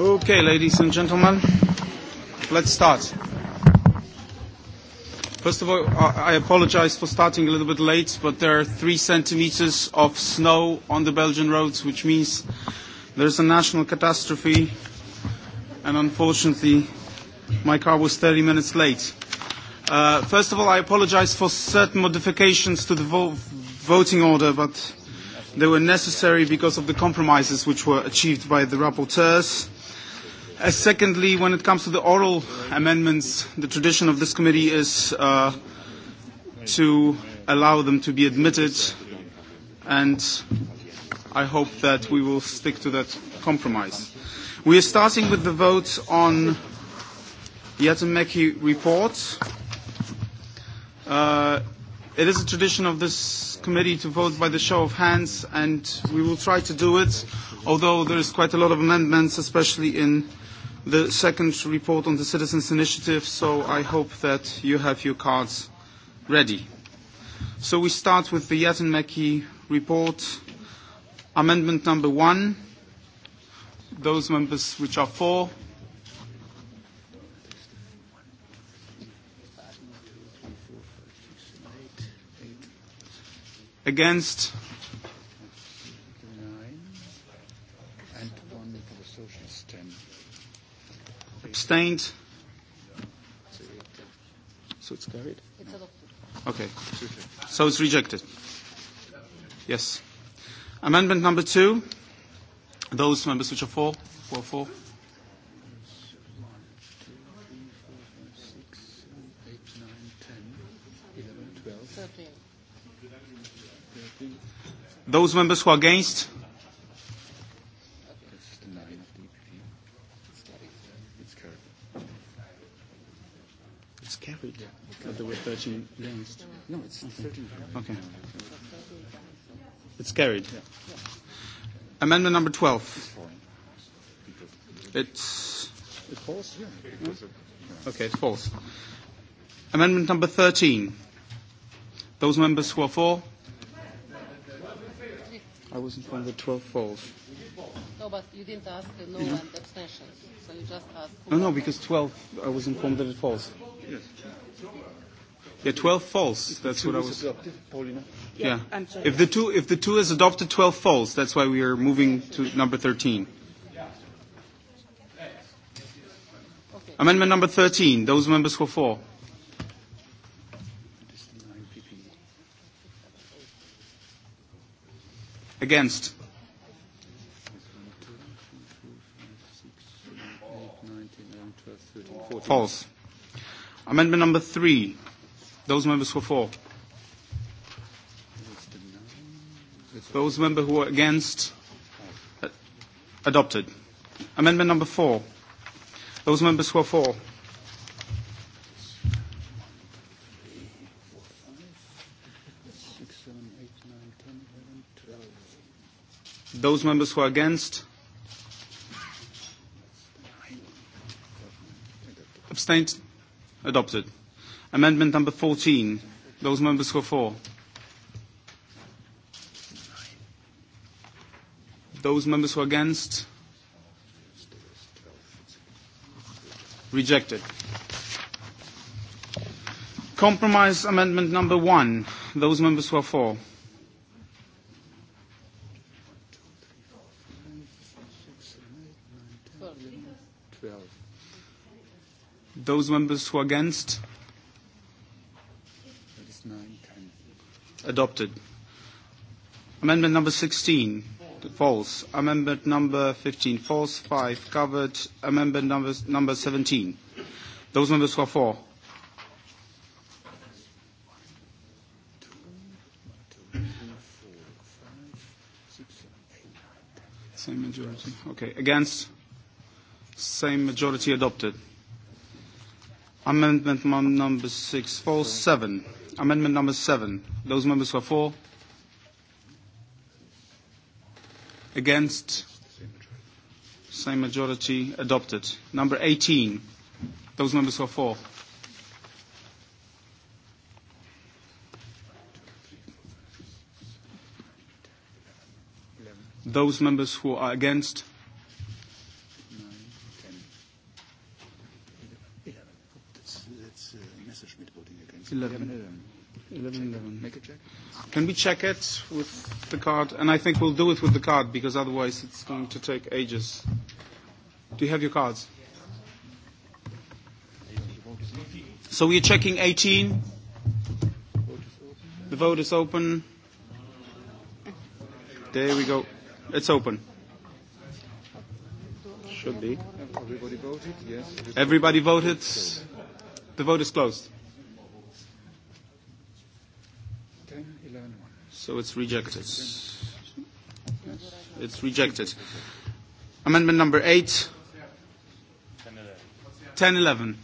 Okay, ladies and gentlemen, let's start. First of all, I apologize for starting a little bit late, but there are three centimeters of snow on the Belgian roads, which means there's a national catastrophe, and unfortunately, my car was 30 minutes late. Uh, first of all, I apologize for certain modifications to the vo voting order, but they were necessary because of the compromises which were achieved by the rapporteurs. Uh, secondly, when it comes to the oral amendments, the tradition of this committee is uh, to allow them to be admitted, and I hope that we will stick to that compromise. We are starting with the vote on the Yatameki report. Uh, it is a tradition of this committee to vote by the show of hands, and we will try to do it, although there is quite a lot of amendments, especially in the second report on the Citizens' Initiative, so I hope that you have your cards ready. So we start with the Yatinmeki report, amendment number one. Those members which are for, against, Abstained? So it's carried? It's adopted. Okay. So it's rejected? Yes. Amendment number two. Those members which are for? Who are for? Those members who are against? with 13 against. No, it's okay. 13. Okay. It's carried. Yeah. Amendment number 12. It's. it's false Yeah. No? Okay, it's false. Amendment number 13. Those members who are for? I was informed that 12 falls. No, but you didn't ask uh, no yeah. and abstentions. So you just asked. No, no, because 12, I was informed that it falls. Yes. Yeah, 12 false, If that's what I was. Adopted, Yeah. yeah. I'm sorry. If the two if the two is adopted, 12 false, That's why we are moving to number 13. Okay. Amendment number 13. Those members who four. for. Against. False. Amendment number three. Those members who are for? Those members who are against? Uh, adopted. Amendment number four. Those members who are for? Those members who are against? Abstained? Adopted. Amendment number 14. Those members who are for. Those members who are against. Rejected. Compromise amendment number one. Those members who are for. Those members who are against. Adopted. Amendment number 16. False. Amendment number 15. False. 5. Covered. Amendment number, number 17. Those members who are for. Same majority. Okay. Against? Same majority adopted. Amendment number 6. False. 7. Amendment number seven. Those members who are for? Against? Same majority. Adopted. Number 18. Those members who are for? Those members who are against? Eleven. Uh, 11, 11. Make a check. Can we check it with the card? And I think we'll do it with the card because otherwise it's going to take ages. Do you have your cards? So we're checking 18. The vote is open. There we go. It's open. Should be. Everybody voted? Yes. Everybody voted. The vote is closed. So it's rejected. It's rejected. Amendment number eight, ten eleven.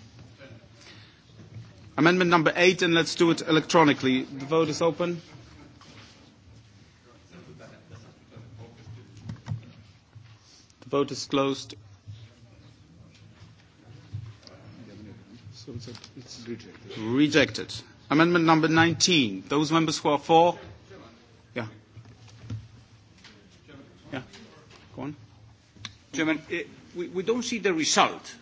Amendment number eight, and let's do it electronically. The vote is open. The vote is closed. So it's, it's rejected. Rejected. Amendment number 19. Those members who are for? Yeah, go on. Chairman, uh, we, we don't see the result.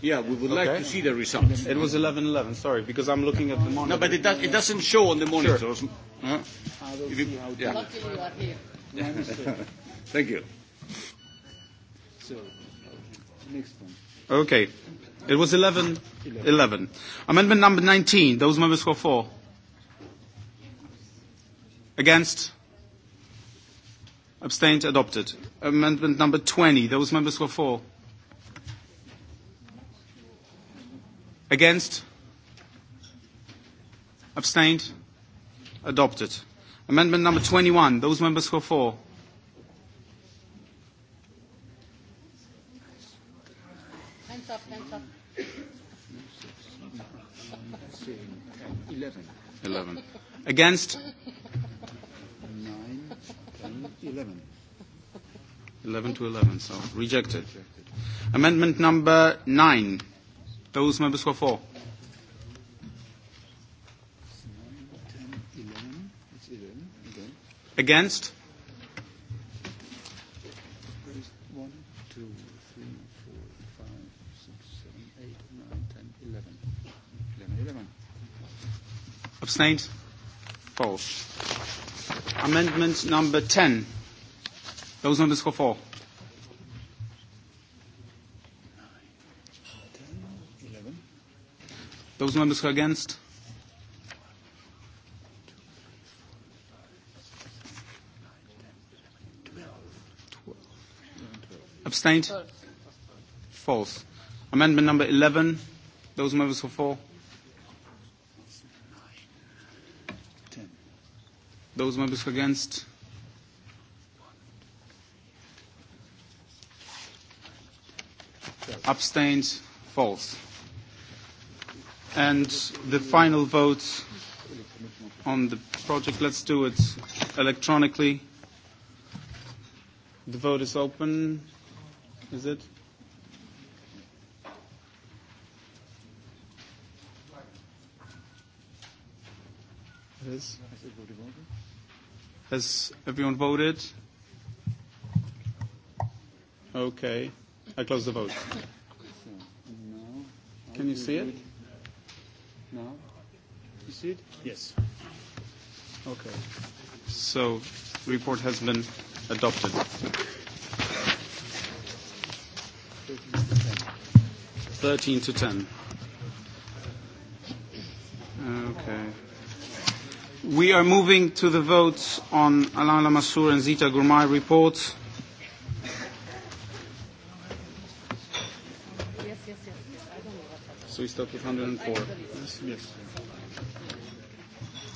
Yeah, we would okay. like to see the result. It was 11-11, sorry, because I'm looking at the monitor. No, but it, does, it doesn't show on the monitor. Sure. Huh? I will see how yeah. Luckily you are here. Thank you. So, next one. Okay. It was 11, 11. 11. Amendment number 19. Those members who are for. Against? Abstained? Adopted. Amendment number 20. Those members who are for? Against? Abstained? Adopted. Amendment number 21. Those members who are for? Hands up, hands up. 11. Against? 11. 11 to 11, so rejected. Amendment number 9. Those members who are for. Against? 11. 11, 11. Abstained? False. Amendment number 10. Those numbers go for. Those members who are against. Abstained? False. Amendment number 11. Those members for four. Those members against? Abstained? False. And the final vote on the project, let's do it electronically. The vote is open. Is it? It is. Has everyone voted? Okay. I close the vote. Can you see it? No. You see it? Yes. Okay. So, report has been adopted. Thirteen to ten. Okay. We are moving to the votes on Alain Lamassoure and Zita Gourmay reports. So we start with 104. Yes, yes.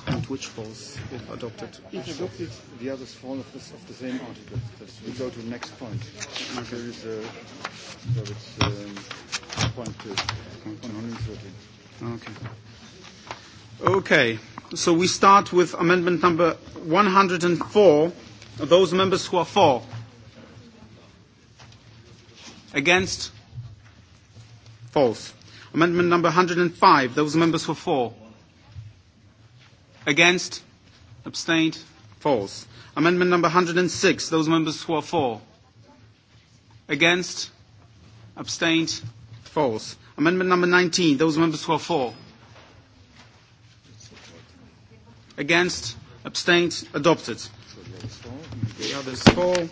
And which falls if adopted? If adopted, the others fall of, this, of the same article. That's, we go to the next point. There is a, so it's, a point uh, two, 113. Okay. Okay. So we start with amendment number 104. Those members who are for? Against? False. Amendment number 105. Those members who are for? Against? Abstained? False. Amendment number 106. Those members who are for? Against? Abstained? False. Amendment number 19. Those members who are for? Against? Abstained? Adopted. The others fall.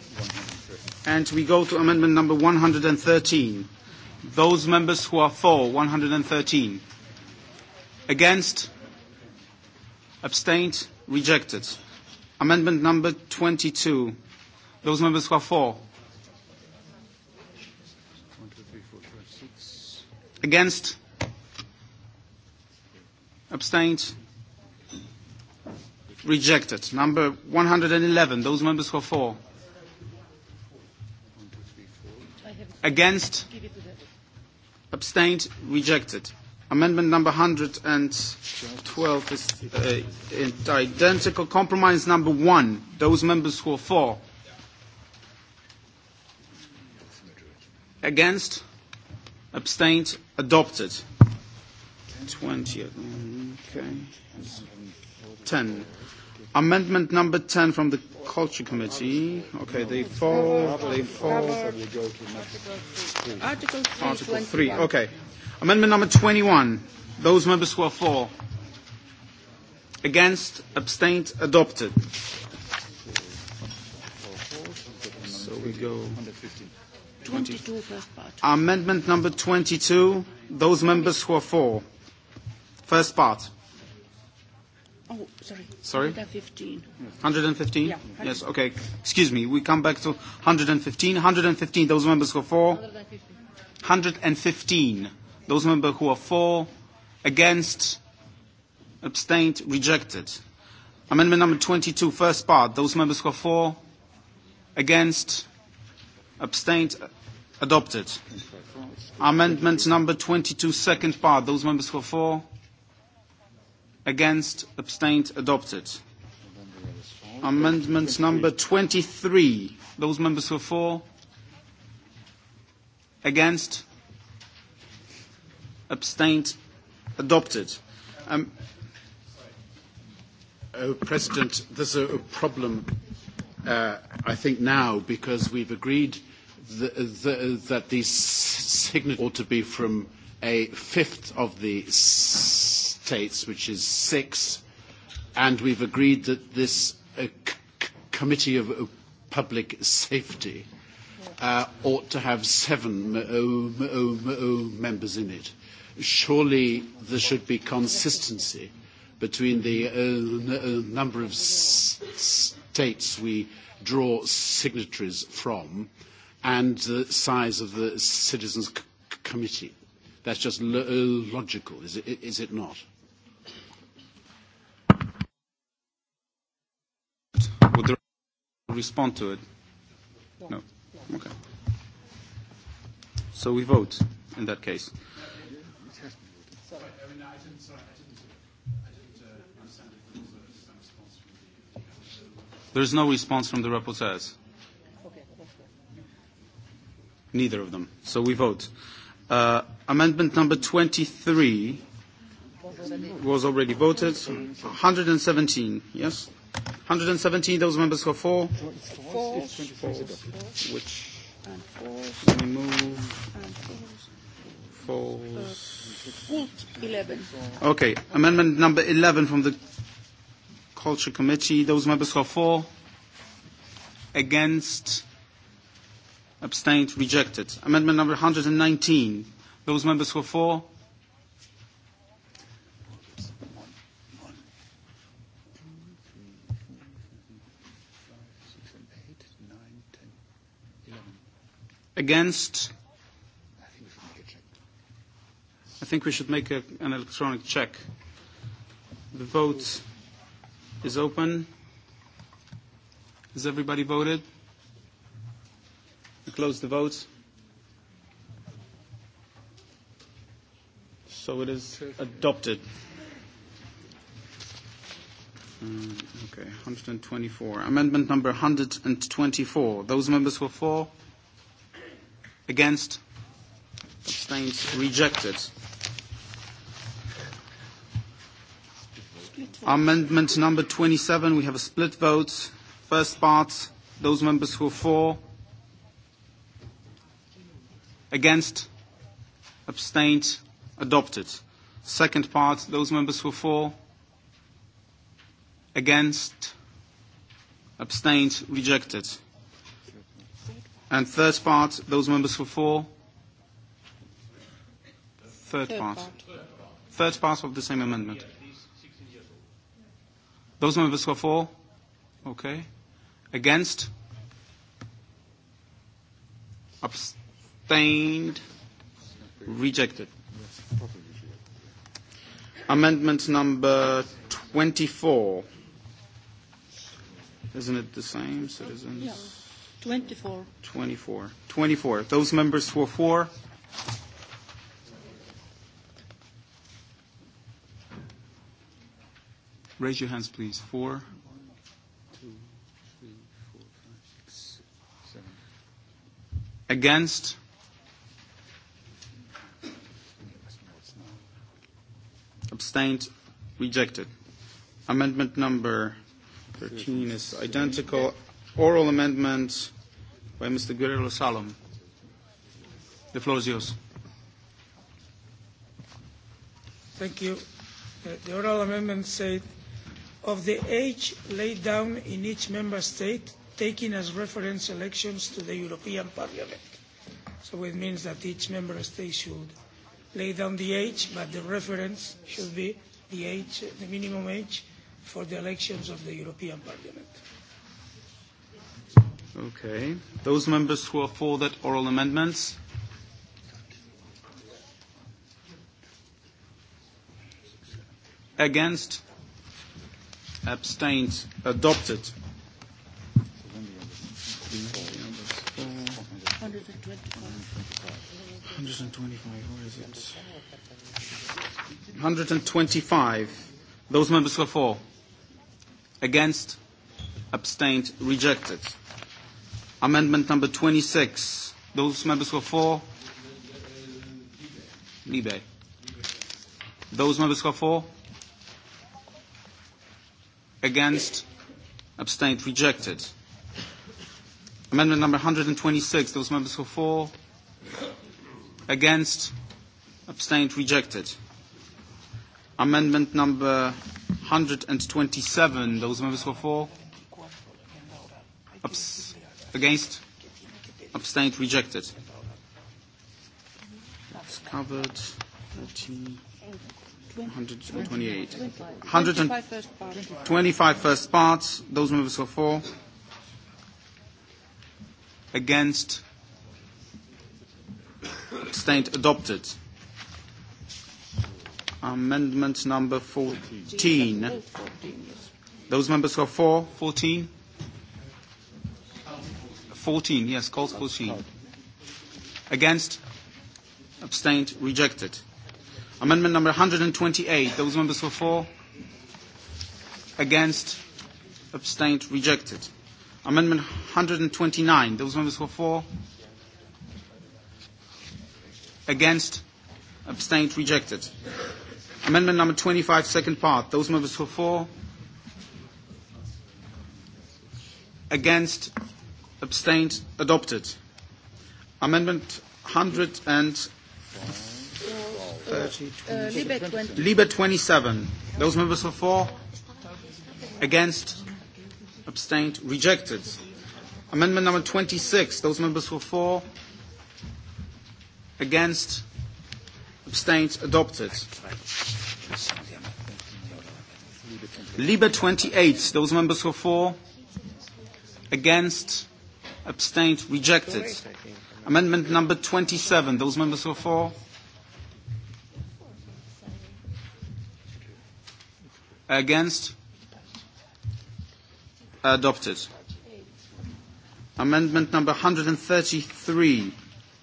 And we go to amendment number 113. Those members who are for 113. Against? Abstained? Rejected. Amendment number 22. Those members who are for? Against? Abstained? Rejected. Number 111, those members who are for. Against? Abstained? Rejected. Amendment number 112 is uh, identical. Compromise number one. those members who are for. Against? Abstained? Adopted. 20. Okay. 10. Amendment number 10 from the Culture Committee. Okay, they fall, they fall. Article 3. Article 3, okay. Amendment number 21. Those members who are for. Against, abstained, adopted. So we go. 22 first part. Amendment number 22. Those members who are for. First part. Oh, sorry. Sorry? 115. 115? Yeah. Yes, okay. Excuse me. We come back to 115. 115, those members who are for? 115. 115. Those members who are for, against, abstained, rejected. Amendment number 22, first part. Those members who are for, against, abstained, adopted. Amendment number 22, second part. Those members who are for, Against? Abstained? Adopted. Amendment number 23. Those members who are for? Against? Abstained? Adopted. Um, oh, President, there's a, a problem, uh, I think, now because we've agreed the, the, that the signatures ought to be from a fifth of the States, which is six, and we've agreed that this uh, Committee of uh, Public Safety uh, ought to have seven members in it. Surely there should be consistency between the uh, uh, number of states we draw signatories from and the size of the Citizens Committee. That's just uh, logical, is it, is it not? would respond to it? No. No. Okay. So we vote in that case. There's no response from the rapporteurs. Neither of them. So we vote. Uh, amendment number 23 was already voted. 117, yes? 117, those members who are for? Which? And move. False. Okay, amendment number 11 from the Culture Committee. Those members who are for? Against? Abstained? Rejected. Amendment number 119. Those members who are for? Against? I think we should make a, an electronic check. The vote is open. Has everybody voted? We close the vote. So it is adopted. Mm, okay, 124. Amendment number 124. Those members were for? Against? Abstains? Rejected. Amendment number 27, we have a split vote. First part, those members who are for, against, abstained, adopted. Second part, those members who are for, against, abstained, rejected. And third part, those members for four? Third, third part. part. Third part of the same amendment. Those members for four? Okay. Against? Abstained? Rejected. Amendment number 24. Isn't it the same, citizens? Yeah. 24. 24. 24. Those members for four. Raise your hands, please. Four. Against? Abstained? Rejected. Amendment number 13 is identical. Oral amendment by Mr. Guerrero Salom. The floor is yours. Thank you. Uh, the oral amendment said, of the age laid down in each member state, taking as reference elections to the European Parliament. So it means that each member state should lay down the age, but the reference should be the age, the minimum age for the elections of the European Parliament. Okay. Those members who are for that oral amendments? Against? Abstained? Adopted. 125, where is it? 125. Those members who are for? Against? Abstained? Rejected. Amendment number 26. Those members who are for? Libe. Those members who are for? Against? Abstained? Rejected. Amendment number 126. Those members who are for? Against? Abstained? Rejected. Amendment number 127. Those members who are for? Abs- Against? Abstained? Rejected. That's covered. 14. 128. 125 first parts. Those members are for. Against. Abstained. Adopted. Amendment number 14. Those members are for. 14. 14, yes, called 14. Against? Abstained? Rejected. Amendment number 128. Those members were for? Against? Abstained? Rejected. Amendment 129. Those members were for? Against? Abstained? Rejected. Amendment number 25, second part. Those members were for? Against? abstained, adopted. Amendment 130. Liebe 27. Those members are for, against, abstained, rejected. Amendment number 26. Those members were for, against, abstained, adopted. Liebe 28. Those members were for, against, abstained, rejected. Amendment number 27. Those members who are for? Against? Adopted. Amendment number 133.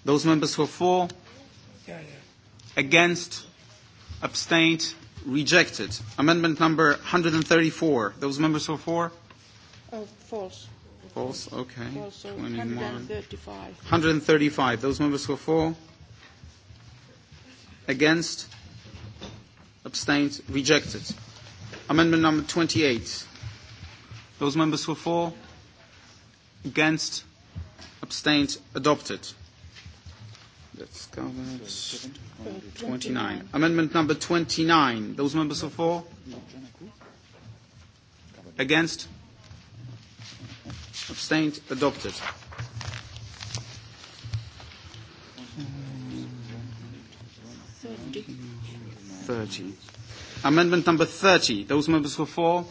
Those members who are for? Against? Abstained? Rejected. Amendment number 134. Those members who are for? Oh, false. False, okay. False, so 21. 135. 135. Those members who are for? Against? Abstained? Rejected. Amendment number 28. Those members who are for? Against? Abstained? Adopted. That's covered. 29. 29. Amendment number 29. Those members are for? Against? Abstained? Adopted. Thirty. Amendment number thirty. Those members who are for?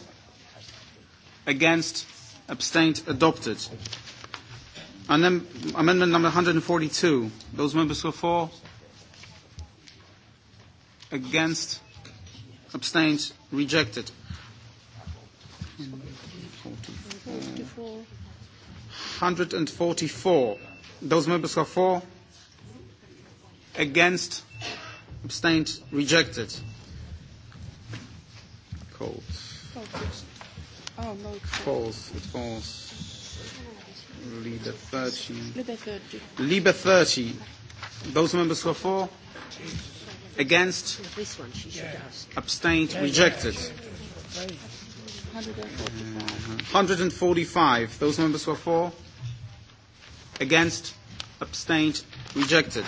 Against? Abstained? Adopted. And then Amendment number 142. Those members who are for? Against? Abstained? Rejected. 144. Those members are for, against, abstained, rejected. Cold. false. Oh, it falls. Libre 30. Libre 30. Those members who are for? Against? Abstained? Rejected? 145. Those members who are for? Against? Abstained? Rejected.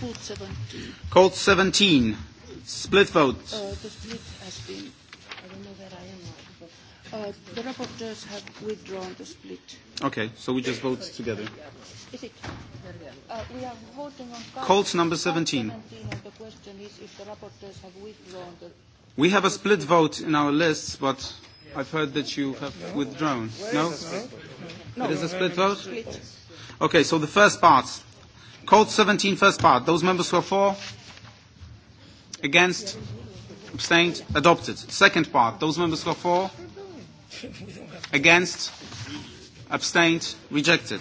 Code 17. Code 17. Split vote. Uh, the split has been, I don't know where I am but uh, the rapporteurs have withdrawn the split. Okay, so we just vote together. Is it? Uh, we are voting on code, number 17. 17 and the question is if the rapporteurs have withdrawn the... We have a split vote in our lists, but I've heard that you have withdrawn. No? It is a split vote? Okay, so the first part. Code 17, first part. Those members who are for? Against? Abstained? Adopted. Second part. Those members who are for? Against? Abstained? Rejected.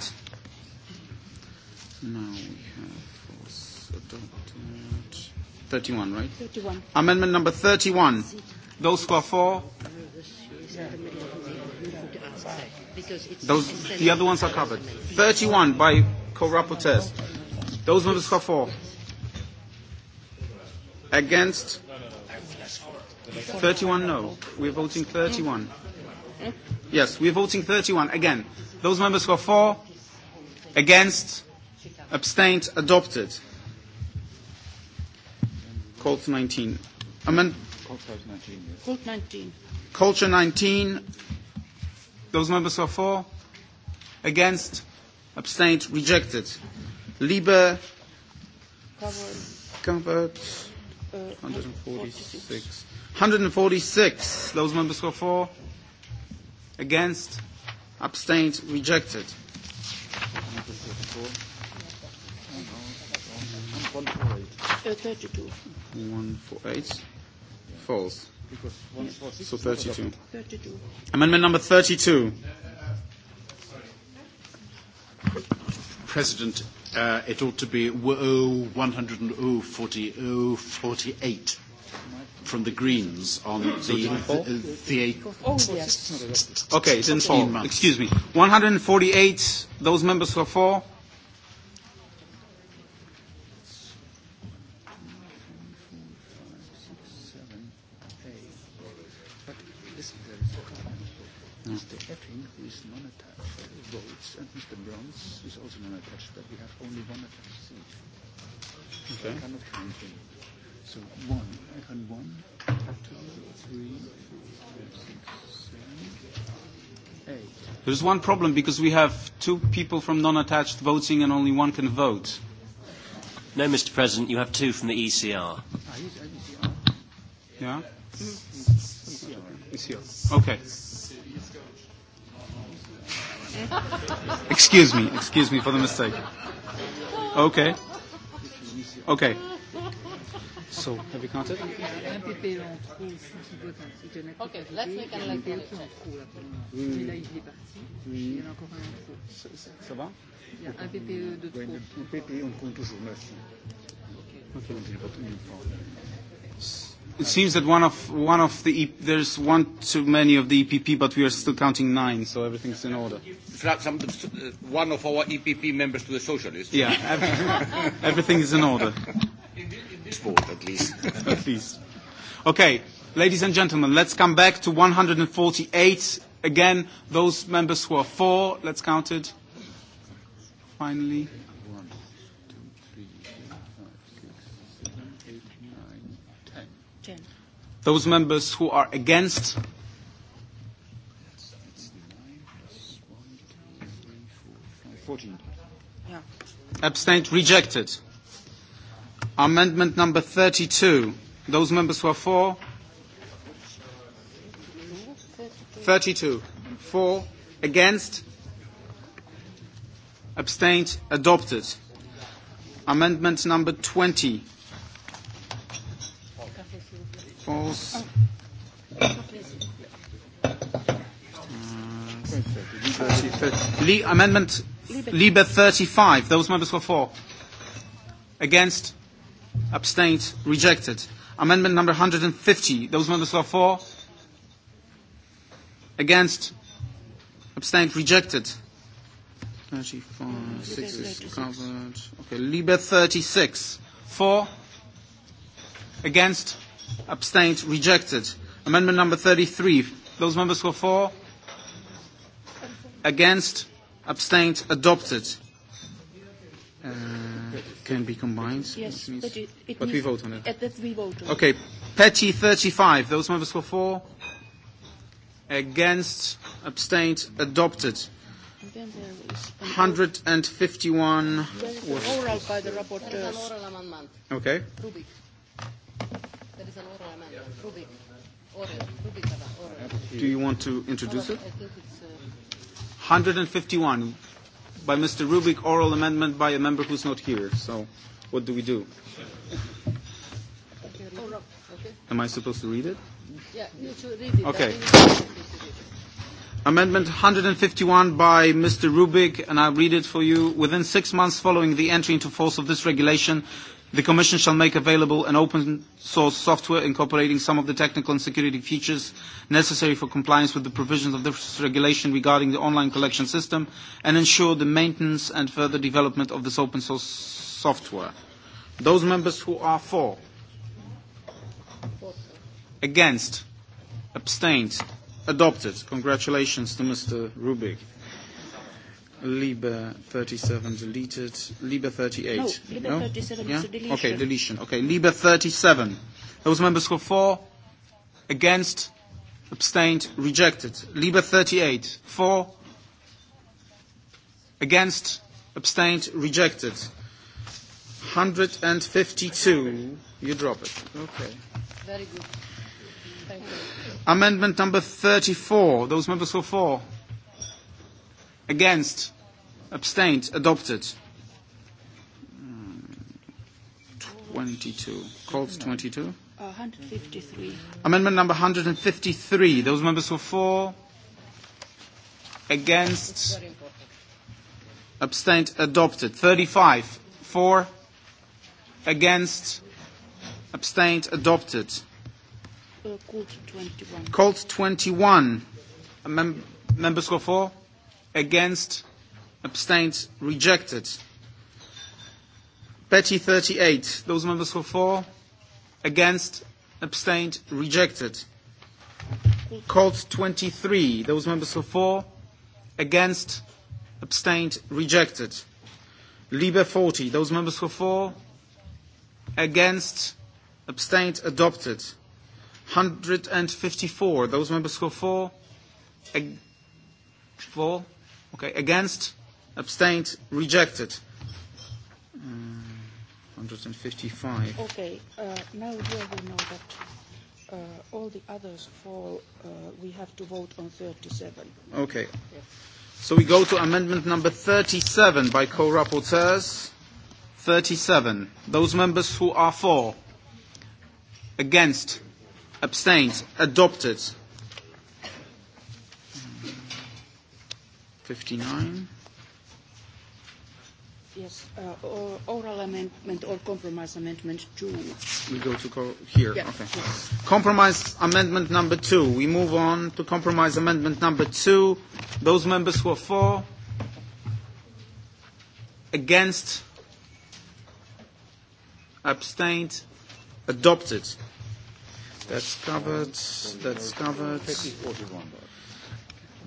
No. 31, right? 31. Amendment number 31. Those who are for? Those, the other ones are covered. 31 by co-rapporteurs. Those members are for. Against? 31 no. We're voting 31. Yes, we're voting 31. Again, those members who are for, against, abstained, adopted. Call to 19. Amend- Call 19. 19. Culture 19, those members are for, against, abstained, rejected. Liber covered, 146. 146, those members are for, against, abstained, rejected. 32. 148. False so 32. Amendment number 32. President, uh, it ought to be 10048 from the Greens on the, the, uh, the eight. Oh, yes. Okay, it's in full. Excuse me. 148, those members who are for? France is also non-attached, but we have only one attached seat. Okay. So I cannot count them. So one, I can one, two, three, four, six, seven, eight. There's one problem because we have two people from non-attached voting and only one can vote. No, Mr. President, you have two from the ECR. Ah, e yeah? ECR. E e okay. Excuse me, excuse me for the mistake. Okay. Okay. So, have you counted? Okay, let's make an electronic check. Oui. Ça, va a un PPE de trop. Un PPE, on compte toujours, merci. Ok, donc il pas tout le temps. It seems that one of one of the e there's one too many of the EPP, but we are still counting nine, so everything's in order. Some, uh, one of our EPP members to the socialists. Yeah, everything, everything is in order. In this vote, at least. at least. Okay, ladies and gentlemen, let's come back to 148. Again, those members who are for, let's count it. Finally. Those members who are against? Yeah. Abstained? Rejected. Amendment number 32. Those members who are for? 32. For? Against? Abstained? Adopted. Amendment number 20 réponse. Le amendment Liber 35. Those members were for. Against. Abstained. Rejected. Amendment number 150. Those members were for. Against. Abstained. Rejected. 35. 6 is covered. Okay. Liber 36. For. Against. Abstained? Rejected. Amendment number 33. Those members who are for? Against? Abstained? Adopted. Uh, can be combined? Yes, means, but, it, it but we vote on it. That we vote on. Okay. Petty 35. Those members who are for? Against? Abstained? Adopted. 151 was... Oral by the rapporteurs. Okay. Rubik. Do you want to introduce it? 151 by Mr. Rubik, oral amendment by a member who's not here. So what do we do? Am I supposed to read it? Yeah, you should read it. Okay. Amendment 151 by Mr. Rubik, and I'll read it for you. Within six months following the entry into force of this regulation, The Commission shall make available an open source software incorporating some of the technical and security features necessary for compliance with the provisions of this regulation regarding the online collection system and ensure the maintenance and further development of this open source software. Those members who are for, against, abstained, adopted. Congratulations to Mr. Rubik. Libre 37 deleted. Libre 38. No, Libre no? 37 yeah? is a deletion. Okay, deletion. Okay, Libre 37. Those members for four, against, abstained, rejected. Libre 38. For, against, abstained, rejected. 152. You drop it. Okay. Very good. Thank you. Amendment number 34. Those members for four. Against. Abstained. Adopted. 22. Calls 22. Uh, 153. Amendment number 153. Those members were for, against, abstained, adopted. 35. For, against, abstained, adopted. Uh, called 21. Called 21. Mem- members were for, against, abstained, rejected. Petty 38, those members who are for, against, abstained, rejected. Colt 23, those members who are for, against, abstained, rejected. Libe 40, those members who are for, against, abstained, adopted. 154, those members who are for, for, okay, against, abstained, rejected. Uh, 155. Okay, uh, now here we know that uh, all the others fall. Uh, we have to vote on 37. Okay. Yes. So we go to amendment number 37 by co-rapporteurs. 37. Those members who are for, against, abstained, adopted. 59. Yes, uh, oral amendment or compromise amendment two. We go to co- here. Yeah, okay. Yes. Compromise amendment number two. We move on to compromise amendment number two. Those members who are for, against, abstained, adopted. That's covered. That's covered.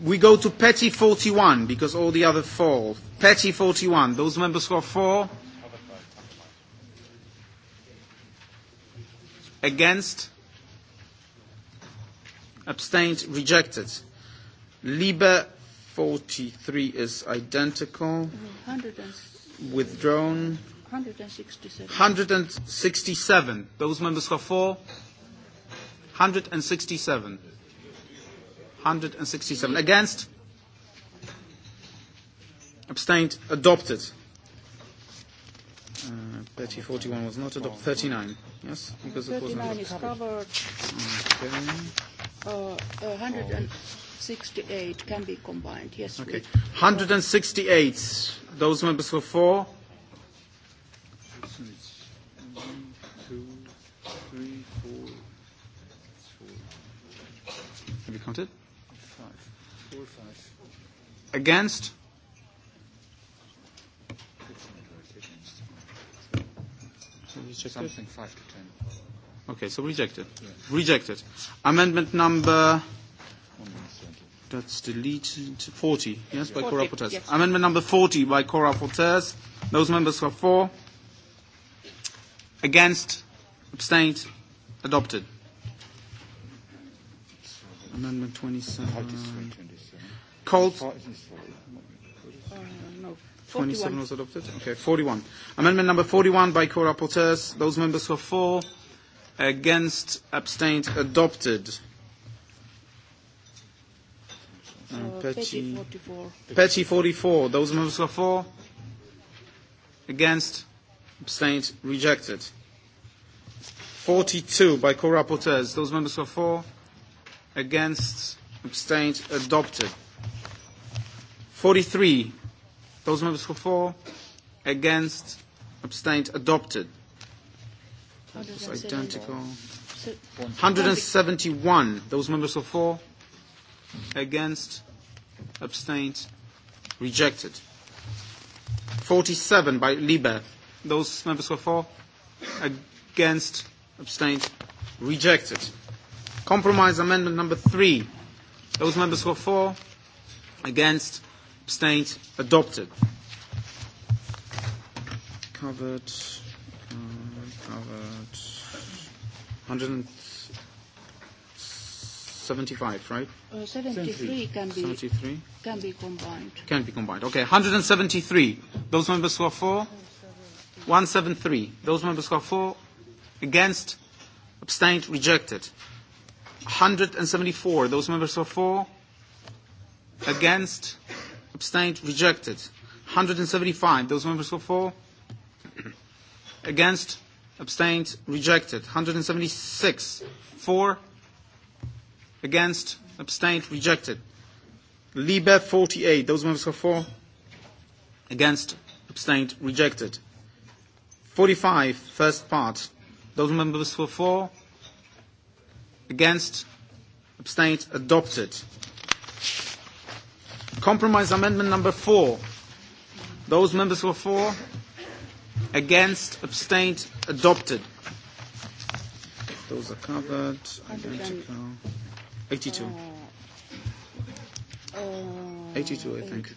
We go to Petty 41 because all the other fall. Petty 41, those members who are for? Against? Abstained? Rejected. Liber 43 is identical. Withdrawn. 167. 167. Those members who are for? 167. 167 against. Abstained. Adopted. Uh, 30, 41 was not adopted. 39. Yes, because it was 39 is covered. Okay. Uh, 168 uh, can be combined. Yes. Okay. 168. Those members were for. One, two, three, four, four. Have you counted? Against? Something five to ten. Okay, so rejected. Yeah. Rejected. Amendment number. That's deleted. 40, yes, by 40, co Yes. Amendment number 40 by Cora rapporteurs Those members are for, against, abstained, adopted. Amendment 27. 27. Called. Uh, no. 27 was adopted? Okay, 41. Amendment number 41 by co-rapporteurs. Those members who are for, against, abstained, adopted. Uh, Petty, Petty 44. Petty 44. Those members who are for, against, abstained, rejected. 42 by co-rapporteurs. Those members who are for, against, abstained, adopted. 43, those members who are for, against, abstained, adopted. That was identical. 171, those members who are for, against, abstained, rejected. 47 by Liebe, those members who are for, against, abstained, rejected. Compromise amendment number three. Those members who are for, against, abstained, adopted. Covered, uh, covered, 175, right? Uh, 73 can be 73 can be combined. Can be combined. Okay, 173. Those members who are for, 173. Those members who are for, against, abstained, rejected. 174. Those members are for, against, abstained, rejected. 175. Those members are for, against, abstained, rejected. 176. For, against, abstained, rejected. Libe 48. Those members are for, against, abstained, rejected. 45, first part. Those members were for, Against? Abstained? Adopted. Compromise amendment number four. Those members who are for? Against? Abstained? Adopted. Those are covered. Identical. 82. 82, I think.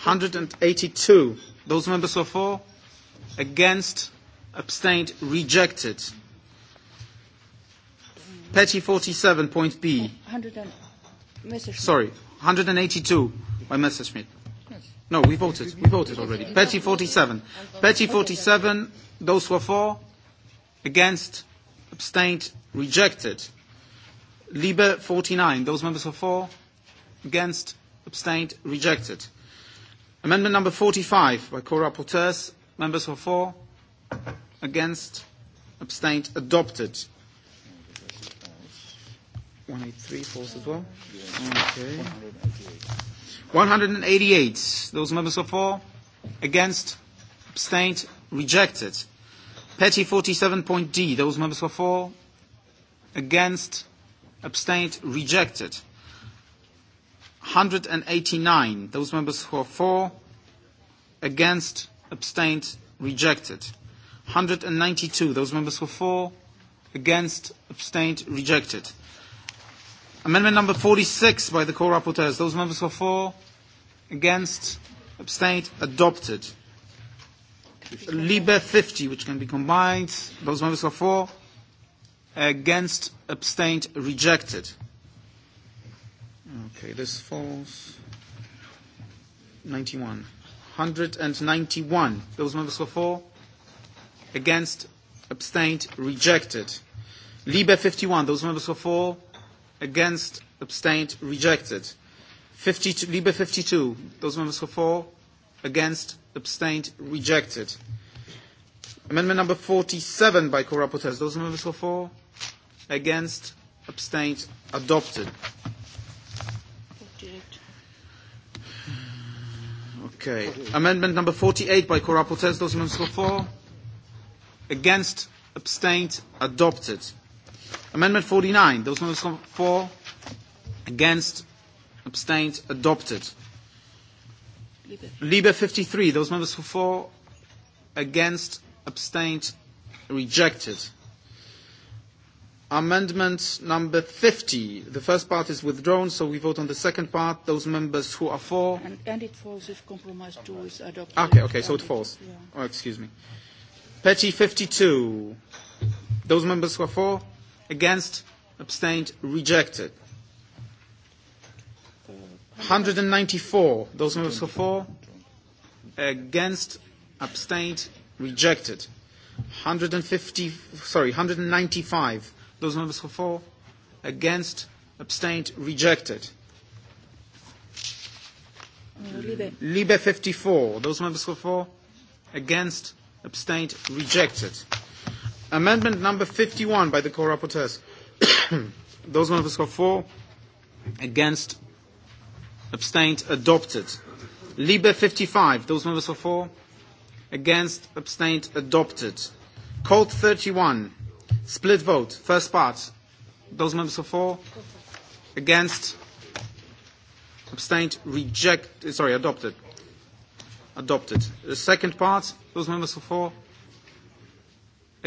182. Those members who are for? Against? Abstained? Rejected. Petty 47, point B. 100 Sorry, 182 by Messerschmitt. Yes. No, we voted. We voted already. Petty 47. Petty 47, those who are for, against, abstained, rejected. Liebe 49, those members who are for, against, abstained, rejected. Amendment number 45 by co-rapporteurs, members who are for, against, abstained, adopted. 183 falls as well. Okay. 188. Those members are for, against, abstained, rejected. Petty 47.D. Those members are for, against, abstained, rejected. 189. Those members who are for, against, abstained, rejected. 192. Those members who are for, against, abstained, rejected. Amendment number 46 by the co-rapporteurs. Those members for four against, abstained, adopted. Libe 50, which can be combined. Those members for four against, abstained, rejected. Okay, this falls. 91. 191. Those members for four against, abstained, rejected. Libe 51. Those members for four against, abstained, rejected. 52, Libre 52, those members for four, against, abstained, rejected. Amendment number 47 by co-rapporteurs, those members for four, against, abstained, adopted. Okay. Amendment number 48 by co-rapporteurs, those members for four, against, abstained, adopted. Amendment 49, those numbers come for, against, abstained, adopted. Liebe. 53, those numbers for, for, against, abstained, rejected. Amendment number 50. The first part is withdrawn, so we vote on the second part. Those members who are for. And, and it falls if compromise 2 is adopted. Ah, okay, okay, so it falls. Yeah. Oh, excuse me. Petty 52. Those members who are for against, abstained, rejected. 194, those members who are for, against, abstained, rejected. 150, sorry, 195, those members who are for, against, abstained, rejected. Uh, Libe. Libe 54, those members who are for, against, abstained, rejected. Amendment number 51 by the co-rapporteurs. Those members who are for, against, abstained, adopted. Libe 55. Those members who are for, against, abstained, adopted. Colt 31. Split vote. First part. Those members who are for, against, abstained, reject, eh, sorry, adopted. Adopted. The second part. Those members who are for,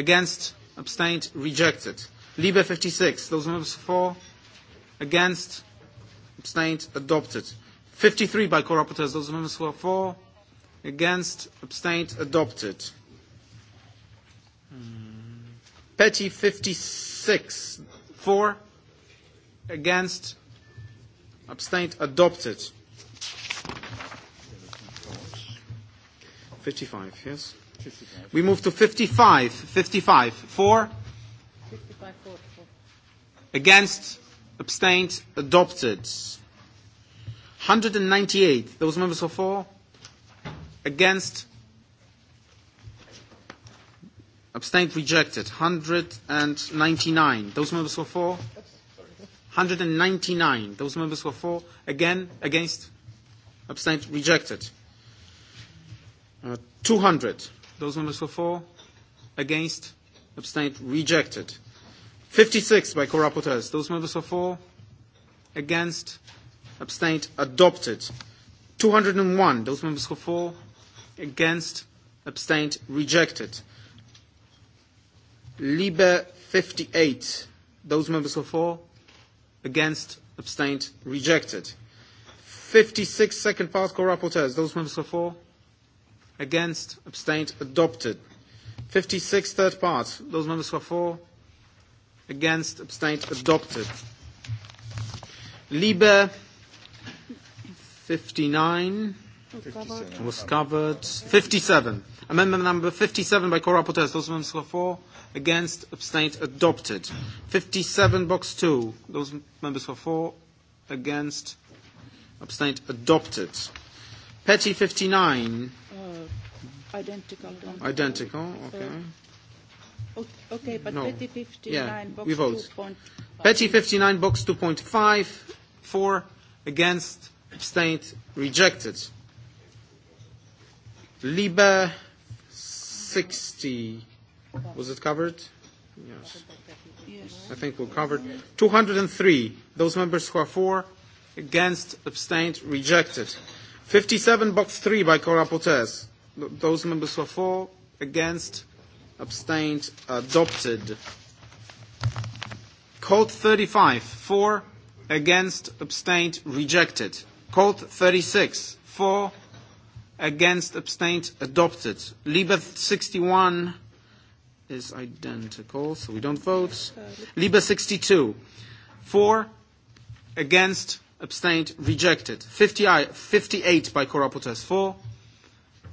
Against? Abstained? Rejected. Libre 56. Those members for? Against? Abstained? Adopted. 53 by co-rapporteurs. Those members who are for? Against? Abstained? Adopted. Hmm. Petty 56. For? Against? Abstained? Adopted. 55, yes? We move to 55. 55. For? 55, four, Against? Abstained? Adopted. 198. Those members are for? Against? Abstained? Rejected. 199. Those members were are for? 199. Those members were four. for? Again? Against? Abstained? Rejected. Uh, 200. Those numbers for four, against, abstained, rejected. 56 by co-rapporteurs. Those members are for, against, abstained, adopted. 201. Those members are for, against, abstained, rejected. Liber 58. Those members are for, against, abstained, rejected. 56 second part co-rapporteurs. Those members are for, against, abstained, adopted. 56, third part. Those members who are for, against, abstained, adopted. Libe 59 57. was covered. 57. Amendment number 57 by Cora Potes. Those members who are for, against, abstained, adopted. 57, box 2. Those members who are for, against, abstained, adopted. Petty 59. Identical. Don't Identical, okay. So, okay, but no. Petty 59, yeah, box we vote. Point Petty 59, box 2.5, for, against, abstained, rejected. Libe 60. Was it covered? Yes. yes. I think we're covered. 203. Those members who are for, against, abstained, rejected. 57, box 3 by Cora Potes. Those members who are for, against, abstained, adopted. Code 35, for, against, abstained, rejected. Code 36, for, against, abstained, adopted. Libe 61 is identical, so we don't vote. Libe 62, for, against, abstained, rejected. 50, 58 by co-rapporteurs, for,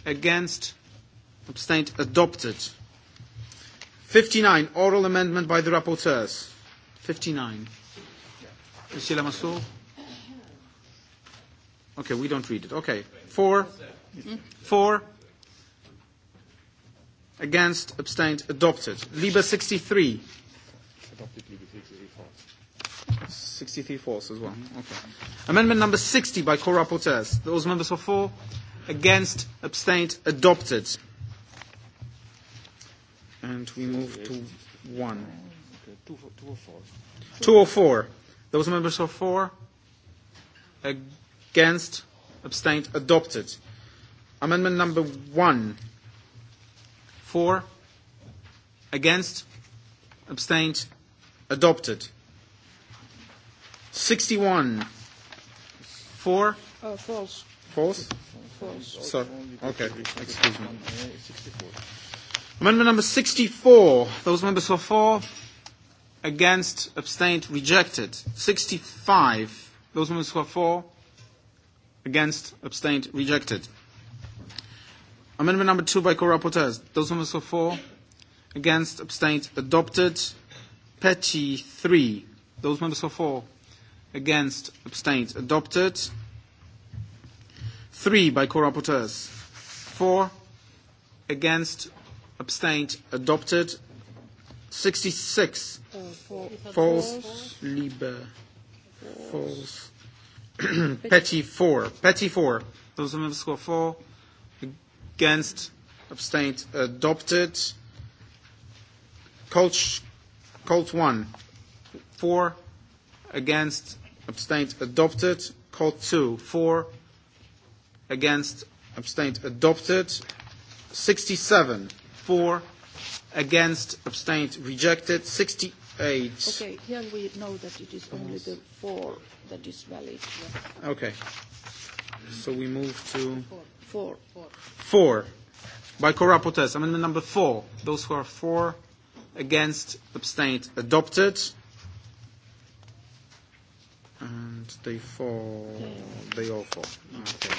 against, abstained, adopted. 59, oral amendment by the rapporteurs. 59. Monsieur Lamassoure? Okay, we don't read it. Okay. Four. Four. Against, abstained, adopted. Liber 63. Adopted Liber 63 falls. 63 falls as well. Okay. Amendment number 60 by co-rapporteurs. Those members are for, against, abstained, adopted. And we move to 1. 204. 204. Those members of four, against, abstained, adopted. Amendment number one. Four, against, abstained, adopted. 61. Four. Uh, False? false. Sorry. Okay. Excuse me. Amendment number 64. Those members are for, against, abstained, rejected. 65. Those members who are for, against, abstained, rejected. Amendment number two by co-rapporteurs. Those members who are for, against, abstained, adopted. Petty three. Those members who are for, against, abstained, adopted. 3 by co-rapporteurs. 4 against, abstained, adopted. 66 false, Liebe, false. Petty 4, Petty 4. Those in score 4 against, abstained, adopted. Colt, Colt 1, 4 against, abstained, adopted. Colt 2, 4 against, abstained, adopted. 67 for, against, abstained, rejected. 68. Okay, here we know that it is only the four that is valid. Okay. So we move to. Four. Four. Four. By co-rapporteurs. Amendment number four. Those who are for, against, abstained, adopted. And they fall. They all fall. Okay.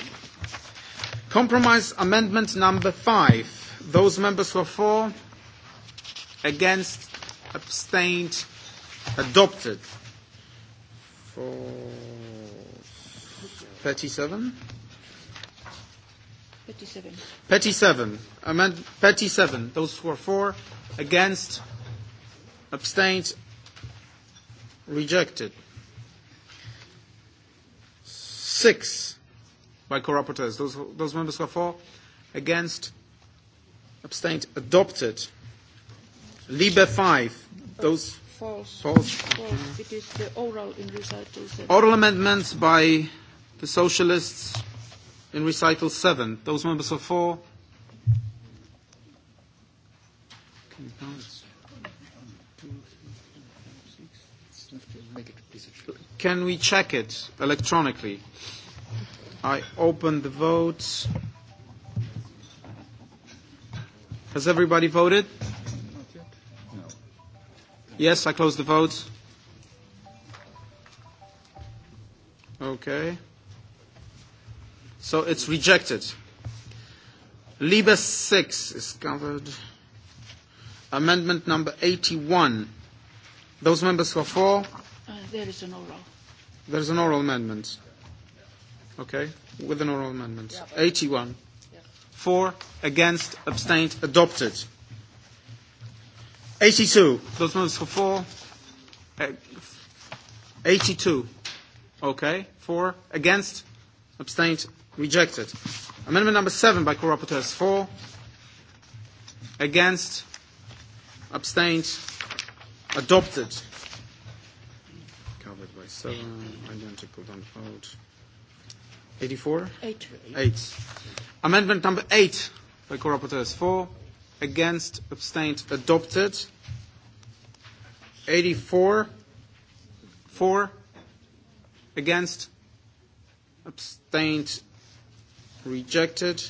Compromise amendment number five. Those members who are for, against, abstained, adopted. For 37? 37. 37. Amend 37. Those who are for, against, abstained, rejected. Six by co-rapporteurs. Those, those members who are for, against, abstained, adopted. Libe 5, those... False. False. False. It is the oral in recital 7. Oral amendments by the socialists in recital 7. Those members are for. Can we check it electronically? I open the votes. Has everybody voted? Yes, I close the votes. Okay. So it's rejected. Libre 6 is covered. Amendment number 81. Those members who are for? Uh, there is an oral. There is an oral amendment. Okay, with an oral amendment. Yeah, 81. Yeah. For, against, abstained, adopted. 82. Those moves for four. 82. Eh, okay. For, against, abstained, rejected. Amendment number seven by co-rapporteurs. For, against, abstained, adopted. Covered by seven, identical, don't vote. 84? Eight. Eight. Amendment number eight by co-rapporteurs. Four. against, abstained, adopted. 84. Four. against, abstained, rejected.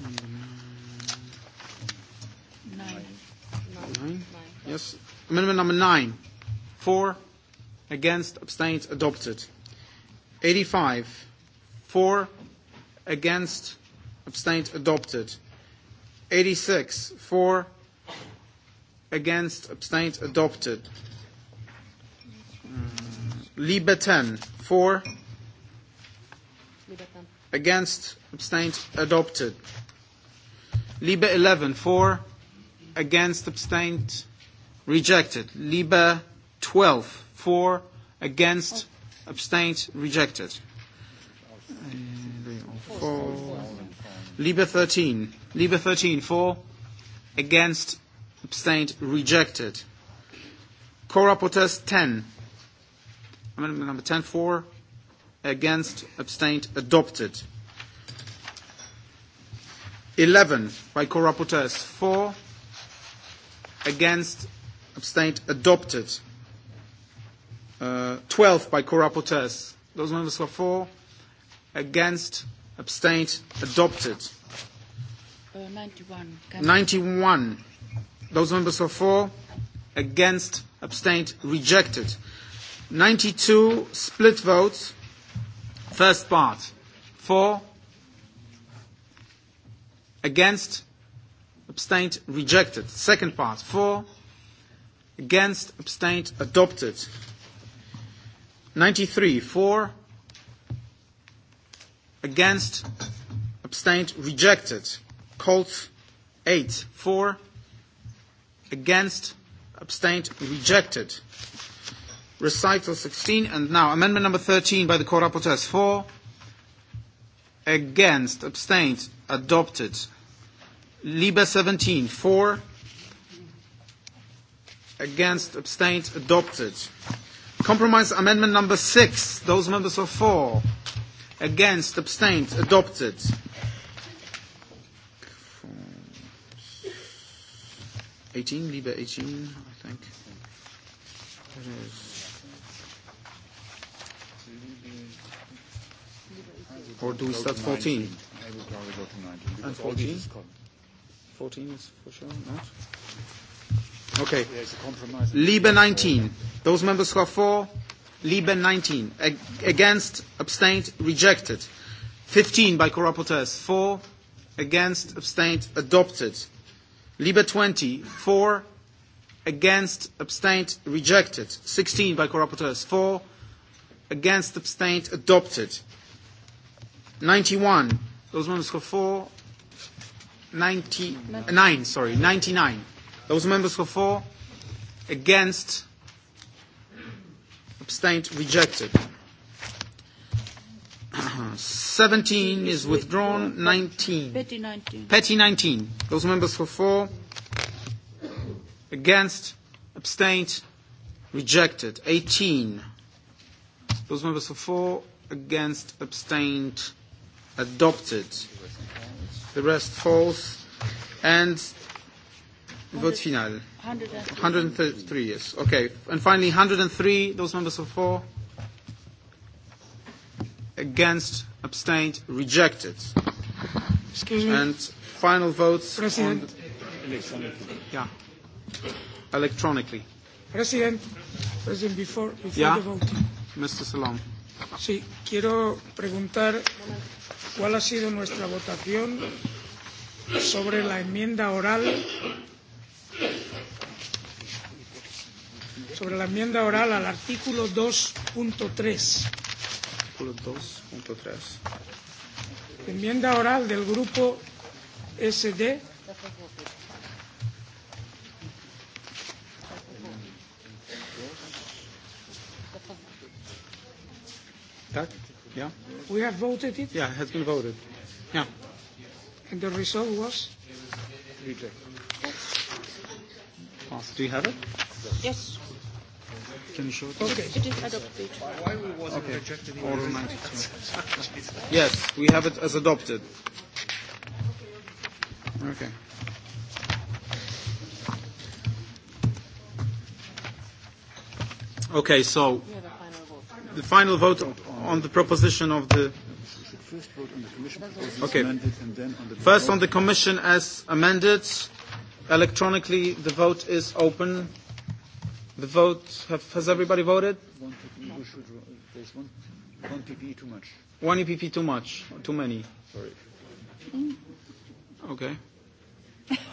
Nine. Nine. nine. Yes. Amendment number nine. Four. against, abstained, adopted. 85 4, against, abstained, adopted. 86, 4, against, abstained, adopted. Mm, 10, for, against, abstained, adopted. liber 11, for, against, abstained, rejected. liber 12, for, against, oh. abstained, rejected. Four. 13. Libre 13, for, against, abstained, rejected. Korah protest 10. Amendment number 10, for, against, abstained, adopted. 11 by Korah protest for, against, abstained, adopted. Uh, 12 by Korah protest. Those members are for, against, abstained, adopted. Uh, 91. 91. Those members are for, against, abstained, rejected. 92, split votes. First part, for, against, abstained, rejected. Second part, for, against, abstained, adopted. 93, for, against, abstained, rejected. Colts, eight, four, against, abstained, rejected. Recital 16, and now amendment number 13 by the co-rapporteurs, four, against, abstained, adopted. Liber 17, four, against, abstained, adopted. Compromise amendment number six, those members of four, against, abstained, adopted. Eighteen, Liebe eighteen, I think. It is. Or do we start fourteen? And fourteen. Fourteen is for sure, not? Okay. Liebe nineteen. Those members who are for, Liban 19. Ag against, abstained, rejected. 15 by co-rapporteurs. For, against, abstained, adopted. Liban 20. 4 against, abstained, rejected. 16 by co-rapporteurs. For, against, abstained, adopted. 91. Those members for 4 90, uh, sorry, 99. Those members for 4 Against, abstained, rejected. 17 is withdrawn, 19. Petty 19. Petty nineteen. Those members for four, against, abstained, rejected. 18. Those members for four, against, abstained, adopted. The rest falls. And Vote final. 103. 103, yes. Okay. And finally, 103, those members of four. Against, abstained, rejected. Excuse me. And final votes. President. On yeah. Electronically. President, President before, before yeah? the voting. Mr. Salam. Sí, quiero preguntar cuál ha sido nuestra votación sobre la enmienda oral sobre la enmienda oral al artículo 2.3. Enmienda oral del grupo SD. That? Yeah. We have voted it? Yeah, it has been voted. Yeah. And the result was? Reject. Do you have it? Yes. Can you show it? Okay. It is adopted. Why, why was okay. it rejected? In Oral 92. yes, we have it as adopted. Okay. Okay, so the final vote on the proposition of the. First vote on the commission okay. and then on the First on the commission as amended. Electronically, the vote is open. The vote, have, has everybody voted? One EPP should, there's one, one too much. One EPP too much, too many. Sorry. Okay.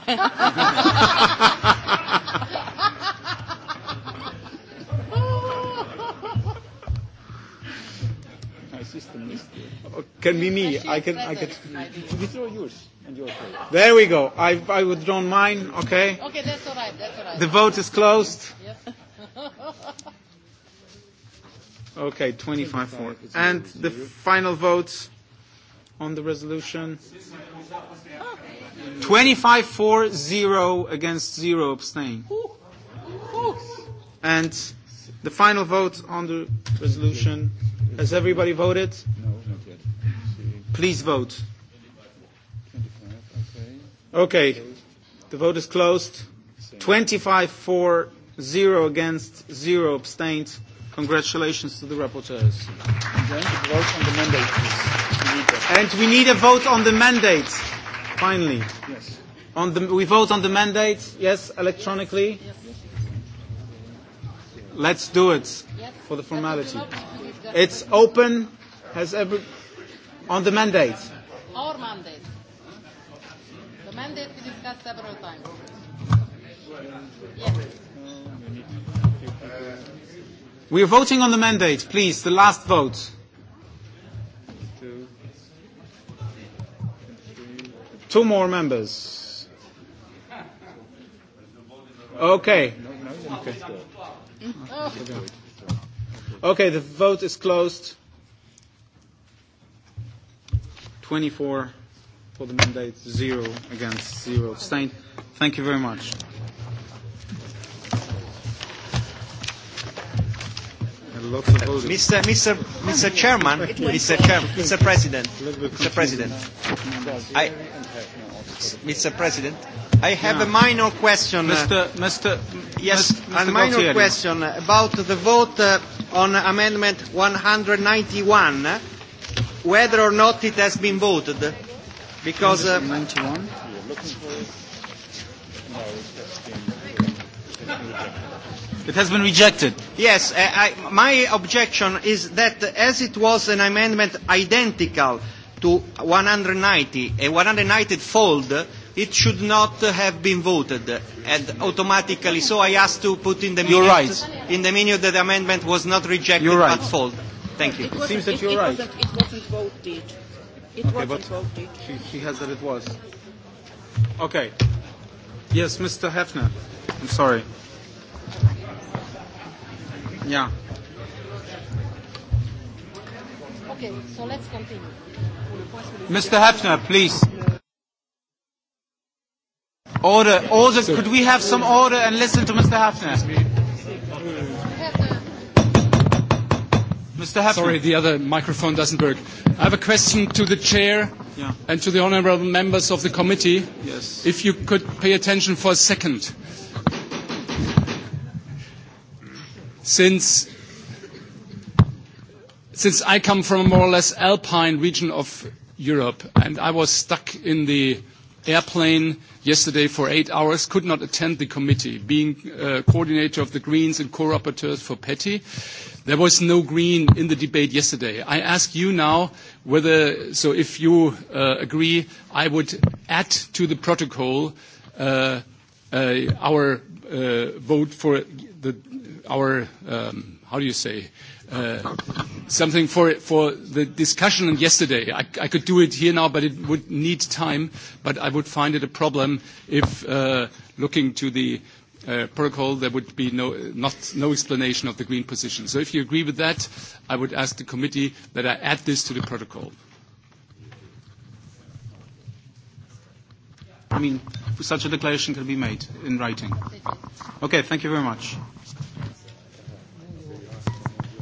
Oh, can be me. I can. I can. Withdraw yours and your There we go. I've I withdrawn mine. Okay. Okay, that's all right. That's all right. The vote is closed. Okay, 25 4 And the final votes on the resolution? 25 4 0 against 0 abstain. And the final vote on the resolution. Has everybody voted? No, not yet. Please vote. Okay. The vote is closed. 25 4 zero against, zero abstained. Congratulations to the rapporteurs. And we need a vote on the mandate, finally. Yes. On the, we vote on the mandate, yes, electronically. Yes. Let's do it yes. for the formality. It's open. Has every on the mandate? Our mandate. The mandate we discussed several times. Yes. We are voting on the mandate, please, the last vote. Two more members. Okay. Okay, okay the vote is closed. 24 for the mandate, zero against, zero abstained. Thank you very much. lots of voting. Mr. Mr. Mr. Chairman, Mr. Chair, Mr. President, Mr. President, I, Mr. President, I have a minor question. Uh, Mr. Mr. Yes, Mr. a minor Gautieri. question about the vote uh, on Amendment 191, whether or not it has been voted, because. Uh, 91. It has been rejected. Yes, uh, I, my objection is that as it was an amendment identical to 190, a 190 fold, it should not have been voted. And automatically, so I asked to put in the menu minute, right. in the minute that the amendment was not rejected you're right. but fold. Thank you. It, it seems that you're it, right. Wasn't, it wasn't voted. It okay, wasn't voted. She, she has that it was. Okay. Yes, Mr. Hefner. I'm sorry. Yeah. Okay, so let's continue. Mr. Hefner, please. Order, order. Could we have some order and listen to Mr. Hefner? Mr. Hefner. Sorry, the other microphone doesn't work. I have a question to the chair yeah. and to the honourable members of the committee. Yes. If you could pay attention for a second. since since I come from a more or less alpine region of Europe, and I was stuck in the airplane yesterday for eight hours, could not attend the committee, being uh, coordinator of the Greens and co-rapporteurs for Petty. There was no green in the debate yesterday. I ask you now whether, so if you uh, agree, I would add to the protocol uh, uh our uh, vote for the our um, how do you say uh, something for for the discussion yesterday. I, I could do it here now, but it would need time. But I would find it a problem if uh, looking to the uh, protocol there would be no not no explanation of the green position. So if you agree with that, I would ask the committee that I add this to the protocol. I mean, such a declaration can be made in writing. Okay, thank you very much.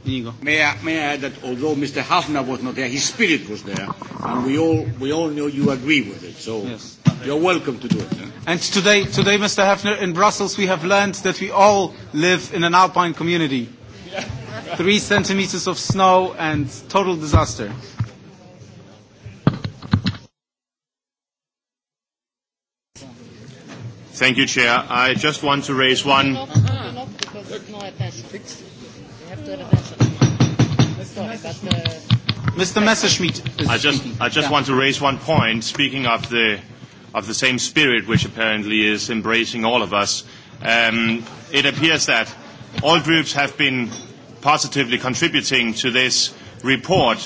Inigo. May I, may I add that although Mr. Hafner was not there, his spirit was there, and we all, we all know you agree with it. So yes. you're welcome to do it. Yeah? And today, today, Mr. Hafner, in Brussels, we have learned that we all live in an alpine community. Three centimeters of snow and total disaster. Thank you, Chair. I just want to raise one. Uh-huh sorry, but... Uh, Mr. Messerschmidt I just, I just yeah. want to raise one point, speaking of the, of the same spirit which apparently is embracing all of us. Um, it appears that all groups have been positively contributing to this report,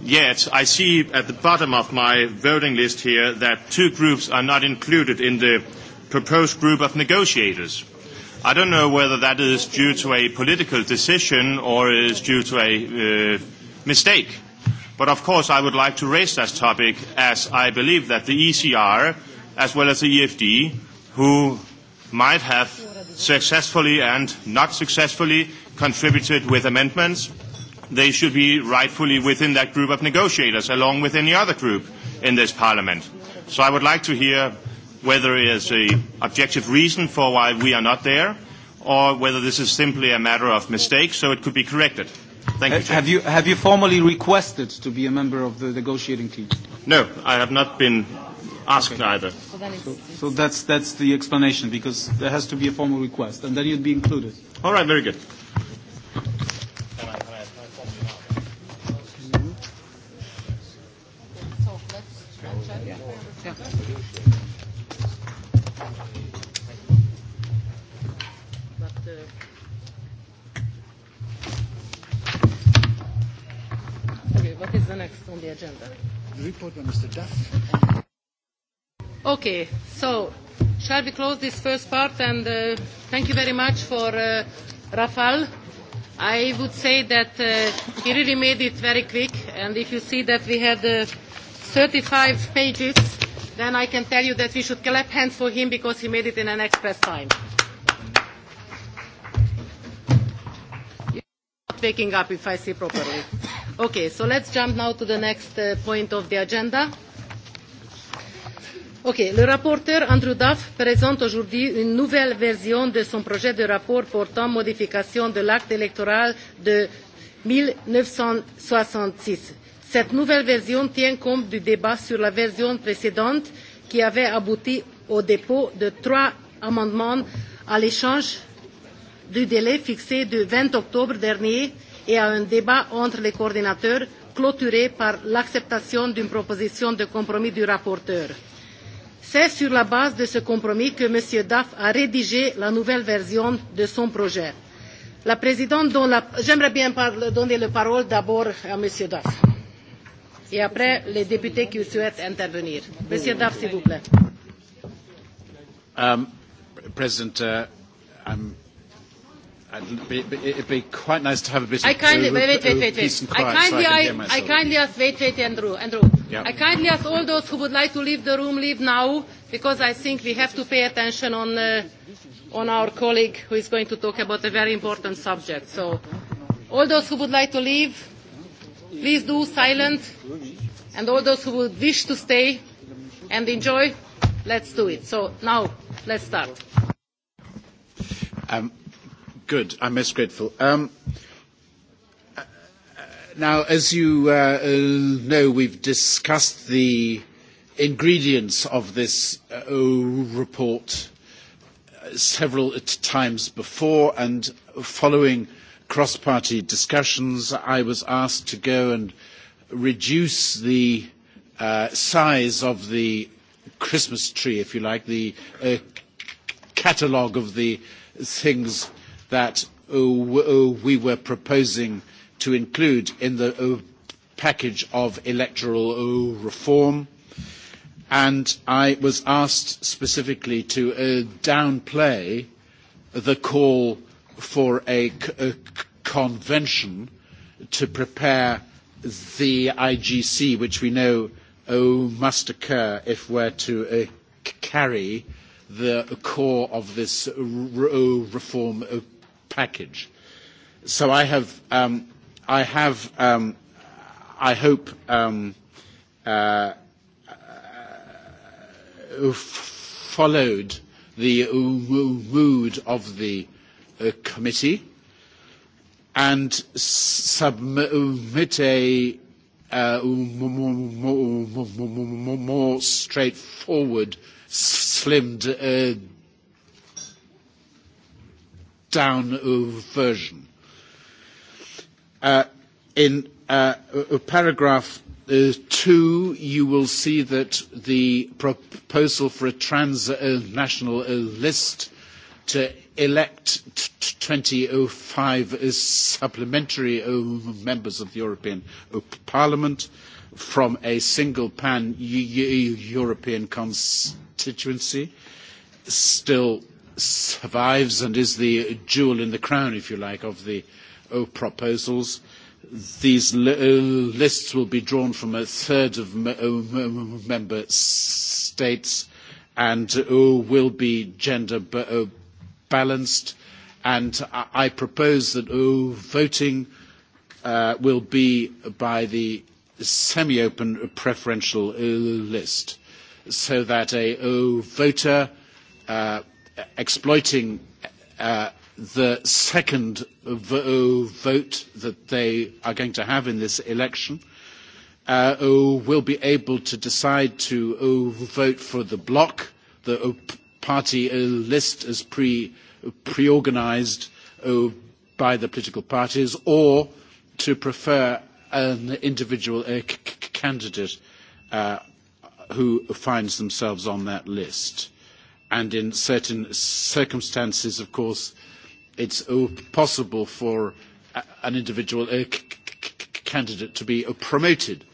yet I see at the bottom of my voting list here that two groups are not included in the proposed group of negotiators. I don't know whether that is due to a political decision or is due to a uh, mistake. But of course, I would like to raise that topic as I believe that the ECR, as well as the EFD, who might have successfully and not successfully contributed with amendments, they should be rightfully within that group of negotiators, along with any other group in this parliament. So I would like to hear whether is an objective reason for why we are not there, or whether this is simply a matter of mistake, so it could be corrected. Thank you. Have you, have you formally requested to be a member of the negotiating team? No, I have not been asked okay. either. So, so, so that's, that's the explanation, because there has to be a formal request, and then you'd be included. All right, very good. Yeah. What is the next on the agenda? The report by Mr. Duff. Okay, so shall we close this first part? And uh, thank you very much for uh, Rafal. I would say that uh, he really made it very quick. And if you see that we had uh, 35 pages, then I can tell you that we should clap hands for him because he made it in an express time. not waking up if I see properly. Okay, so let's jump now to the next uh, point of the agenda. Ok, le rapporteur Andrew Duff présente aujourd'hui une nouvelle version de son projet de rapport portant modification de l'acte électoral de 1966. Cette nouvelle version tient compte du débat sur la version précédente qui avait abouti au dépôt de trois amendements à l'échange du délai fixé du 20 octobre dernier et à un débat entre les coordinateurs clôturé par l'acceptation d'une proposition de compromis du rapporteur. C'est sur la base de ce compromis que M. Daff a rédigé la nouvelle version de son projet. La présidente la... J'aimerais bien parler, donner la parole d'abord à M. Daff et après les députés qui souhaitent intervenir. M. Daff, s'il vous plaît. Um, President, uh, I'm it'd be, it'd be quite nice to have a bit of I kindly, uh, wait, wait, wait, uh, wait. I kindly, so I, I, I kindly ask, wait, wait, Andrew, Andrew. Yeah. I kindly ask all those who would like to leave the room, leave now, because I think we have to pay attention on, uh, on our colleague who is going to talk about a very important subject. So, all those who would like to leave, please do silent, and all those who would wish to stay and enjoy, let's do it. So now, let's start. Um, Good. I'm most grateful. Um, now, as you uh, uh, know, we've discussed the ingredients of this uh, report several times before, and following cross-party discussions, I was asked to go and reduce the size of the Christmas tree, if you like, the catalogue of the things that uh, uh, we were proposing to include in the uh, package of electoral reform. And I was asked specifically to downplay the call for a, convention to prepare the IGC, which we know must occur if we're to carry the core of this reform package. So I have, um, I have, um, I hope, um, uh, uh, followed the mood of the uh, committee and submit a uh, more, more straightforward, slimmed uh, down version. Uh, in uh, paragraph uh, two, you will see that the proposal for a transnational uh, list to elect 25 supplementary uh, members of the European uh, Parliament from a single pan-European constituency still survives and is the jewel in the crown, if you like, of the O proposals. These uh, lists will be drawn from a third of uh, member states and uh, will be gender balanced. And I propose that voting uh, will be by the semi-open preferential list so that a voter uh, exploiting uh, the second vote that they are going to have in this election uh, will be able to decide to uh, vote for the bloc, the uh, party uh, list as pre, pre-organized by the political parties, or to prefer an individual candidate who finds themselves on that list and in certain circumstances, of course, it's possible for an individual candidate to be promoted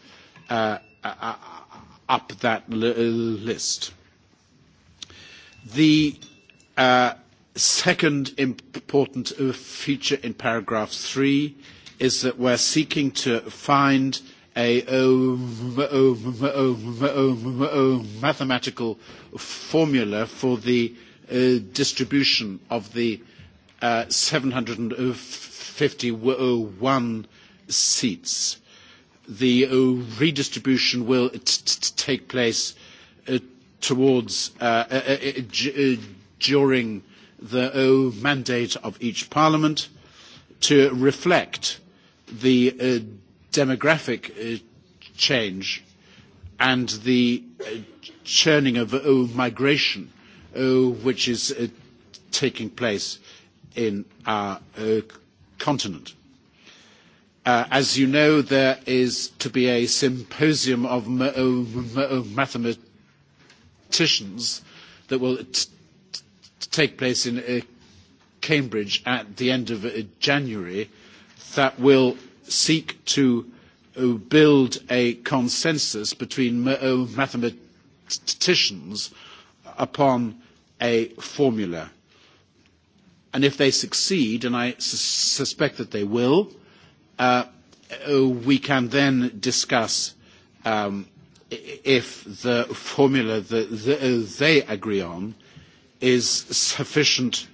uh, up that uh, list. The uh, second important uh, feature in paragraph three is that we're seeking to find a, mathematical formula for the uh, distribution of the uh, 751 seats. The uh, redistribution will take place uh, towards during the mandate of each parliament to reflect the demographic uh, change and the uh, churning of oh, migration oh, which is uh, taking place in our continent. As you know, there is to be a symposium of oh, mathematicians that will take place in Cambridge at the end of January that will seek to uh, build a consensus between uh, mathematicians upon a formula. And if they succeed, and I suspect that they will, uh, uh, we can then discuss um, if the formula that they agree on is sufficient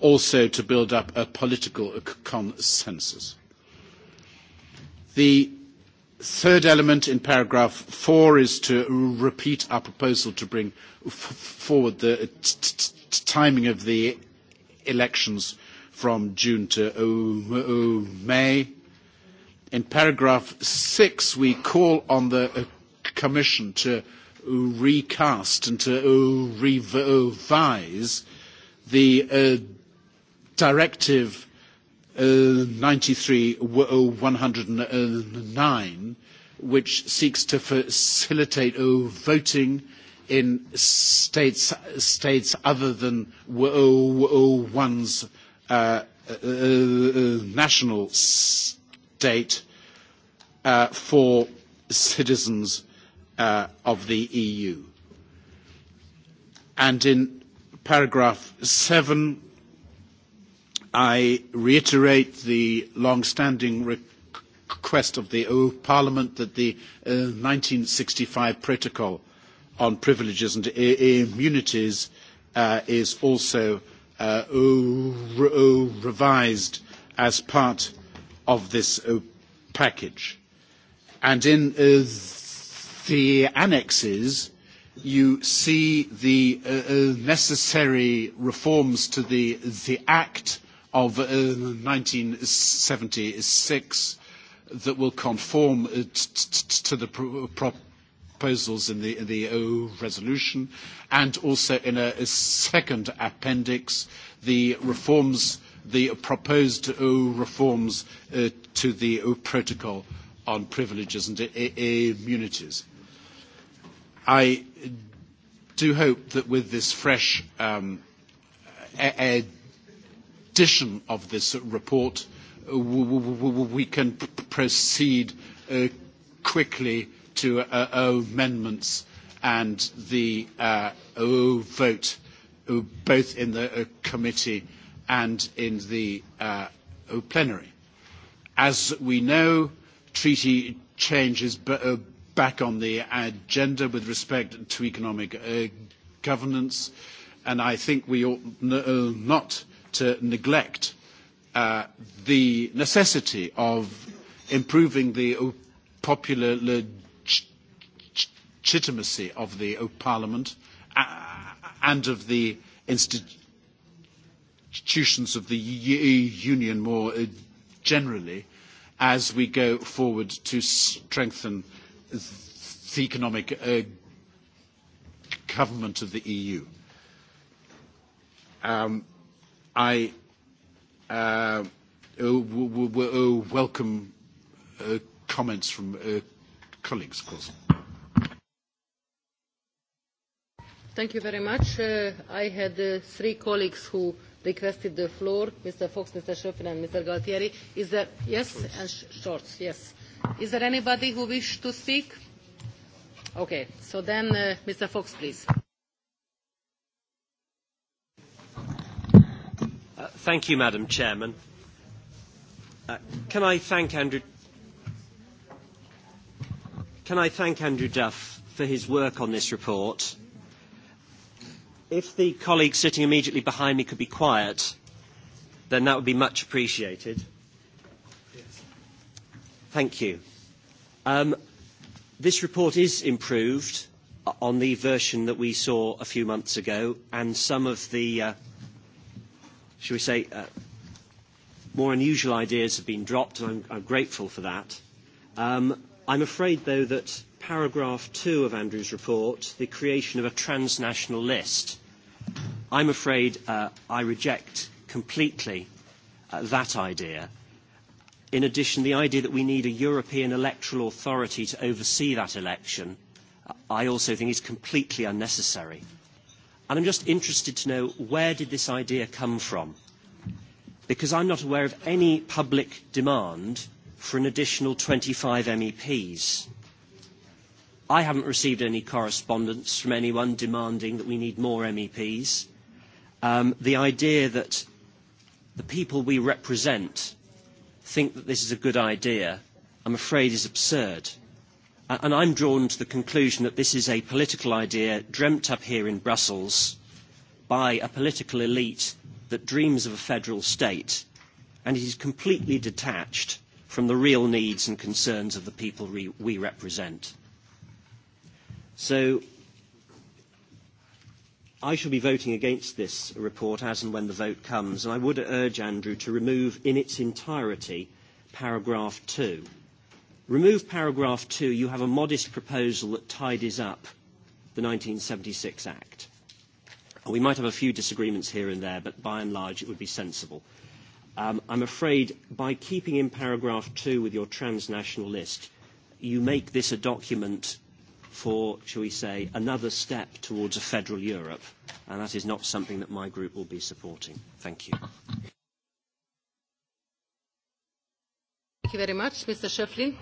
also to build up a political consensus. The third element in paragraph four is to repeat our proposal to bring forward the timing of the elections from June to May. In paragraph six, we call on the uh, Commission to recast and to uh, revise the uh, directive 93 109, uh, which seeks to facilitate uh, voting in states, other than uh, one's national state for citizens of the EU. And in paragraph 7, I reiterate the long-standing request of the EU Parliament that the uh, 1965 Protocol on Privileges and Immunities uh, is also uh, revised as part of this package. And in uh, the annexes, you see the uh, uh, necessary reforms to the, the Act of uh, 1976 that will conform uh, to the proposals in the, in the resolution, and also in a, a second appendix, the reforms, the proposed O reforms uh, to the O protocol on privileges and uh, immunities. I do hope that with this fresh um, ed edition of this report, uh, we can proceed uh, quickly to uh, amendments and the vote both in the committee and in the plenary. As we know, treaty change is back on the agenda with respect to economic governance, and I think we ought not to neglect uh, the necessity of improving the popular legitimacy of the Parliament uh, and of the institutions of the Union more uh, generally as we go forward to strengthen the economic uh, government of the EU. Um, I uh, uh, uh, welcome uh, comments from uh, colleagues, of course. Thank you very much. Uh, I had uh, three colleagues who requested the floor, Mr. Fox, Mr. Schöpflin and Mr. Galtieri. Is there, yes, Shorts. and sh Shorts, yes. Is there anybody who wish to speak? Okay, so then uh, Mr. Fox, please. Thank you, Madam Chairman. Uh, can I thank Andrew? Can I thank Andrew Duff for his work on this report? If the colleague sitting immediately behind me could be quiet, then that would be much appreciated. Thank you. Um, this report is improved on the version that we saw a few months ago, and some of the uh, should we say, uh, more unusual ideas have been dropped, and I'm, I'm grateful for that. Um, I'm afraid, though, that paragraph two of Andrew's report, the creation of a transnational list, I'm afraid uh, I reject completely uh, that idea. In addition, the idea that we need a European electoral authority to oversee that election, uh, I also think is completely unnecessary. And I'm just interested to know where did this idea come from? Because I'm not aware of any public demand for an additional 25 MEPs. I haven't received any correspondence from anyone demanding that we need more MEPs. Um, the idea that the people we represent think that this is a good idea, I'm afraid is absurd. And I'm drawn to the conclusion that this is a political idea dreamt up here in Brussels by a political elite that dreams of a federal state, and is completely detached from the real needs and concerns of the people re we represent. So I shall be voting against this report as and when the vote comes, and I would urge Andrew to remove in its entirety paragraph two. Remove paragraph two. You have a modest proposal that tidies up the 1976 Act. We might have a few disagreements here and there, but by and large it would be sensible. Um, I'm afraid by keeping in paragraph two with your transnational list, you make this a document for, shall we say, another step towards a federal Europe, and that is not something that my group will be supporting. Thank you. Thank you very much. Mr. Schöpflin.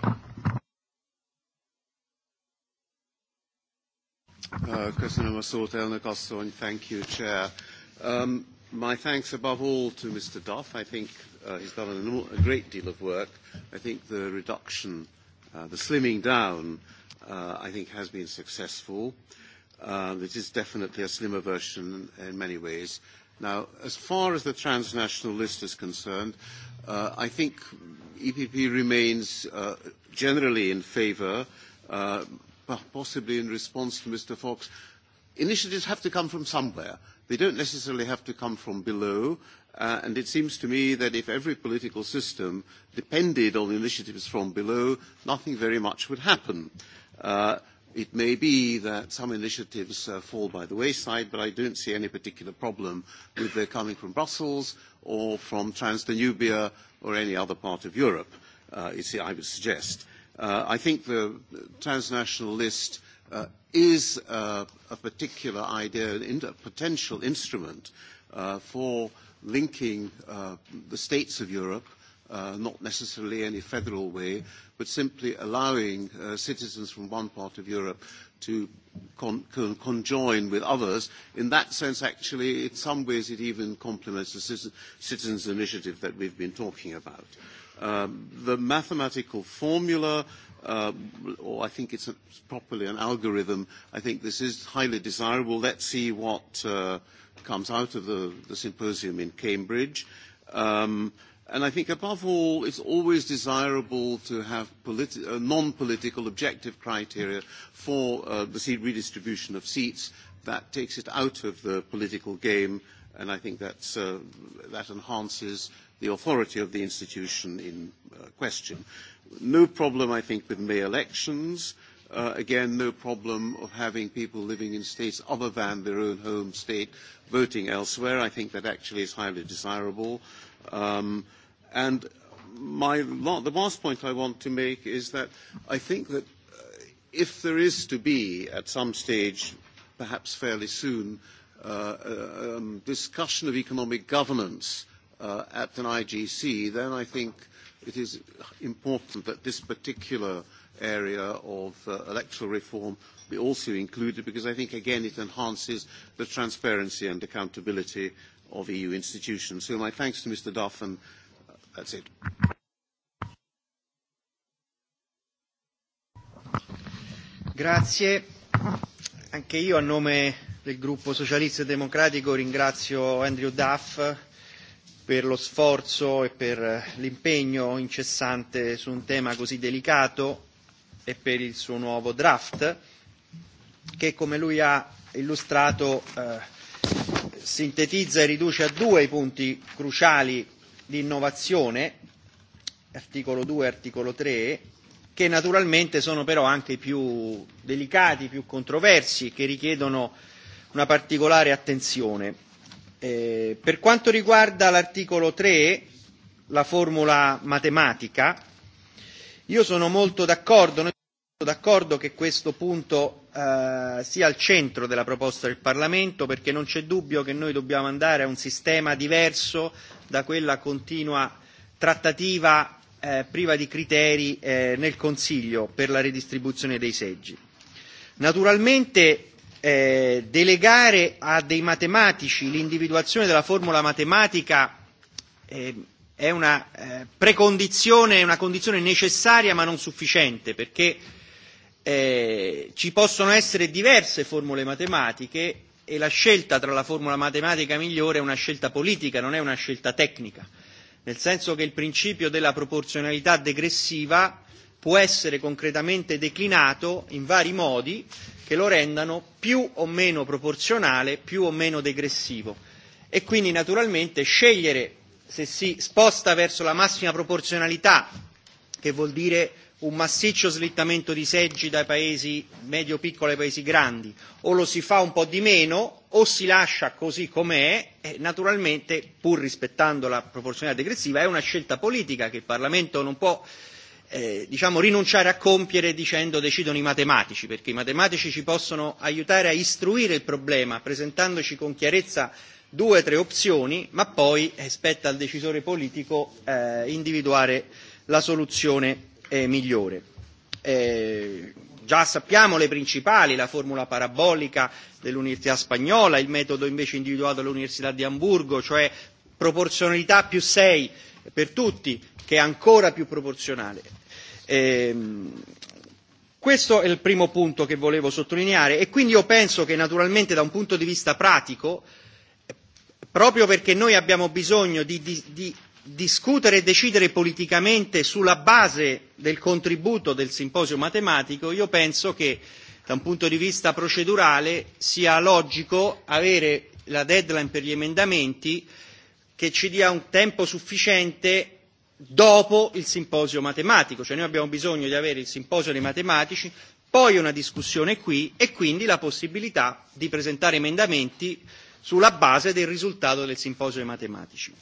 Uh, köszönöm a szót, elnök asszony. Thank you, Chair. Um, my thanks above all to Mr. Duff. I think uh, he's done a great deal of work. I think the reduction, uh, the slimming down, uh, I think has been successful. Uh, it is definitely a slimmer version in many ways. Now, as far as the transnational list is concerned, uh, I think EPP remains uh, generally in favour, uh, possibly in response to Mr Fox. Initiatives have to come from somewhere. They don't necessarily have to come from below, uh, and it seems to me that if every political system depended on initiatives from below, nothing very much would happen. Uh, it may be that some initiatives uh, fall by the wayside, but I don't see any particular problem with their coming from Brussels or from Transdanubia or any other part of Europe, uh, I would suggest. Uh, I think the transnational list uh, is uh, a particular idea, a potential instrument uh, for linking uh, the states of Europe, uh, not necessarily any federal way, but simply allowing uh, citizens from one part of Europe to con- con- conjoin with others. In that sense, actually, in some ways, it even complements the citizens' initiative that we've been talking about. Um, the mathematical formula, uh, or I think it's a, properly an algorithm, I think this is highly desirable. Let's see what uh, comes out of the, the symposium in Cambridge. Um, And I think, above all, it's always desirable to have politi- uh, non-political objective criteria for uh, the seat redistribution of seats. That takes it out of the political game, and I think that's, uh, that enhances the authority of the institution in uh, question. No problem, I think, with May elections. Uh, again, no problem of having people living in states other than their own home state voting elsewhere. I think that actually is highly desirable. Uh, Um, and my, la- the last point I want to make is that I think that uh, if there is to be, at some stage, perhaps fairly soon, uh, uh um, discussion of economic governance uh, at an IGC, then I think it is important that this particular area of uh, electoral reform be also included because I think, again, it enhances the transparency and accountability of EU institutions. So my thanks to Mr Duff, and uh, that's it. Grazie. Anche io a nome del gruppo socialista e democratico ringrazio Andrew Duff per lo sforzo e per l'impegno incessante su un tema così delicato e per il suo nuovo draft che come lui ha illustrato eh, sintetizza e riduce a due i punti cruciali di innovazione, articolo 2 e articolo 3, che naturalmente sono però anche più delicati, più controversi, che richiedono una particolare attenzione. Eh, per quanto riguarda l'articolo 3, la formula matematica, io sono molto d'accordo d'accordo che questo punto eh, sia al centro della proposta del Parlamento perché non c'è dubbio che noi dobbiamo andare a un sistema diverso da quella continua trattativa eh, priva di criteri eh, nel Consiglio per la redistribuzione dei seggi. Naturalmente eh, delegare a dei matematici l'individuazione della formula matematica eh, è una eh, precondizione, una condizione necessaria ma non sufficiente perché eh, ci possono essere diverse formule matematiche e la scelta tra la formula matematica migliore è una scelta politica, non è una scelta tecnica, nel senso che il principio della proporzionalità degressiva può essere concretamente declinato in vari modi che lo rendano più o meno proporzionale, più o meno degressivo e quindi naturalmente scegliere se si sposta verso la massima proporzionalità, che vuol dire un massiccio slittamento di seggi dai paesi medio-piccoli ai paesi grandi, o lo si fa un po' di meno o si lascia così com'è, e naturalmente pur rispettando la proporzionalità degressiva è una scelta politica che il Parlamento non può eh, diciamo, rinunciare a compiere dicendo decidono i matematici, perché i matematici ci possono aiutare a istruire il problema presentandoci con chiarezza due o tre opzioni, ma poi eh, spetta al decisore politico eh, individuare la soluzione eh, migliore. Eh, già sappiamo le principali, la formula parabolica dell'Università spagnola, il metodo invece individuato dall'Università di Hamburgo, cioè proporzionalità più 6 per tutti, che è ancora più proporzionale. Eh, questo è il primo punto che volevo sottolineare e quindi io penso che naturalmente da un punto di vista pratico, proprio perché noi abbiamo bisogno di, di, di discutere e decidere politicamente sulla base del contributo del simposio matematico, io penso che da un punto di vista procedurale sia logico avere la deadline per gli emendamenti che ci dia un tempo sufficiente dopo il simposio matematico, cioè noi abbiamo bisogno di avere il simposio dei matematici, poi una discussione qui e quindi la possibilità di presentare emendamenti sulla base del risultato del simposio dei matematici.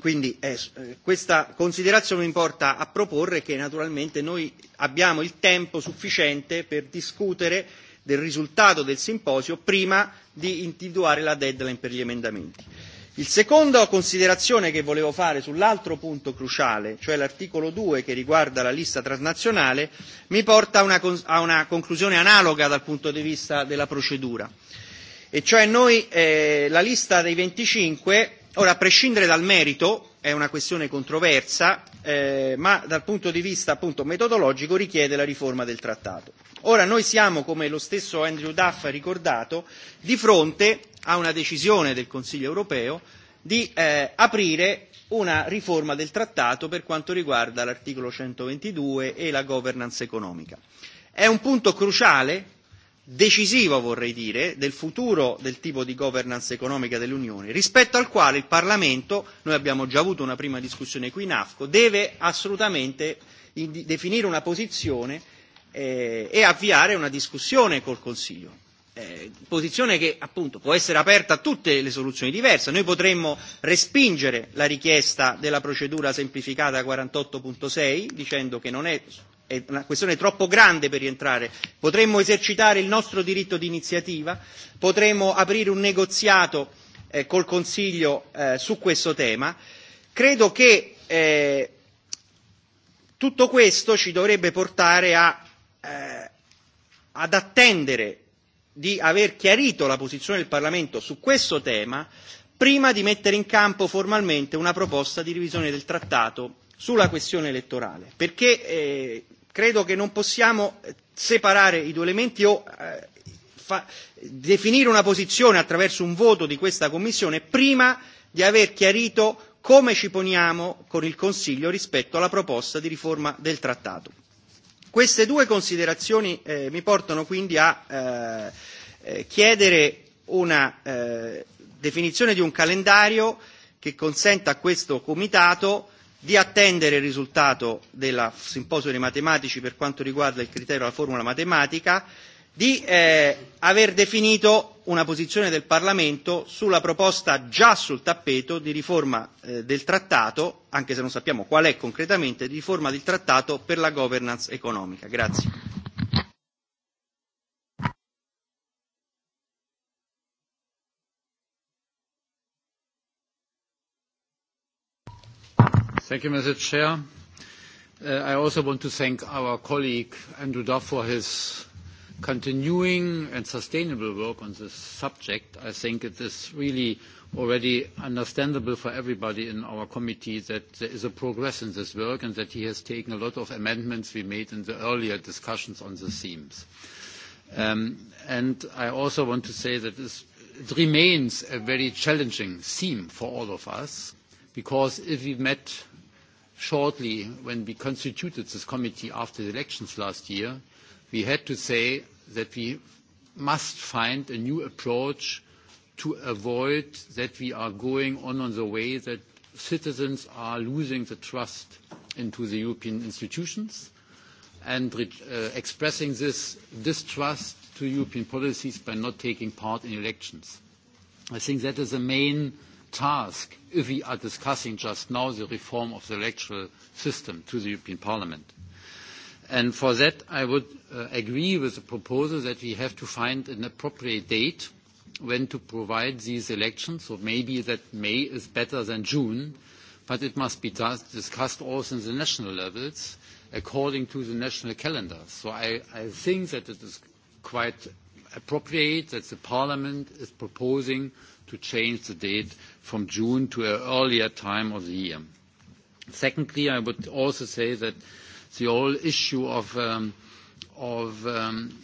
Quindi eh, eh, questa considerazione mi porta a proporre che naturalmente noi abbiamo il tempo sufficiente per discutere del risultato del simposio prima di individuare la deadline per gli emendamenti. Il seconda considerazione che volevo fare sull'altro punto cruciale, cioè l'articolo 2 che riguarda la lista transnazionale, mi porta a una, a una conclusione analoga dal punto di vista della procedura. E cioè noi eh, la lista dei 25 Ora, a prescindere dal merito, è una questione controversa, eh, ma dal punto di vista appunto metodologico richiede la riforma del trattato. Ora noi siamo, come lo stesso Andrew Duff ha ricordato, di fronte a una decisione del Consiglio europeo di eh, aprire una riforma del trattato per quanto riguarda l'articolo 122 e la governance economica. È un punto cruciale decisiva, vorrei dire, del futuro del tipo di governance economica dell'Unione, rispetto al quale il Parlamento, noi abbiamo già avuto una prima discussione qui in AFCO, deve assolutamente definire una posizione eh, e avviare una discussione col Consiglio. Eh, posizione che appunto può essere aperta a tutte le soluzioni diverse. Noi potremmo respingere la richiesta della procedura semplificata 48.6 dicendo che non è è una questione troppo grande per rientrare. Potremmo esercitare il nostro diritto di iniziativa, potremmo aprire un negoziato eh, col Consiglio eh, su questo tema. Credo che eh, tutto questo ci dovrebbe portare a, eh, ad attendere di aver chiarito la posizione del Parlamento su questo tema prima di mettere in campo formalmente una proposta di revisione del trattato sulla questione elettorale, perché eh, Credo che non possiamo eh, separare i due elementi o eh, fa, definire una posizione attraverso un voto di questa Commissione prima di aver chiarito come ci poniamo con il Consiglio rispetto alla proposta di riforma del Trattato. Queste due considerazioni eh, mi portano quindi a eh, eh chiedere una eh, definizione di un calendario che consenta a questo Comitato di attendere il risultato del simposio dei matematici per quanto riguarda il criterio della formula matematica, di eh, aver definito una posizione del Parlamento sulla proposta già sul tappeto di riforma eh, del trattato, anche se non sappiamo qual è concretamente, di riforma del trattato per la governance economica. Grazie. Thank you, Mr. Chair. Uh, I also want to thank our colleague Andrew Duff for his continuing and sustainable work on this subject. I think it is really already understandable for everybody in our committee that there is a progress in this work and that he has taken a lot of amendments we made in the earlier discussions on the themes. Um, and I also want to say that it remains a very challenging theme for all of us because if we met shortly when we constituted this committee after the elections last year, we had to say that we must find a new approach to avoid that we are going on on the way that citizens are losing the trust into the European institutions and uh, expressing this distrust to European policies by not taking part in elections. I think that is the main task if we are discussing just now the reform of the electoral system to the European Parliament. And for that, I would uh, agree with the proposal that we have to find an appropriate date when to provide these elections. So maybe that May is better than June, but it must be discussed also in the national levels according to the national calendar. So I, I think that it is quite appropriate that the Parliament is proposing to change the date from June to an earlier time of the year. Secondly, I would also say that the whole issue of, um, of um,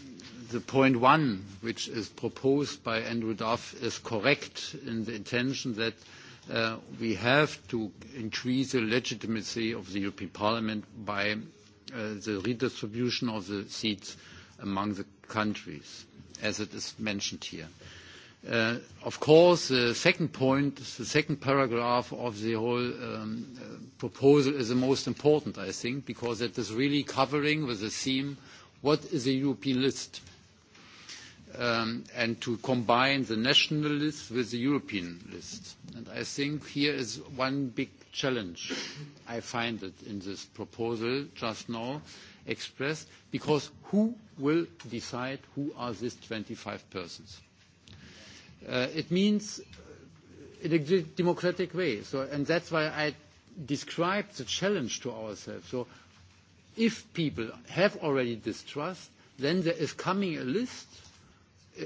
the point one, which is proposed by Andrew Duff, is correct in the intention that uh, we have to increase the legitimacy of the European Parliament by uh, the redistribution of the seats among the countries, as it is mentioned here. Uh, of course, the second point, the second paragraph of the whole um, uh, proposal is the most important, I think, because it is really covering with the theme, what is a European list? Um, and to combine the national list with the European list. And I think here is one big challenge. I find it in this proposal just now expressed, because who will decide who are these 25 persons? Uh, it means in a democratic way. So, and that's why I described the challenge to ourselves. So if people have already distrust, then there is coming a list uh,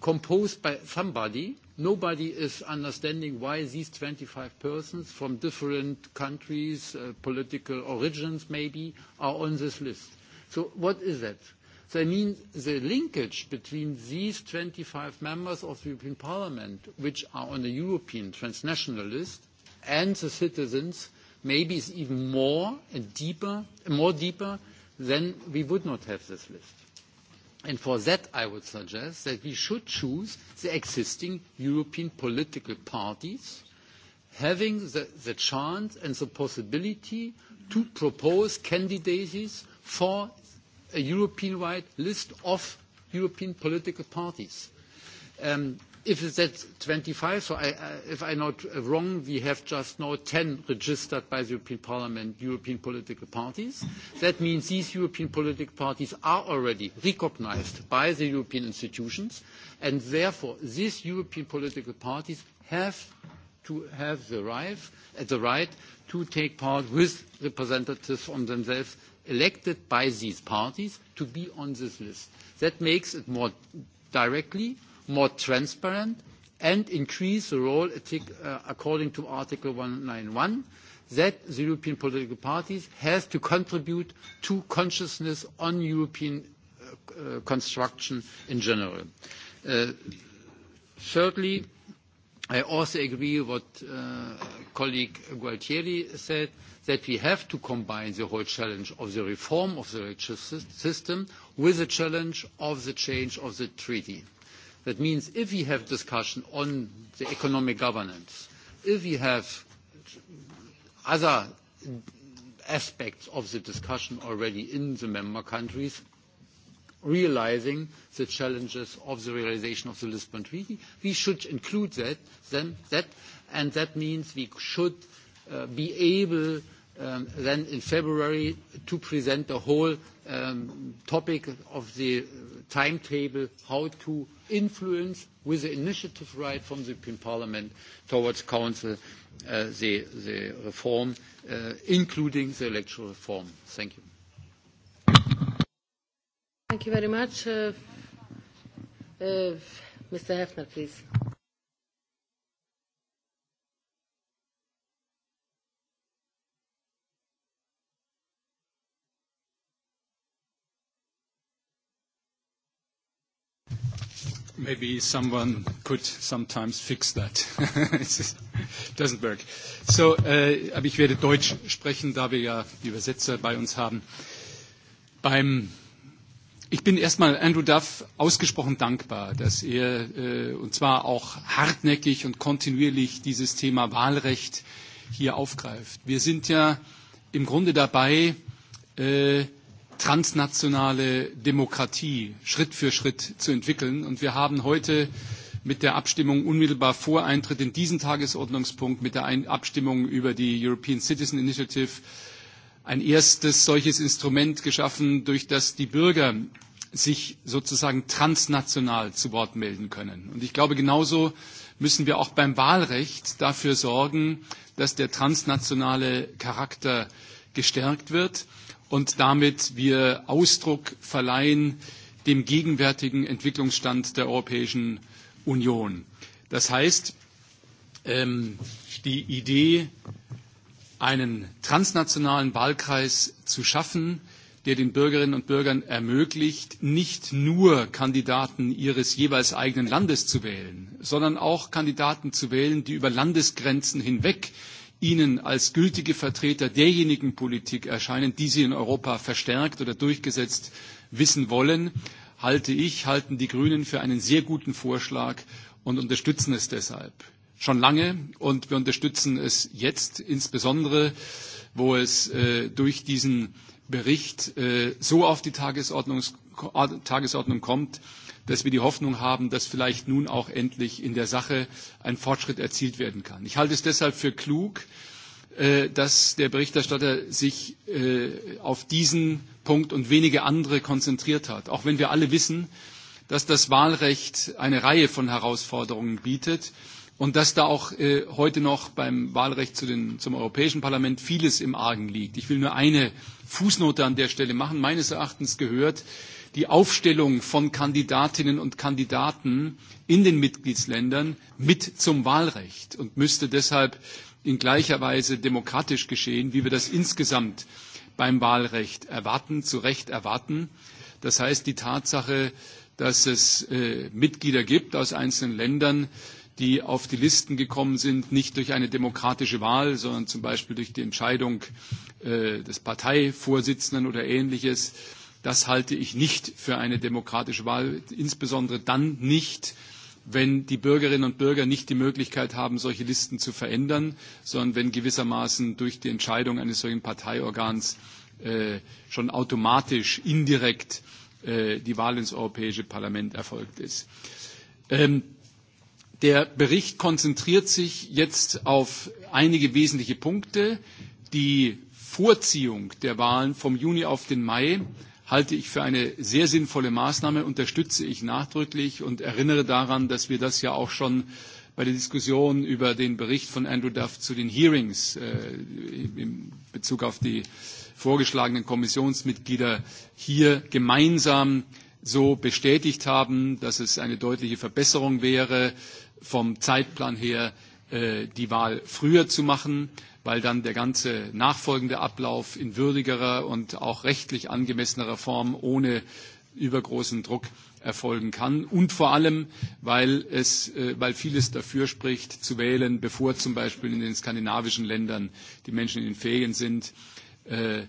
composed by somebody. Nobody is understanding why these 25 persons from different countries, uh, political origins maybe, are on this list. So what is that? They mean, the linkage between these 25 members of the European Parliament, which are on the European transnational list, and the citizens, maybe is even more and deeper, more deeper than we would not have this list. And for that, I would suggest that we should choose the existing European political parties having the, the chance and the possibility to propose candidates for a European-wide list of European political parties. Um, if that's 25, so I, I, if I'm not wrong, we have just now 10 registered by the European Parliament European political parties. That means these European political parties are already recognized by the European institutions, and therefore these European political parties have to have the right, uh, the right to take part with representatives on themselves elected by these parties to be on this list. That makes it more directly, more transparent, and increase the role uh, according to Article 191 that the European political parties have to contribute to consciousness on European uh, uh construction in general. Uh, thirdly, I also agree what uh, colleague Gualtieri said that we have to combine the whole challenge of the reform of the system with the challenge of the change of the treaty. That means if we have discussion on the economic governance, if we have other aspects of the discussion already in the member countries, realizing the challenges of the realization of the Lisbon Treaty, we should include that, then, that and that means we should uh, be able Um, then in February to present the whole um, topic of the timetable, how to influence with the initiative right from the European Parliament towards Council uh, the, reform, uh, including the electoral reform. Thank you. Thank you very much. Uh, Mr. Hefner, please. maybe someone could sometimes fix that. It doesn't work. So, äh, aber ich werde Deutsch sprechen, da wir ja die Übersetzer bei uns haben. Beim ich bin erstmal Andrew Duff ausgesprochen dankbar, dass er äh, und zwar auch hartnäckig und kontinuierlich dieses Thema Wahlrecht hier aufgreift. Wir sind ja im Grunde dabei, äh, transnationale Demokratie Schritt für Schritt zu entwickeln. Und wir haben heute mit der Abstimmung unmittelbar vor Eintritt in diesen Tagesordnungspunkt, mit der Abstimmung über die European Citizen Initiative, ein erstes solches Instrument geschaffen, durch das die Bürger sich sozusagen transnational zu Wort melden können. Und ich glaube, genauso müssen wir auch beim Wahlrecht dafür sorgen, dass der transnationale Charakter gestärkt wird und damit wir Ausdruck verleihen dem gegenwärtigen Entwicklungsstand der Europäischen Union. Das heißt, ähm, die Idee, einen transnationalen Wahlkreis zu schaffen, der den Bürgerinnen und Bürgern ermöglicht, nicht nur Kandidaten ihres jeweils eigenen Landes zu wählen, sondern auch Kandidaten zu wählen, die über Landesgrenzen hinweg ihnen als gültige Vertreter derjenigen Politik erscheinen, die sie in Europa verstärkt oder durchgesetzt wissen wollen, halte ich, halten die Grünen für einen sehr guten Vorschlag und unterstützen es deshalb schon lange und wir unterstützen es jetzt insbesondere, wo es äh, durch diesen Bericht äh, so auf die Tagesordnung kommt, dass wir die Hoffnung haben, dass vielleicht nun auch endlich in der Sache ein Fortschritt erzielt werden kann. Ich halte es deshalb für klug, äh, dass der Berichterstatter sich äh, auf diesen Punkt und wenige andere konzentriert hat, auch wenn wir alle wissen, dass das Wahlrecht eine Reihe von Herausforderungen bietet und dass da auch äh, heute noch beim Wahlrecht zu den, zum Europäischen Parlament vieles im Argen liegt. Ich will nur eine Fußnote an der Stelle machen. Meines Erachtens gehört die Aufstellung von Kandidatinnen und Kandidaten in den Mitgliedsländern mit zum Wahlrecht und müsste deshalb in gleicher Weise demokratisch geschehen, wie wir das insgesamt beim Wahlrecht erwarten, zu Recht erwarten. Das heißt, die Tatsache, dass es äh, Mitglieder gibt aus einzelnen Ländern, die auf die Listen gekommen sind, nicht durch eine demokratische Wahl, sondern zum Beispiel durch die Entscheidung äh, des Parteivorsitzenden oder ähnliches, äh, Das halte ich nicht für eine demokratische Wahl, insbesondere dann nicht, wenn die Bürgerinnen und Bürger nicht die Möglichkeit haben, solche Listen zu verändern, sondern wenn gewissermaßen durch die Entscheidung eines solchen Parteiorgans äh, schon automatisch indirekt äh, die Wahl ins Europäische Parlament erfolgt ist. Ähm, der Bericht konzentriert sich jetzt auf einige wesentliche Punkte. Die Vorziehung der Wahlen vom Juni auf den Mai halte ich für eine sehr sinnvolle Maßnahme, unterstütze ich nachdrücklich und erinnere daran, dass wir das ja auch schon bei der Diskussion über den Bericht von Andrew Duff zu den Hearings äh, in Bezug auf die vorgeschlagenen Kommissionsmitglieder hier gemeinsam so bestätigt haben, dass es eine deutliche Verbesserung wäre, vom Zeitplan her äh, die Wahl früher zu machen. Äh, weil dann der ganze nachfolgende Ablauf in würdigerer und auch rechtlich angemessenerer Form ohne übergroßen Druck erfolgen kann und vor allem, weil, es, äh, weil vieles dafür spricht, zu wählen, bevor zum Beispiel in den skandinavischen Ländern die Menschen in den Ferien sind. Äh,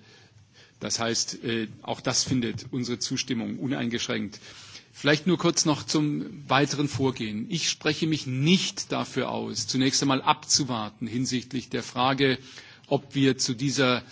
das heißt, äh, auch das findet unsere Zustimmung uneingeschränkt. Vielleicht nur kurz noch zum weiteren Vorgehen. Ich spreche mich nicht dafür aus, zunächst einmal abzuwarten hinsichtlich der Frage, ob wir zu dieser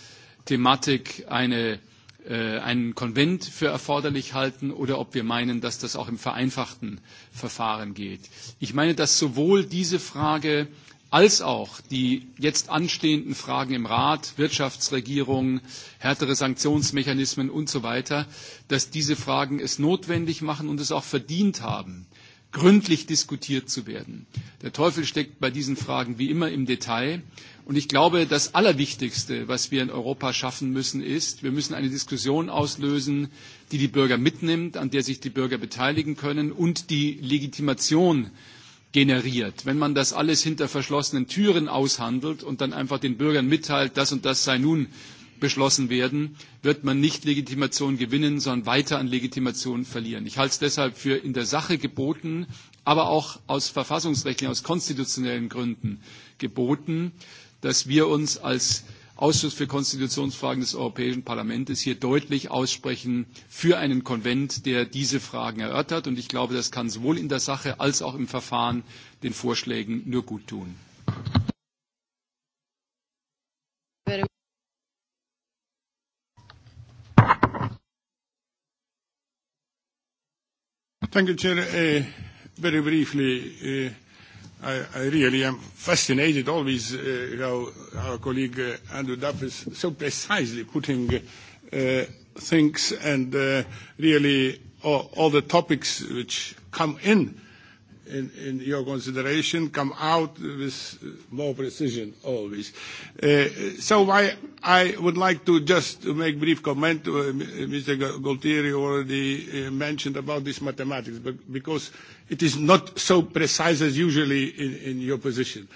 Thematik eine, äh, einen Konvent für erforderlich halten oder ob wir meinen, dass das auch im vereinfachten Verfahren geht. Ich meine, dass sowohl diese Frage als auch die jetzt anstehenden Fragen im Rat, Wirtschaftsregierung, härtere Sanktionsmechanismen und so weiter, dass diese Fragen es notwendig machen und es auch verdient haben, gründlich diskutiert zu werden. Der Teufel steckt bei diesen Fragen wie immer im Detail. Und ich glaube, das Allerwichtigste, was wir in Europa schaffen müssen, ist, wir müssen eine Diskussion auslösen, die die Bürger mitnimmt, an der sich die Bürger beteiligen können und die Legitimation generiert. Wenn man das alles hinter verschlossenen Türen aushandelt und dann einfach den Bürgern mitteilt, das und das sei nun beschlossen werden, wird man nicht Legitimation gewinnen, sondern weiter an Legitimation verlieren. Ich halte es deshalb für in der Sache geboten, aber auch aus verfassungsrechtlichen, aus konstitutionellen Gründen geboten, dass wir uns als Ausschuss für Konstitutionsfragen des Europäischen Parlaments hier deutlich aussprechen für einen Konvent, der diese Fragen erörtert. Und ich glaube, das kann sowohl in der Sache als auch im Verfahren den Vorschlägen nur gut tun. Thank you, Chair. Uh, very briefly, uh, I, I really am fascinated always uh, how our colleague uh, Andrew Duff is so precisely putting uh, things and uh, really all, all the topics which come in, in in your consideration come out with more precision always. Uh, so I, I would like to just make brief comment. Uh, Mr. Uh, Gualtieri already uh, mentioned about this mathematics, but because it is not so precise as usually in, in your position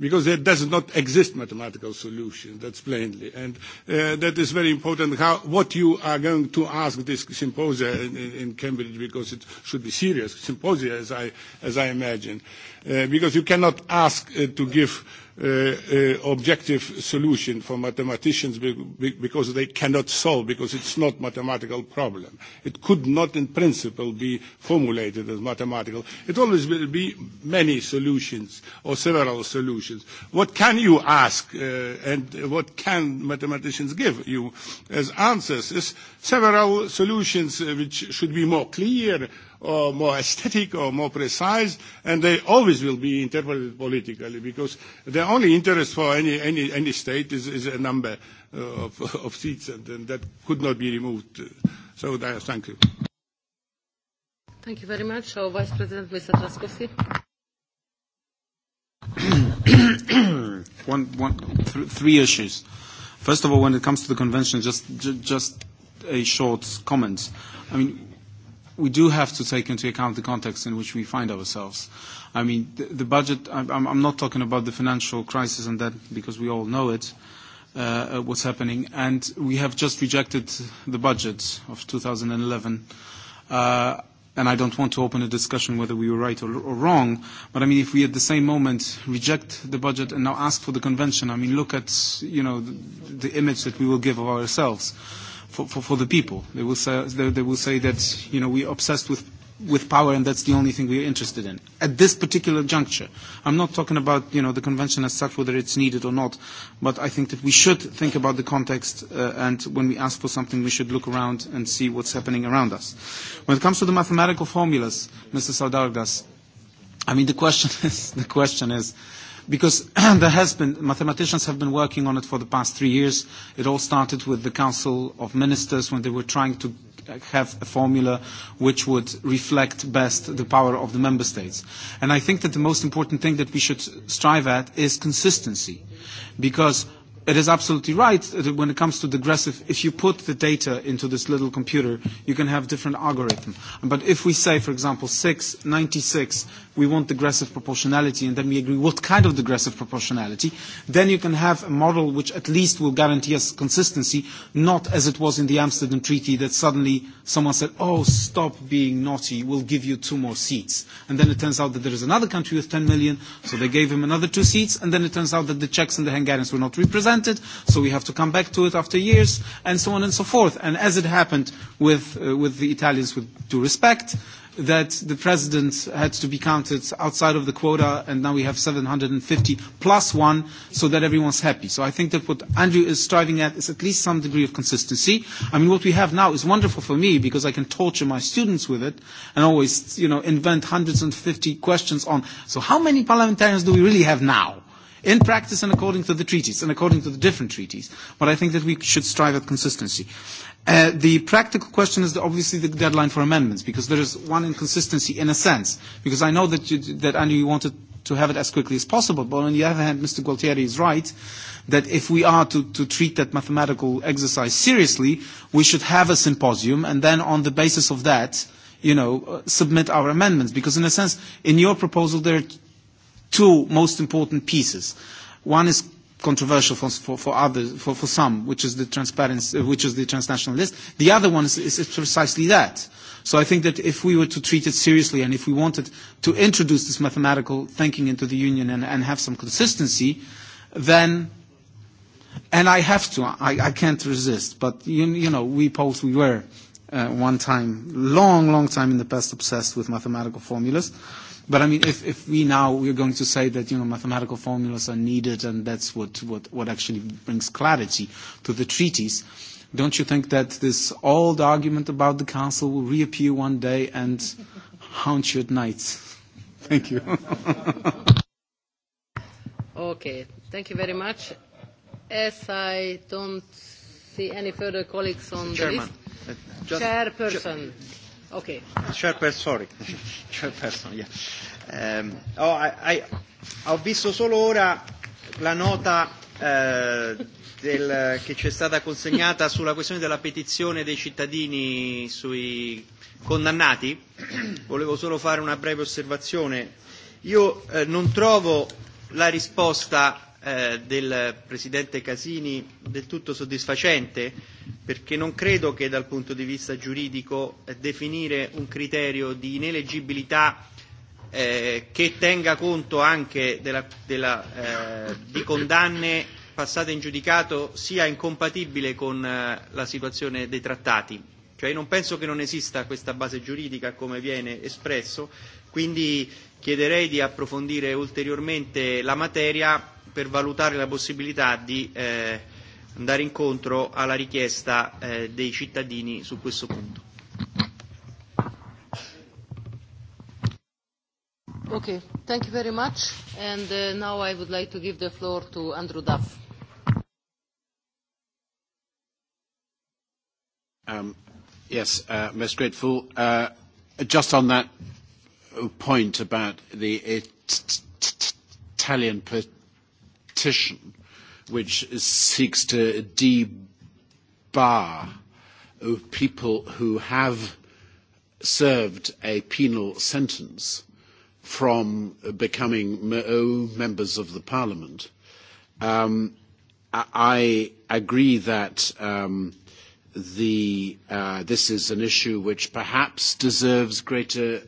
because there does not exist mathematical solution, that's plainly. And uh, that is very important, how, what you are going to ask this symposia in, in Cambridge, because it should be serious symposia, as I, as I imagine, uh, because you cannot ask uh, to give Uh, uh, objective solution for mathematicians because they cannot solve, because it's not mathematical problem. It could not in principle be formulated as mathematical. It always will be many solutions or several solutions. What can you ask uh, and what can mathematicians give you as answers is several solutions uh, which should be more clear, or uh, more aesthetic or more precise, and they always will be interpreted politically because the only interest for any, any, any state is, is a number uh, of, of seats, and, and that could not be removed. So, uh, thank you. Thank you very much. Our Vice President, Mr. Traskowski. one, one, th- three issues. First of all, when it comes to the convention, just, j- just a short comment. I mean, we do have to take into account the context in which we find ourselves. I mean, the, the budget, I'm, I'm not talking about the financial crisis and that because we all know it, uh, uh what's happening. And we have just rejected the budget of 2011. Uh, and I don't want to open a discussion whether we were right or, or wrong, but I mean, if we at the same moment reject the budget and now ask for the convention, I mean, look at, you know, the, the image that we will give of ourselves. Uh, for, for, for the people. They will, say, they will say that, you know, we're obsessed with, with power and that's the only thing we're interested in. At this particular juncture, I'm not talking about, you know, the convention as such, whether it's needed or not, but I think that we should think about the context uh, and when we ask for something, we should look around and see what's happening around us. When it comes to the mathematical formulas, Mr. Saldargas, I mean, the question is, the question is, because there has been, mathematicians have been working on it for the past three years. It all started with the Council of Ministers when they were trying to have a formula which would reflect best the power of the member states. And I think that the most important thing that we should strive at is consistency, because it is absolutely right that when it comes to digressive, if you put the data into this little computer, you can have different algorithm. But if we say, for example, 6, 96, we want digressive proportionality, and then we agree what kind of digressive proportionality, then you can have a model which at least will guarantee us consistency, not as it was in the Amsterdam Treaty that suddenly someone said, oh, stop being naughty, we'll give you two more seats. And then it turns out that there is another country with 10 million, so they gave him another two seats, and then it turns out that the Czechs and the Hungarians were not represented, so we have to come back to it after years, and so on and so forth. And as it happened with, uh, with the Italians with due respect, that the president had to be counted outside of the quota, and now we have 750 plus one, so that everyone's happy. So I think that what Andrew is striving at is at least some degree of consistency. I mean, what we have now is wonderful for me because I can torture my students with it and always, you know, invent fifty questions on. So how many parliamentarians do we really have now? in practice and according to the treaties and according to the different treaties. But I think that we should strive at consistency. Uh, the practical question is obviously the deadline for amendments, because there is one inconsistency in a sense. Because I know that, you, that Andrew, you wanted to have it as quickly as possible, but on the other hand, Mr. Gualtieri is right that if we are to, to treat that mathematical exercise seriously, we should have a symposium, and then on the basis of that, you know, uh, submit our amendments. Because in a sense, in your proposal, there are two most important pieces. One is controversial for, for, for others, for, for some, which is the transparency, uh, which is the transnational list. The other one is, is, is precisely that. So I think that if we were to treat it seriously and if we wanted to introduce this mathematical thinking into the union and, and have some consistency, then, and I have to, I, I can't resist, but you, you know, we both, we were uh, one time, long, long time in the past obsessed with mathematical formulas. Uh, But I mean, if, if we now we're going to say that you know mathematical formulas are needed and that's what, what, what actually brings clarity to the treaties, don't you think that this old argument about the council will reappear one day and haunt you at night? Thank you. okay, thank you very much. As I don't see any further colleagues on Chairman, the list, uh, Chairperson. Ch- Okay. Chairperson, sorry. Chairperson, yeah. Um, oh, I, I, ho visto solo ora la nota eh, del, che ci è stata consegnata sulla questione della petizione dei cittadini sui condannati. Volevo solo fare una breve osservazione. Io eh, non trovo la risposta Eh, del Presidente Casini del tutto soddisfacente perché non credo che dal punto di vista giuridico eh, definire un criterio di ineleggibilità eh, che tenga conto anche della, della, eh, di condanne passate in giudicato sia incompatibile con eh, la situazione dei trattati. Cioè non penso che non esista questa base giuridica come viene espresso, quindi chiederei di approfondire ulteriormente la materia per valutare la possibilità di eh, andare incontro alla richiesta eh, dei cittadini su questo punto. thank you very much. And uh, now I would like to give the floor to Andrew Duff. Um, yes, uh, most grateful. Uh, just on that point about the Italian per petition which seeks to debar people who have served a penal sentence from becoming oh, members of the parliament. Um, I agree that um, the, uh, this is an issue which perhaps deserves greater uh,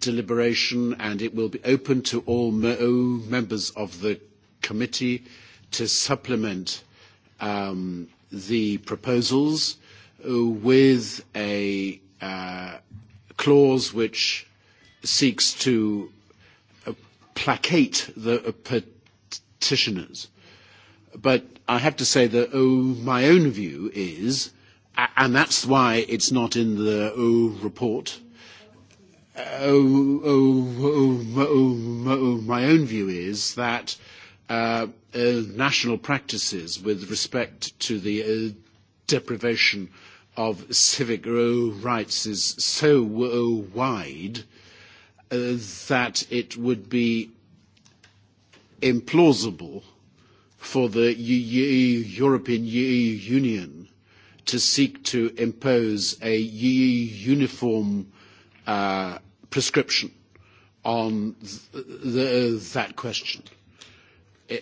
deliberation and it will be open to all oh, members of the committee to supplement um, the proposals uh, with a uh, clause which seeks to uh, placate the uh, petitioners. But I have to say that oh, my own view is, and that's why it's not in the oh, report, oh, oh, oh, oh, my own view is that Uh, uh, national practices with respect to the uh, deprivation of civic uh, rights is so uh, wide that it would be implausible for the European Union to seek to impose a uniform prescription on that question.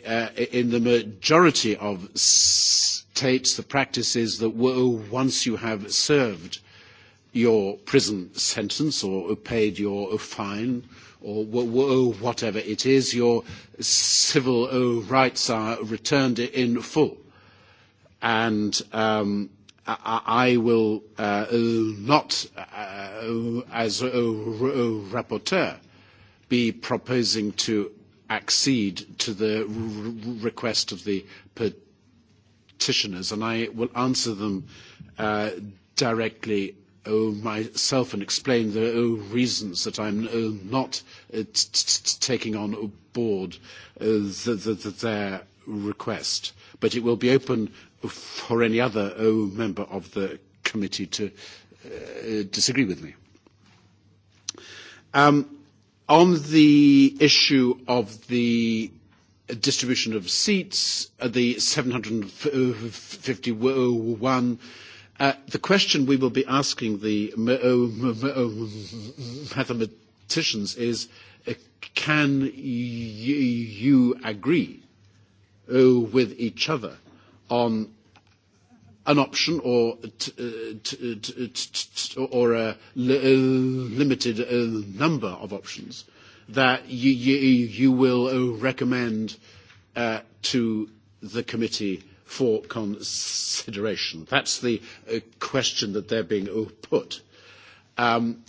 Uh, in the majority of states, the practice is that once you have served your prison sentence or paid your fine or whatever it is, your civil uh, rights are returned in full. And um, I will uh, not, uh, as a rapporteur, be proposing to accede to the request of the petitioners, and I will answer them uh, directly oh, myself and explain the oh, reasons that I'm oh, not uh, taking on board uh, the, the, their request. But it will be open for any other oh, member of the committee to uh, disagree with me. Um, On the issue of the distribution of seats, uh, the 751, uh, the question we will be asking the uh, uh, mathematicians is, uh, can you agree uh, with each other on an option or, uh, uh, uh, or a limited number of options that you, you, will recommend to the committee for consideration. That's the question that they're being put. Um,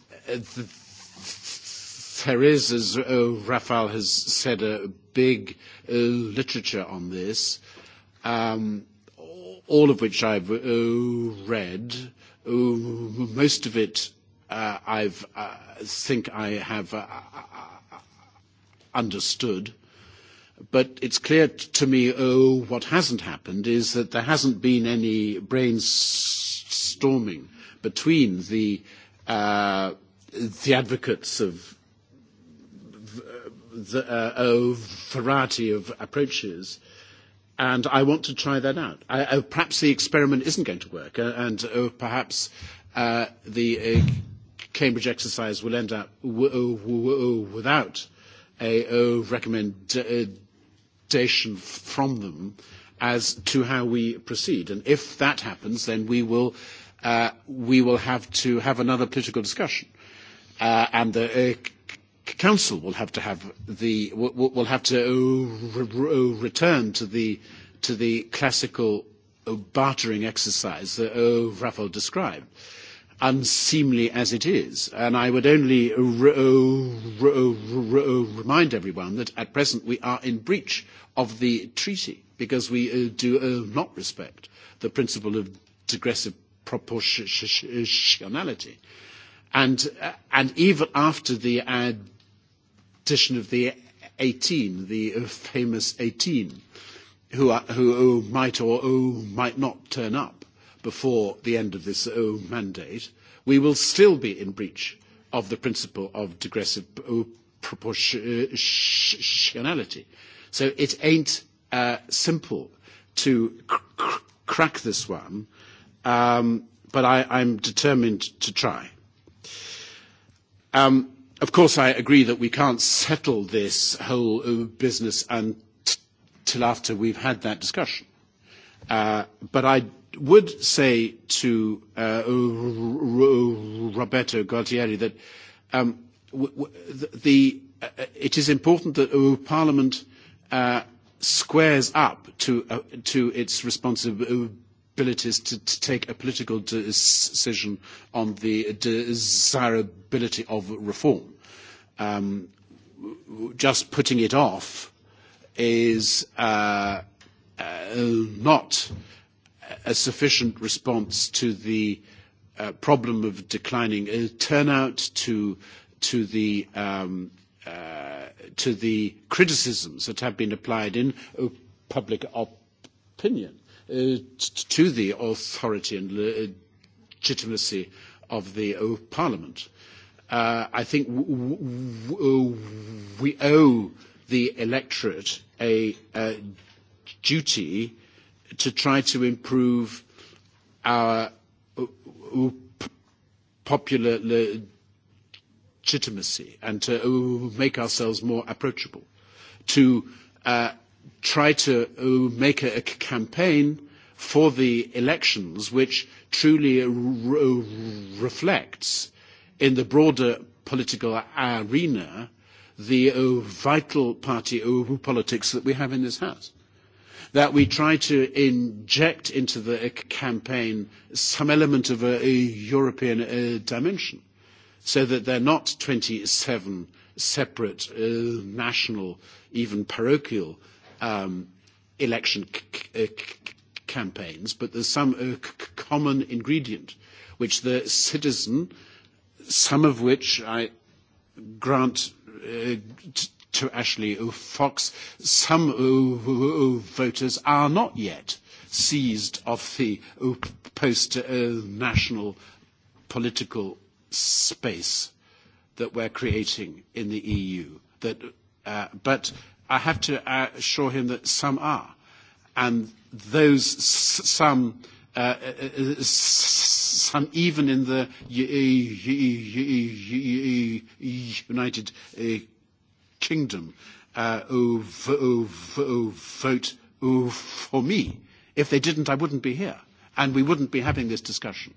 there is, as uh, Raphael has said, a big literature on this. Um, all of which I've uh, read. Uh, most of it uh, uh, think I have uh, uh understood. But it's clear to me oh, what hasn't happened is that there hasn't been any brainstorming between the, uh, the advocates of uh, the, uh, a variety of approaches uh, and I want to try that out. I, uh, perhaps the experiment isn't going to work, uh, and uh, perhaps uh, the uh, Cambridge exercise will end up w- uh, w- w- without a uh, recommendation from them as to how we proceed. And if that happens, then we will, uh, we will have to have another political discussion. Uh, and the uh, council will have to have the will have to return to the to the classical bartering exercise that Raphael described, unseemly as it is. And I would only remind everyone that at present we are in breach of the treaty because we do not respect the principle of digressive proportionality Uh, and, even after the addition of the 18, the famous 18, who, might or might not turn up before the end of this uh, mandate, we will still be in breach of the principle of digressive uh, proportionality. So it ain't simple to crack this one, um, but I, I'm determined to try. Um, of course, I agree that we can't settle this whole uh, business until after we've had that discussion. Uh, but I would say to uh, Roberto Gualtieri that um, the, uh, it is important that uh, Parliament uh, squares up to, to its responsibility abilities to, to take a political decision on the desirability of reform. Um, just putting it off is uh, uh, not a sufficient response to the uh, problem of declining uh, turnout, to, to the um, uh, to the criticisms that have been applied in public op opinion Uh, to the authority and uh, legitimacy of the uh, Parliament. Uh, I think we owe the electorate a, a, duty to try to improve our popular legitimacy and to make ourselves more approachable to uh, try to uh, make a, a, campaign for the elections which truly re reflects in the broader political arena the uh, vital party uh, politics that we have in this House. That we try to inject into the uh, campaign some element of a, a European uh, dimension so that they're not 27 separate national, even parochial um, election c- c- campaigns, but there's some uh, c- common ingredient which the citizen, some of which I grant uh, to Ashley Fox, some uh, voters are not yet seized of the uh, post-national uh, political space that we're creating in the EU. That, uh, but I have to assure uh, him that some are, and those some, uh, uh, uh some even in the United Kingdom, uh, vote for me. If they didn't, I wouldn't be here, and we wouldn't be having this discussion.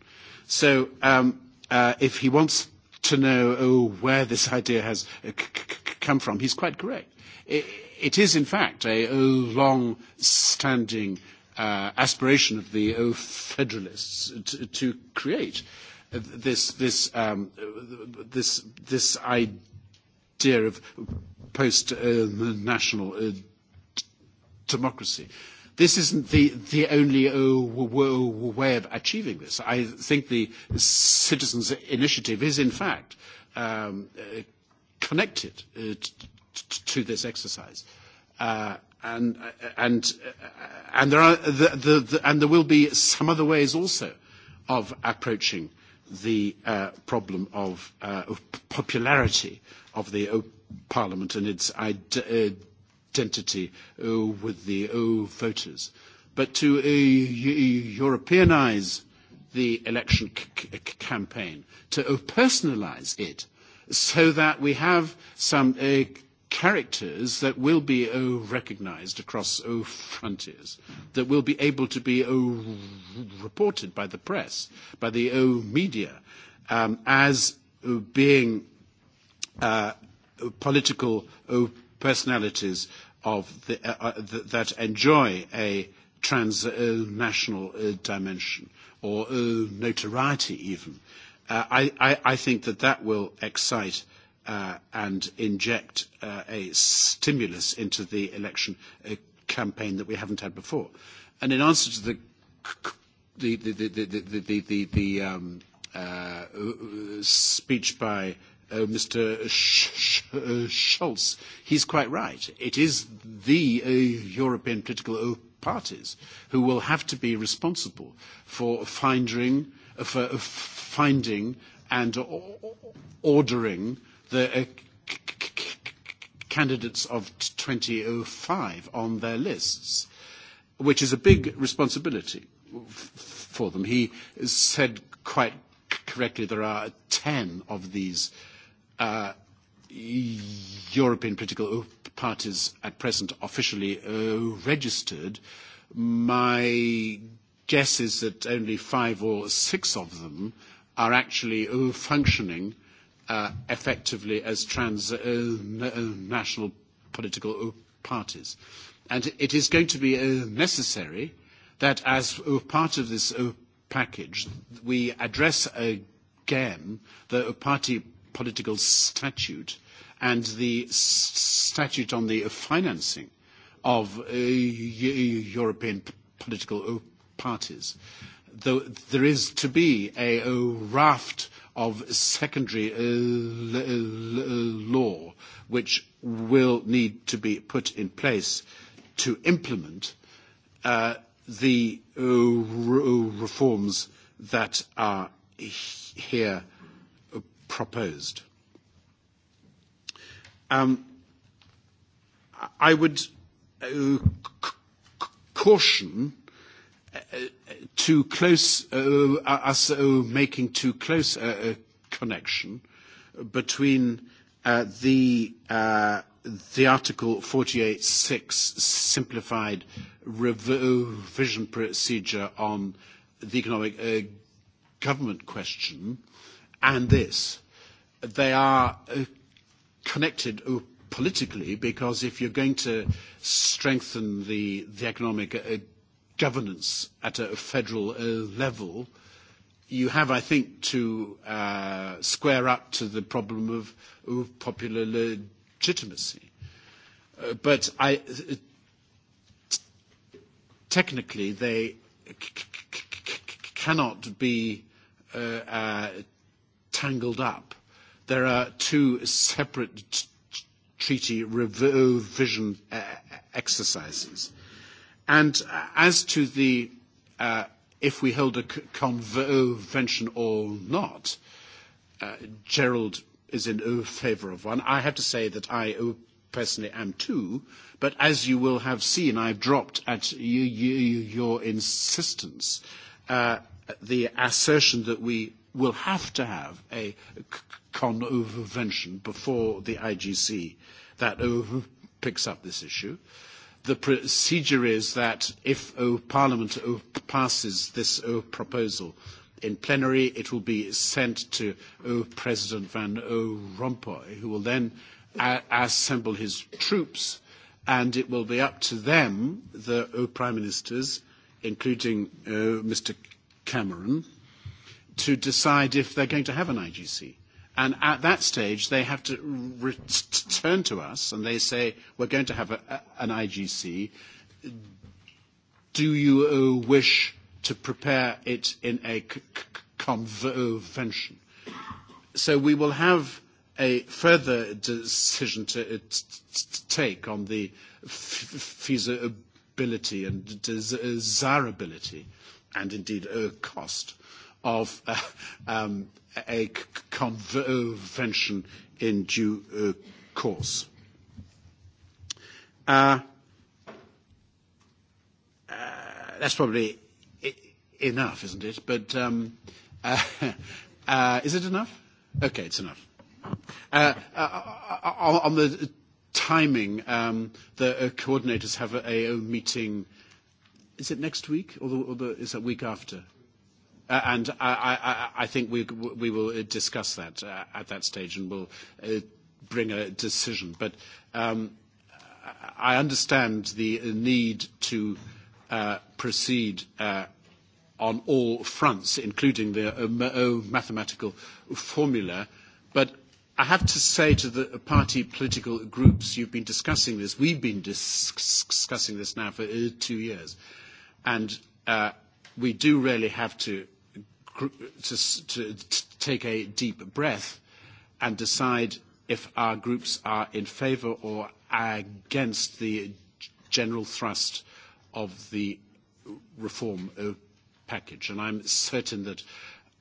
So um, uh, if he wants to know oh, where this idea has uh, c- c- come from. He's quite correct. It it is, in fact, a a long-standing uh, aspiration of the oh, Federalists to, to create uh, this, this, um, this, this idea of post-national uh, uh democracy. Uh, This isn't the, the only uh, way of achieving this. I think the citizens' initiative is, in fact, um, uh, connected uh, t- t- to this exercise. Uh, and, uh, and, uh, and, there are, the, the, the, and there will be some other ways also of approaching the uh, problem of, uh, of popularity of the uh, Parliament and its ide- identity uh, with the uh, voters. But to uh, Europeanize the election campaign, to uh, personalize it, so that we have some uh, characters that will be uh, recognized across uh, frontiers, that will be able to be uh, reported by the press, by the uh, media, um, as uh, being uh, political uh, personalities of the, uh, uh th that enjoy a transnational uh, uh, dimension or uh, notoriety even, uh, I, I, I, think that that will excite and inject a stimulus into the election campaign that we haven't had before. And in answer to the the, the, the um, speech by uh, oh, Mr. Sch- Sch- uh, Schulz, he's quite right. It is the uh, European political parties who will have to be responsible for finding, uh, for uh, finding and ordering the uh, candidates of 2005 on their lists, which is a big responsibility for them. He said quite correctly there are 10 of these Uh, European political parties at present officially uh, registered, my guess is that only five or six of them are actually uh, functioning uh, effectively as transnational uh, uh, political parties. And it is going to be necessary that as part of this package, we address again the party political statute and the statute on the financing of uh, European political uh, parties. Though there is to be a, a raft of secondary uh, law which will need to be put in place to implement uh, the uh, reforms that are here proposed. Um, I would uh, caution uh, too close uh, uh us uh, making too close a connection between uh, the the Article 48.6 simplified revision procedure on the economic government question uh, and this, they are uh, connected uh, politically because if you're going to strengthen the, the economic uh, governance at a federal uh, level, you have, I think, to uh, square up to the problem of, of popular legitimacy. Uh, but I, technically, they cannot be tangled up. There are two separate treaty revision uh, exercises. And uh, as to the uh, if we hold a convention or not, uh, Gerald is in favour of one. I have to say that I personally am too, but as you will have seen, I've dropped at your insistence uh, the assertion that we will have to have a convention before the IGC that picks up this issue. The procedure is that if Parliament passes this proposal in plenary, it will be sent to President Van Rompuy, who will then assemble his troops, and it will be up to them, the Prime Ministers, including uh, Mr Cameron, to decide if they're going to have an IGC. And at that stage, they have to return to us and they say, we're going to have a, a, an IGC. Do you uh, wish to prepare it in a c- c- convention? So we will have a further decision to uh, take on the f- feasibility and desirability and indeed uh, cost of uh, um, a convention in due uh, course. Uh, uh that's probably enough, isn't it? But um, uh, uh, is it enough? Okay, it's enough. on the timing, um, the coordinators have a, a meeting. Is it next week or, the, or the, is it week after? Uh, and I, think we, will uh, discuss that uh, at that stage, and we'll bring a decision. But um, I understand the need to proceed on all fronts, including the oh, mathematical formula. But I have to say to the party political groups, you've been discussing this. We've been discussing this now for two years, and we do really have to to, to, to take a deep breath and decide if our groups are in favour or against the general thrust of the reform uh, package. And I'm certain that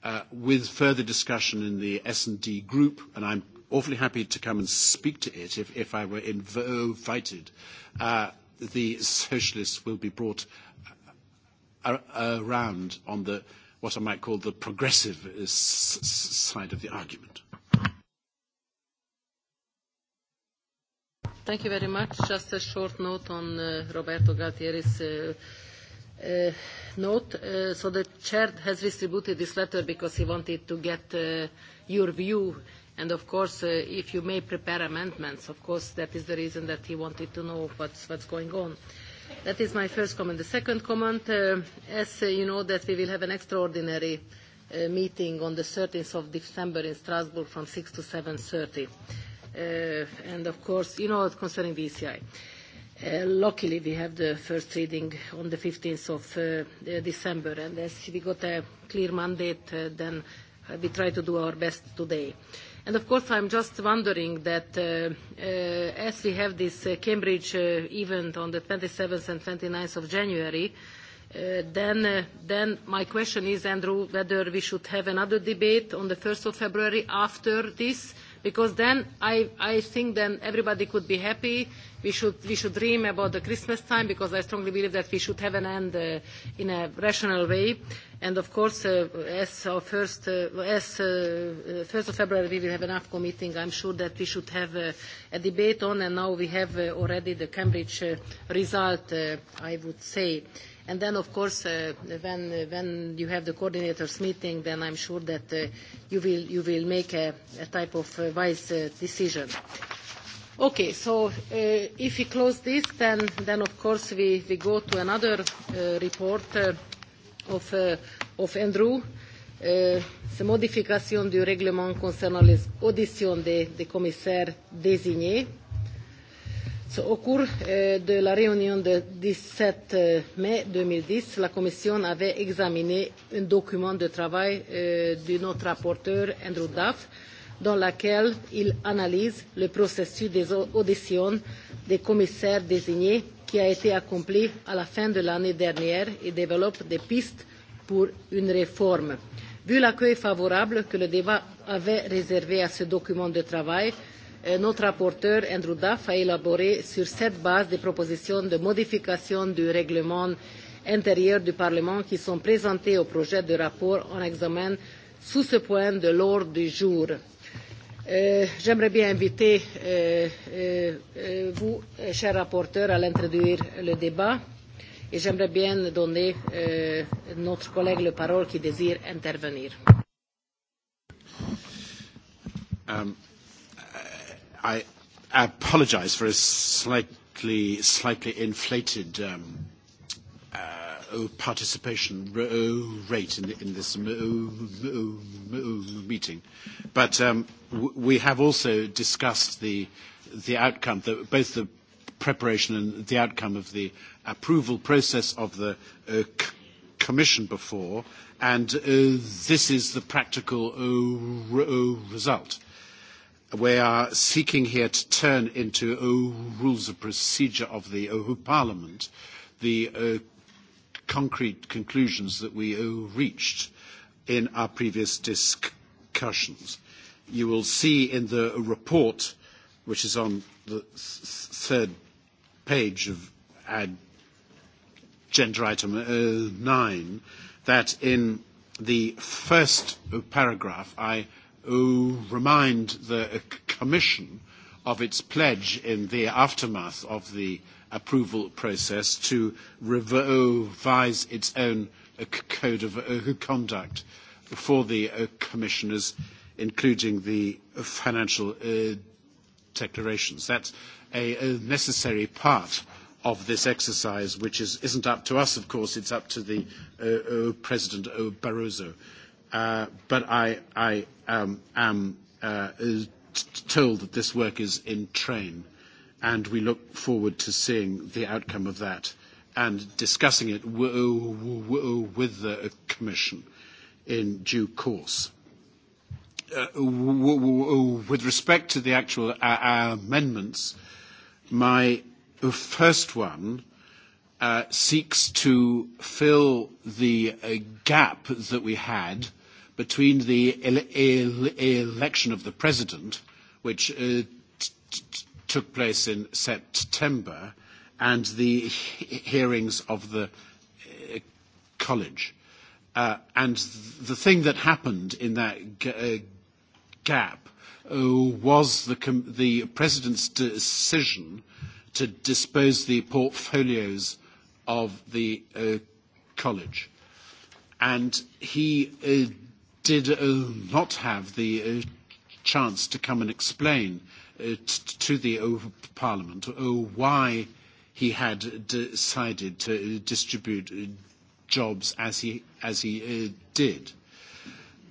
uh, with further discussion in the S&D group, and I'm awfully happy to come and speak to it if, if I were invited, uh, the socialists will be brought uh, around on the what I might call the progressive uh, side of the argument. Thank you very much. Just a short note on uh, Roberto Galtieri's uh, uh, note. Uh, so the chair has distributed this letter because he wanted to get uh, your view. And of course, uh, if you may prepare amendments, of course, that is the reason that he wanted to know what's, what's going on. Uh, That is my first comment. The second comment, uh, as you know, that we will have an extraordinary uh, meeting on the 13th of December in Strasbourg from 6 to 7.30. Uh, and of course, you know, concerning the ECI. Uh, luckily, we have the first reading on the 15th of December, and as we got a clear mandate, then we try to do our best today. And of course, I'm just wondering that uh, uh, as we have this uh, Cambridge uh, event on the 27th and 29th of January, uh, then, uh, then my question is, Andrew, whether we should have another debate on the 1st of February after this, because then I, I think then everybody could be happy we should, dream about the Christmas time because I strongly believe that we should have an end uh, in a rational way. And of course, uh, as of 1 uh, as, uh, 1st uh, of February we will have an AFCO meeting, I'm sure that we should have uh, a debate on, and now we have uh, already the Cambridge uh, result, uh, I would say. And then, of course, uh, when, uh, when you have the coordinators meeting, then I'm sure that uh, you, will, you will make a, a type of uh, wise uh, decision. Uh, Okay, so uh, if we close this, then, then of course we, go to another uh, report uh, uh, of, Andrew. Euh, ces modifications du règlement concernant les auditions des, des commissaires désignés. So, au cours euh, de la réunion du euh, 17 mai 2010, la Commission avait examiné un document de travail euh, de notre rapporteur Andrew Duff dans laquelle il analyse le processus des auditions des commissaires désignés qui a été accompli à la fin de l'année dernière et développe des pistes pour une réforme. Vu l'accueil favorable que le débat avait réservé à ce document de travail, euh, notre rapporteur Andrew Duff a élaboré sur cette base des propositions de modification du règlement intérieur du Parlement qui sont présentées au projet de rapport en examen sous ce point de l'ordre du jour. Euh, J'aimerais bien inviter euh, euh, vous, cher rapporteur, à l'introduire le débat et j'aimerais bien donner euh, notre collègue la parole qui désire intervenir. Um, I apologize for a slightly, slightly inflated um, uh, Uh, participation uh, rate in, this uh, meeting. But um, we have also discussed the, outcome, both the preparation and the outcome of the approval process of the Commission before, and this is the practical result. We are seeking here to turn into rules of procedure of the Parliament the concrete conclusions that we reached in our previous discussions. You will see in the report, which is on the third page of agenda item uh, nine, that in the first paragraph, I uh, remind the Commission of its pledge in the aftermath of the approval process to revise its own uh, code of uh, conduct for the uh, commissioners, including the financial declarations. That's a necessary part of this exercise, which is, isn't up to us, of course, it's up to the President Barroso. but I, um, am told that this work is in train and we look forward to seeing the outcome of that and discussing it with the Commission in due course. Uh, with respect to the actual uh, amendments, my first one uh, seeks to fill the gap that we had between the election of the president, which took place in September and the hearings of the uh, college. Uh, and the thing that happened in that g- uh, gap uh, was the, com- the president's decision to dispose the portfolios of the uh, college. And he uh, did uh, not have the uh, chance to come and explain uh, Uh, to the Parliament why he had decided to distribute uh, jobs as he, as he uh, did.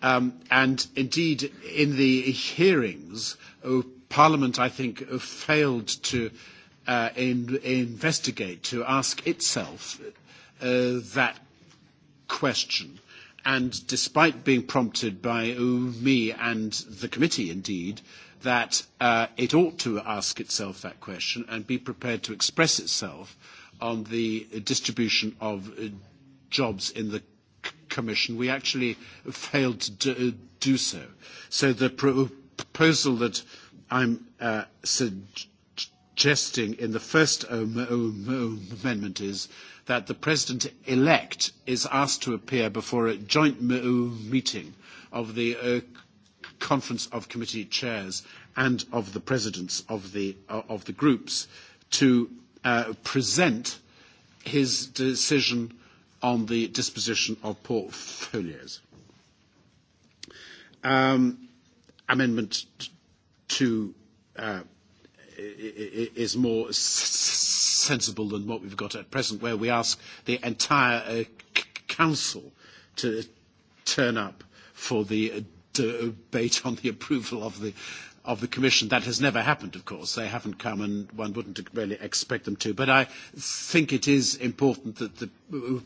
Um, and indeed, in the hearings, Parliament, I think, failed to uh, in, investigate, to ask itself uh, that question. And despite being prompted by uh, me and the committee, indeed, that uh, it ought to ask itself that question and be prepared to express itself on the distribution of uh, jobs in the Commission. We actually failed to do, uh, do so. So the pro proposal that I'm uh, suggesting in the first um, um, amendment is that the President-elect is asked to appear before a joint meeting of the uh, Conference of Committee Chairs and of the presidents of the, uh, of the groups to uh, present his decision on the disposition of portfolios. Um, amendment two uh, is more sensible than what we've got at present, where we ask the entire uh, council to turn up for the debate uh, on the approval of the of the Commission. That has never happened, of course. They haven't come, and one wouldn't really expect them to. But I think it is important that the uh,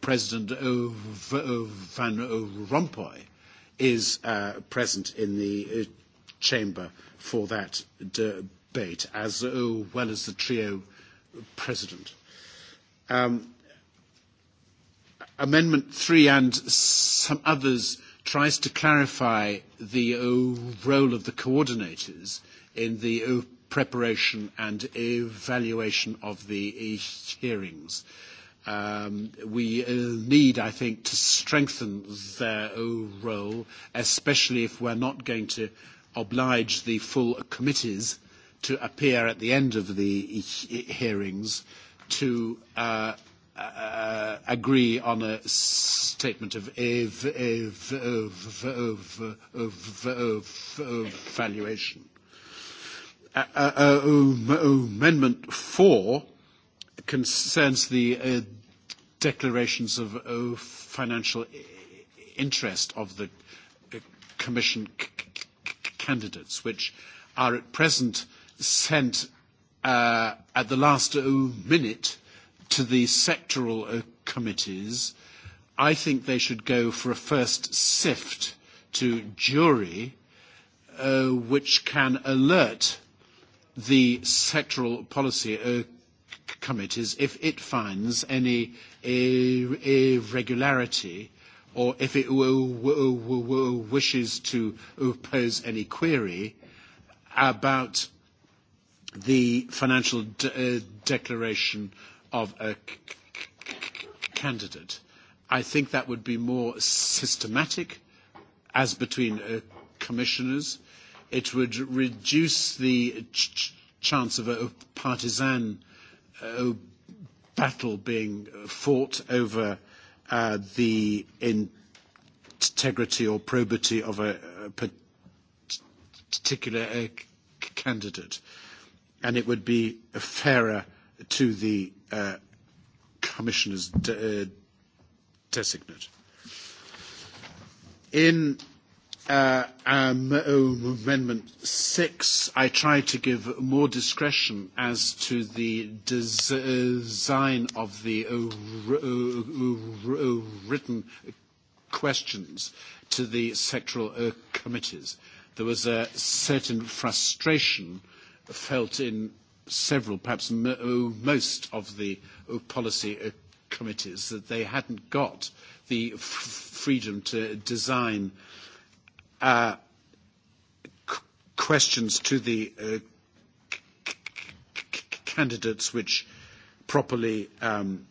President uh, Van Rompuy is uh, present in the chamber for that debate, as well as the trio president. Um, amendment 3 and some others tries to clarify the uh, role of the coordinators in the uh, preparation and evaluation of the uh, hearings. Um, we uh, need, I think, to strengthen their uh, role, especially if we're not going to oblige the full committees to appear at the end of the hearings to Uh, agree on a statement of, of, of, of, of, valuation. amendment four concerns the uh, declarations of uh, financial interest of the Commission candidates, which are at present sent at the last minute to the sectoral uh, committees. I think they should go for a first sift to jury, uh, which can alert the sectoral policy uh, committees if it finds any irregularity or if it wishes to pose any query about the financial de uh, declaration of a candidate. I think that would be more systematic as between uh, commissioners. It would reduce the ch chance of a partisan uh, battle being uh, fought over uh, the integrity or probity of a, a particular uh, candidate. And it would be fairer to the Uh, commissioners de- uh, designate. In uh, um, oh, Amendment 6, I try to give more discretion as to the des- uh, design of the uh, uh, uh, written questions to the sectoral uh, committees. There was a certain frustration felt in several, perhaps oh, most of the oh, policy uh, committees that they hadn't got the freedom to design uh, questions to the uh, candidates which properly um,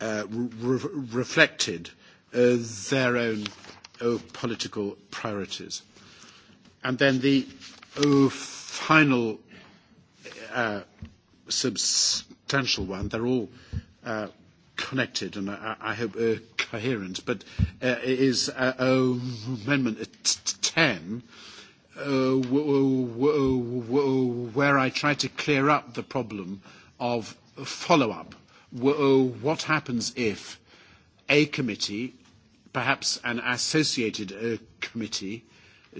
uh, re reflected uh, their own oh, political priorities. And then the final substantial one. They're all uh, connected and I, hope coherent, but uh, is uh, oh, Amendment 10, where I try to clear up the problem of follow-up. What happens if a committee, perhaps an associated committee,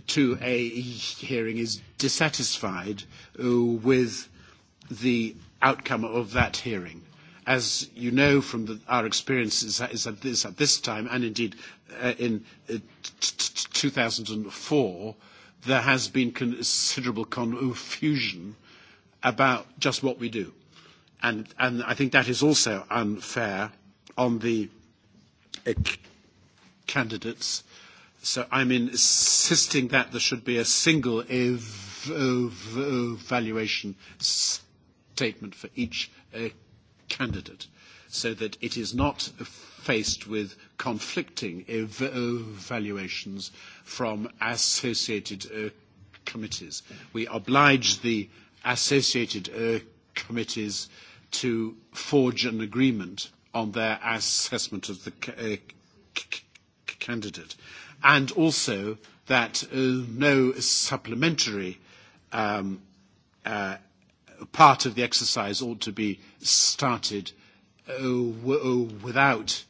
to a hearing is dissatisfied with the outcome of that hearing. As you know from the, our experiences is at, this, at this time, and indeed uh, in uh, t- t- 2004, there has been considerable confusion about just what we do. And, and I think that is also unfair on the uh, candidates. So I'm insisting that there should be a single ev- ev- evaluation. St- statement for each uh, candidate so that it is not faced with conflicting ev evaluations from associated uh, committees. We oblige the associated uh, committees to forge an agreement on their assessment of the uh, candidate, and also that uh, no supplementary um, uh, part of the exercise ought to be started uh, w- uh, without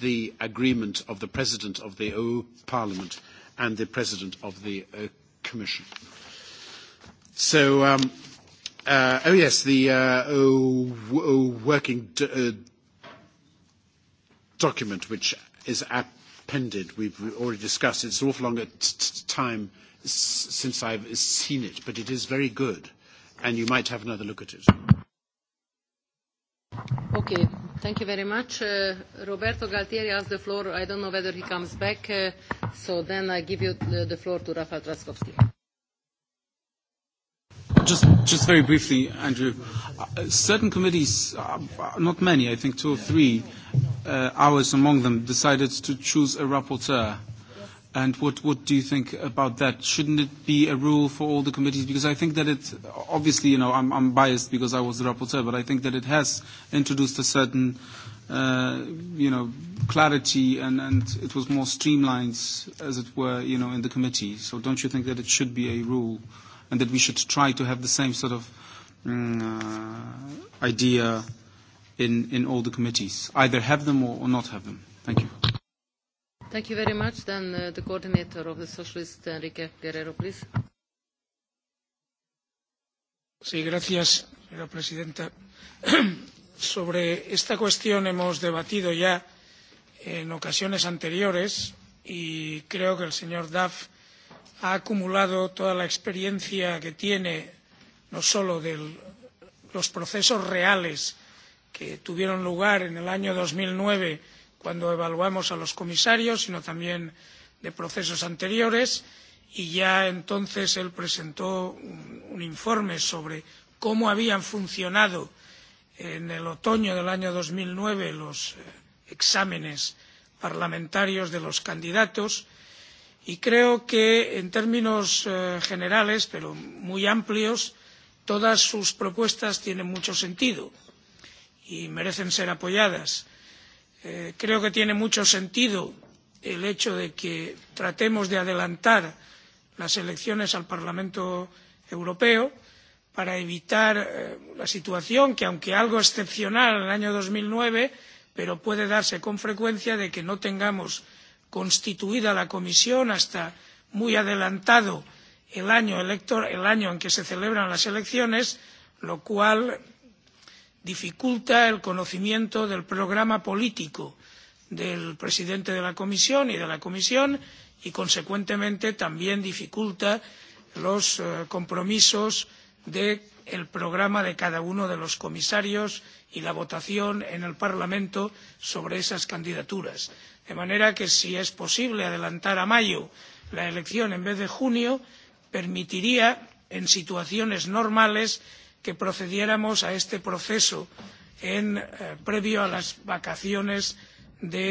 the agreement of the President of the oh, Parliament and the President of the uh, Commission. So, um, uh, oh yes, the uh, oh, working d- uh, document which is appended, we've already discussed. It's an awful long a t- time s- since I've seen it, but it is very good. Uh, and you might have another look at it. Okay, thank you very much. Uh, Roberto Galtieri has the floor. I don't know whether he comes back, uh, so then I give you uh, the floor to Rafał Trzaskowski. Just, just very briefly, Andrew. Uh, certain committees, uh, not many, I think two or three, uh, ours among them, decided to choose a rapporteur. Uh, And what, what do you think about that? Shouldn't it be a rule for all the committees? Because I think that it, obviously, you know, I'm, I'm biased because I was the rapporteur, but I think that it has introduced a certain, uh, you know, clarity and, and it was more streamlined, as it were, you know, in the committee. So don't you think that it should be a rule and that we should try to have the same sort of um, uh, idea in, in all the committees? Either have them or, or not have them. Thank you. Thank you very much. Then uh, the coordinator of the Socialist, Enrique Guerrero, please. Sí, gracias, señora presidenta. Sobre esta cuestión hemos debatido ya en ocasiones anteriores y creo que el señor Duff ha acumulado toda la experiencia que tiene, no solo de los procesos reales que tuvieron lugar en el año 2009 cuando evaluamos a los comisarios sino también de procesos anteriores y ya entonces él presentó un, un informe sobre cómo habían funcionado en el otoño del año dos mil nueve los eh, exámenes parlamentarios de los candidatos y creo que en términos eh, generales pero muy amplios todas sus propuestas tienen mucho sentido y merecen ser apoyadas Eh, creo que tiene mucho sentido el hecho de que tratemos de adelantar las elecciones al Parlamento Europeo para evitar eh, la situación que, aunque algo excepcional en el año 2009, pero puede darse con frecuencia de que no tengamos constituida la comisión hasta muy adelantado el año, elector, el año en que se celebran las elecciones, lo cual dificulta el conocimiento del programa político del presidente de la comisión y de la comisión y consecuentemente también dificulta los eh, compromisos del programa de cada uno de los comisarios y la votación en el parlamento sobre esas candidaturas de manera que si es posible adelantar a mayo la elección en vez de junio permitiría en situaciones normales que que procediéramos a este proceso eh, previo a las vacaciones de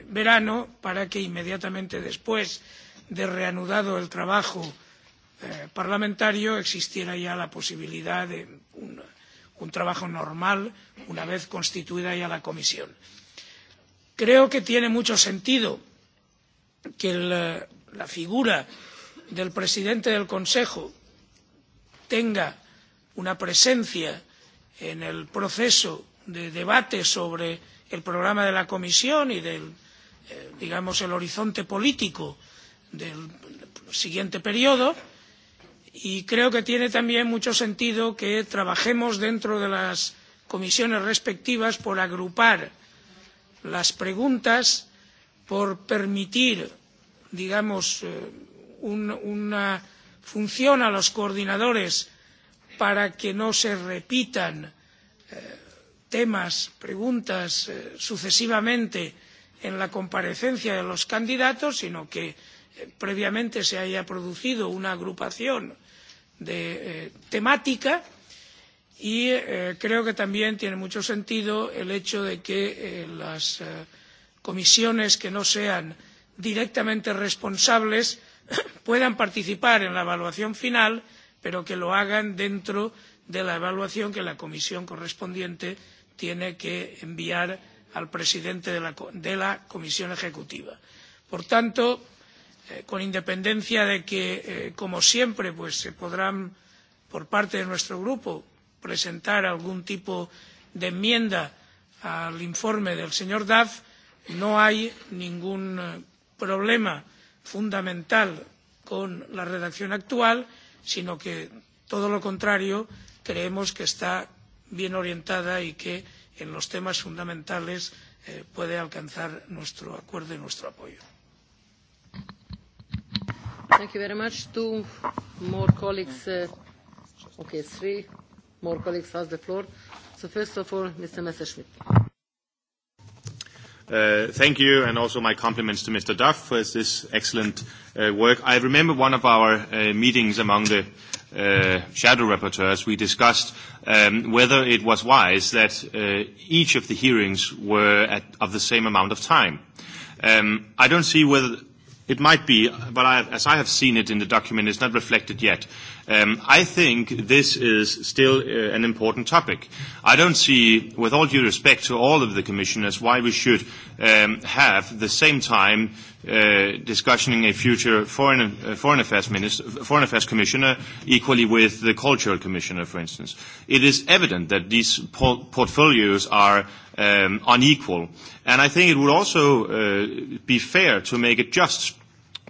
eh, verano para que inmediatamente después de reanudado el trabajo eh, parlamentario existiera ya la posibilidad de un, trabajo normal una vez constituida ya la comisión. creo que tiene mucho sentido que la figura del presidente del consejo tenga una presencia en el proceso de debate sobre el programa de la comisión y del eh, digamos el horizonte político del siguiente periodo y creo que tiene también mucho sentido que trabajemos dentro de las comisiones respectivas por agrupar las preguntas por permitir digamos eh, un, una función a los coordinadores para que no se repitan eh, temas preguntas eh, sucesivamente en la comparecencia de los candidatos sino que eh, previamente se haya producido una agrupación de, temática y creo que también tiene mucho sentido el hecho de que las comisiones que no sean directamente responsables puedan participar en la evaluación final pero que lo hagan dentro de la evaluación que la comisión correspondiente tiene que enviar al presidente de la, comisión ejecutiva. por tanto eh, con independencia de que eh, como siempre pues, se podrán por parte de nuestro grupo presentar algún tipo de enmienda al informe del señor duff no hay ningún eh, problema fundamental con la redacción actual y sino que todo lo contrario creemos que está bien orientada y que en los temas fundamentales eh, puede alcanzar nuestro acuerdo y nuestro apoyo. Thank you very much. Two more colleagues, uh, okay, three more colleagues the floor. So first of all, Mr. Messerschmidt. Uh, thank you, and also my compliments to Mr. Duff for this excellent uh, work. I remember one of our uh, meetings among the uh, shadow rapporteurs, we discussed um, whether it was wise that uh, each of the hearings were at, of the same amount of time. Um, I don't see whether it might be, but I, as I have seen it in the document, it's not reflected yet. Um, I think this is still uh, an important topic. I don't see, with all due respect to all of the commissioners, why we should um, have the same time uh, discussing a future foreign, uh, foreign, affairs minister, foreign affairs commissioner equally with the cultural commissioner, for instance. It is evident that these por- portfolios are um, unequal, and I think it would also uh, be fair to make it just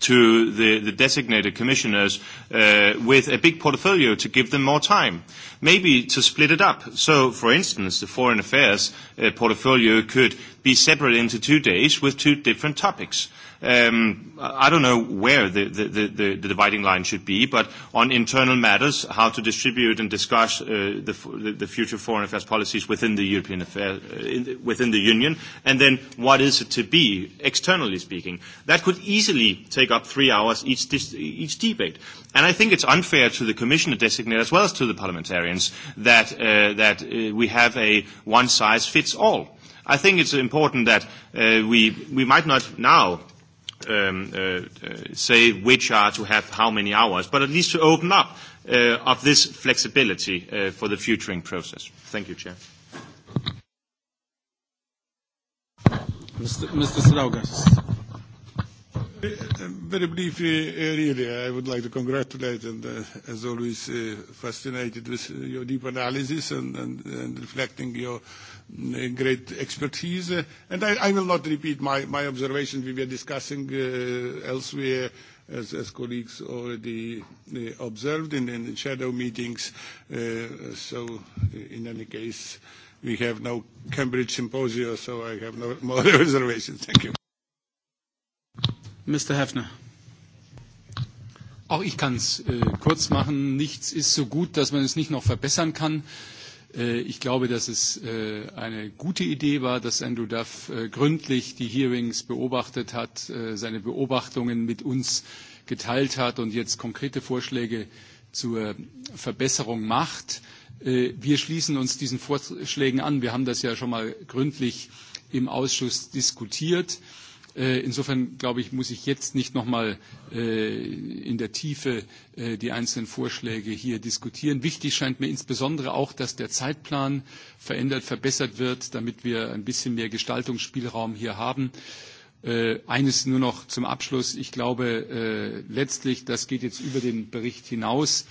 to the, the designated commissioners uh, with a big portfolio to give them more time. Maybe to split it up. So, for instance, the foreign affairs uh, portfolio could be separated into two days with two different topics Um, I don't know where the, the, the, the dividing line should be, but on internal matters, how to distribute and discuss uh, the, the future foreign affairs policies within the European affair, uh, in, within the Union, and then what is it to be externally speaking. That could easily take up three hours each, each debate. And I think it's unfair to the commissioner designate as well as to the parliamentarians that, uh, that uh, we have a one size fits all. I think it's important that uh, we, we might not now um, uh, uh, say which are to have how many hours, but at least to open up uh, of this flexibility uh, for the futuring process. Thank you, Chair. Mr. Mr. Uh, very briefly, uh, really, I would like to congratulate and, uh, as always, uh, fascinated with your deep analysis and, and, and reflecting your great expertise. And I, I will not repeat my, my observations we were discussing uh, elsewhere as, as colleagues already uh, observed in, in shadow meetings. Uh, so uh, in any case, we have no Cambridge Symposium, so I have no more reservations. Thank you. Mr. Hefner. Auch ich kann es äh, kurz machen. Nichts ist so gut, dass man es nicht noch verbessern kann. Äh, Äh, ich glaube, dass es äh, eine gute Idee war, dass Andrew Duff äh, gründlich die Hearings beobachtet hat, seine Beobachtungen mit uns geteilt hat und jetzt konkrete Vorschläge zur Verbesserung macht. Wir schließen uns diesen Vorschlägen an. Wir haben das ja schon mal gründlich im Ausschuss diskutiert. Äh, insofern, glaube ich, muss ich jetzt nicht noch mal äh, in der Tiefe äh, die einzelnen Vorschläge hier diskutieren. Wichtig scheint mir insbesondere auch, dass der Zeitplan verändert, verbessert wird, damit wir ein bisschen mehr Gestaltungsspielraum hier haben. eines nur noch zum Abschluss. Ich glaube, letztlich, das geht jetzt über den Bericht hinaus,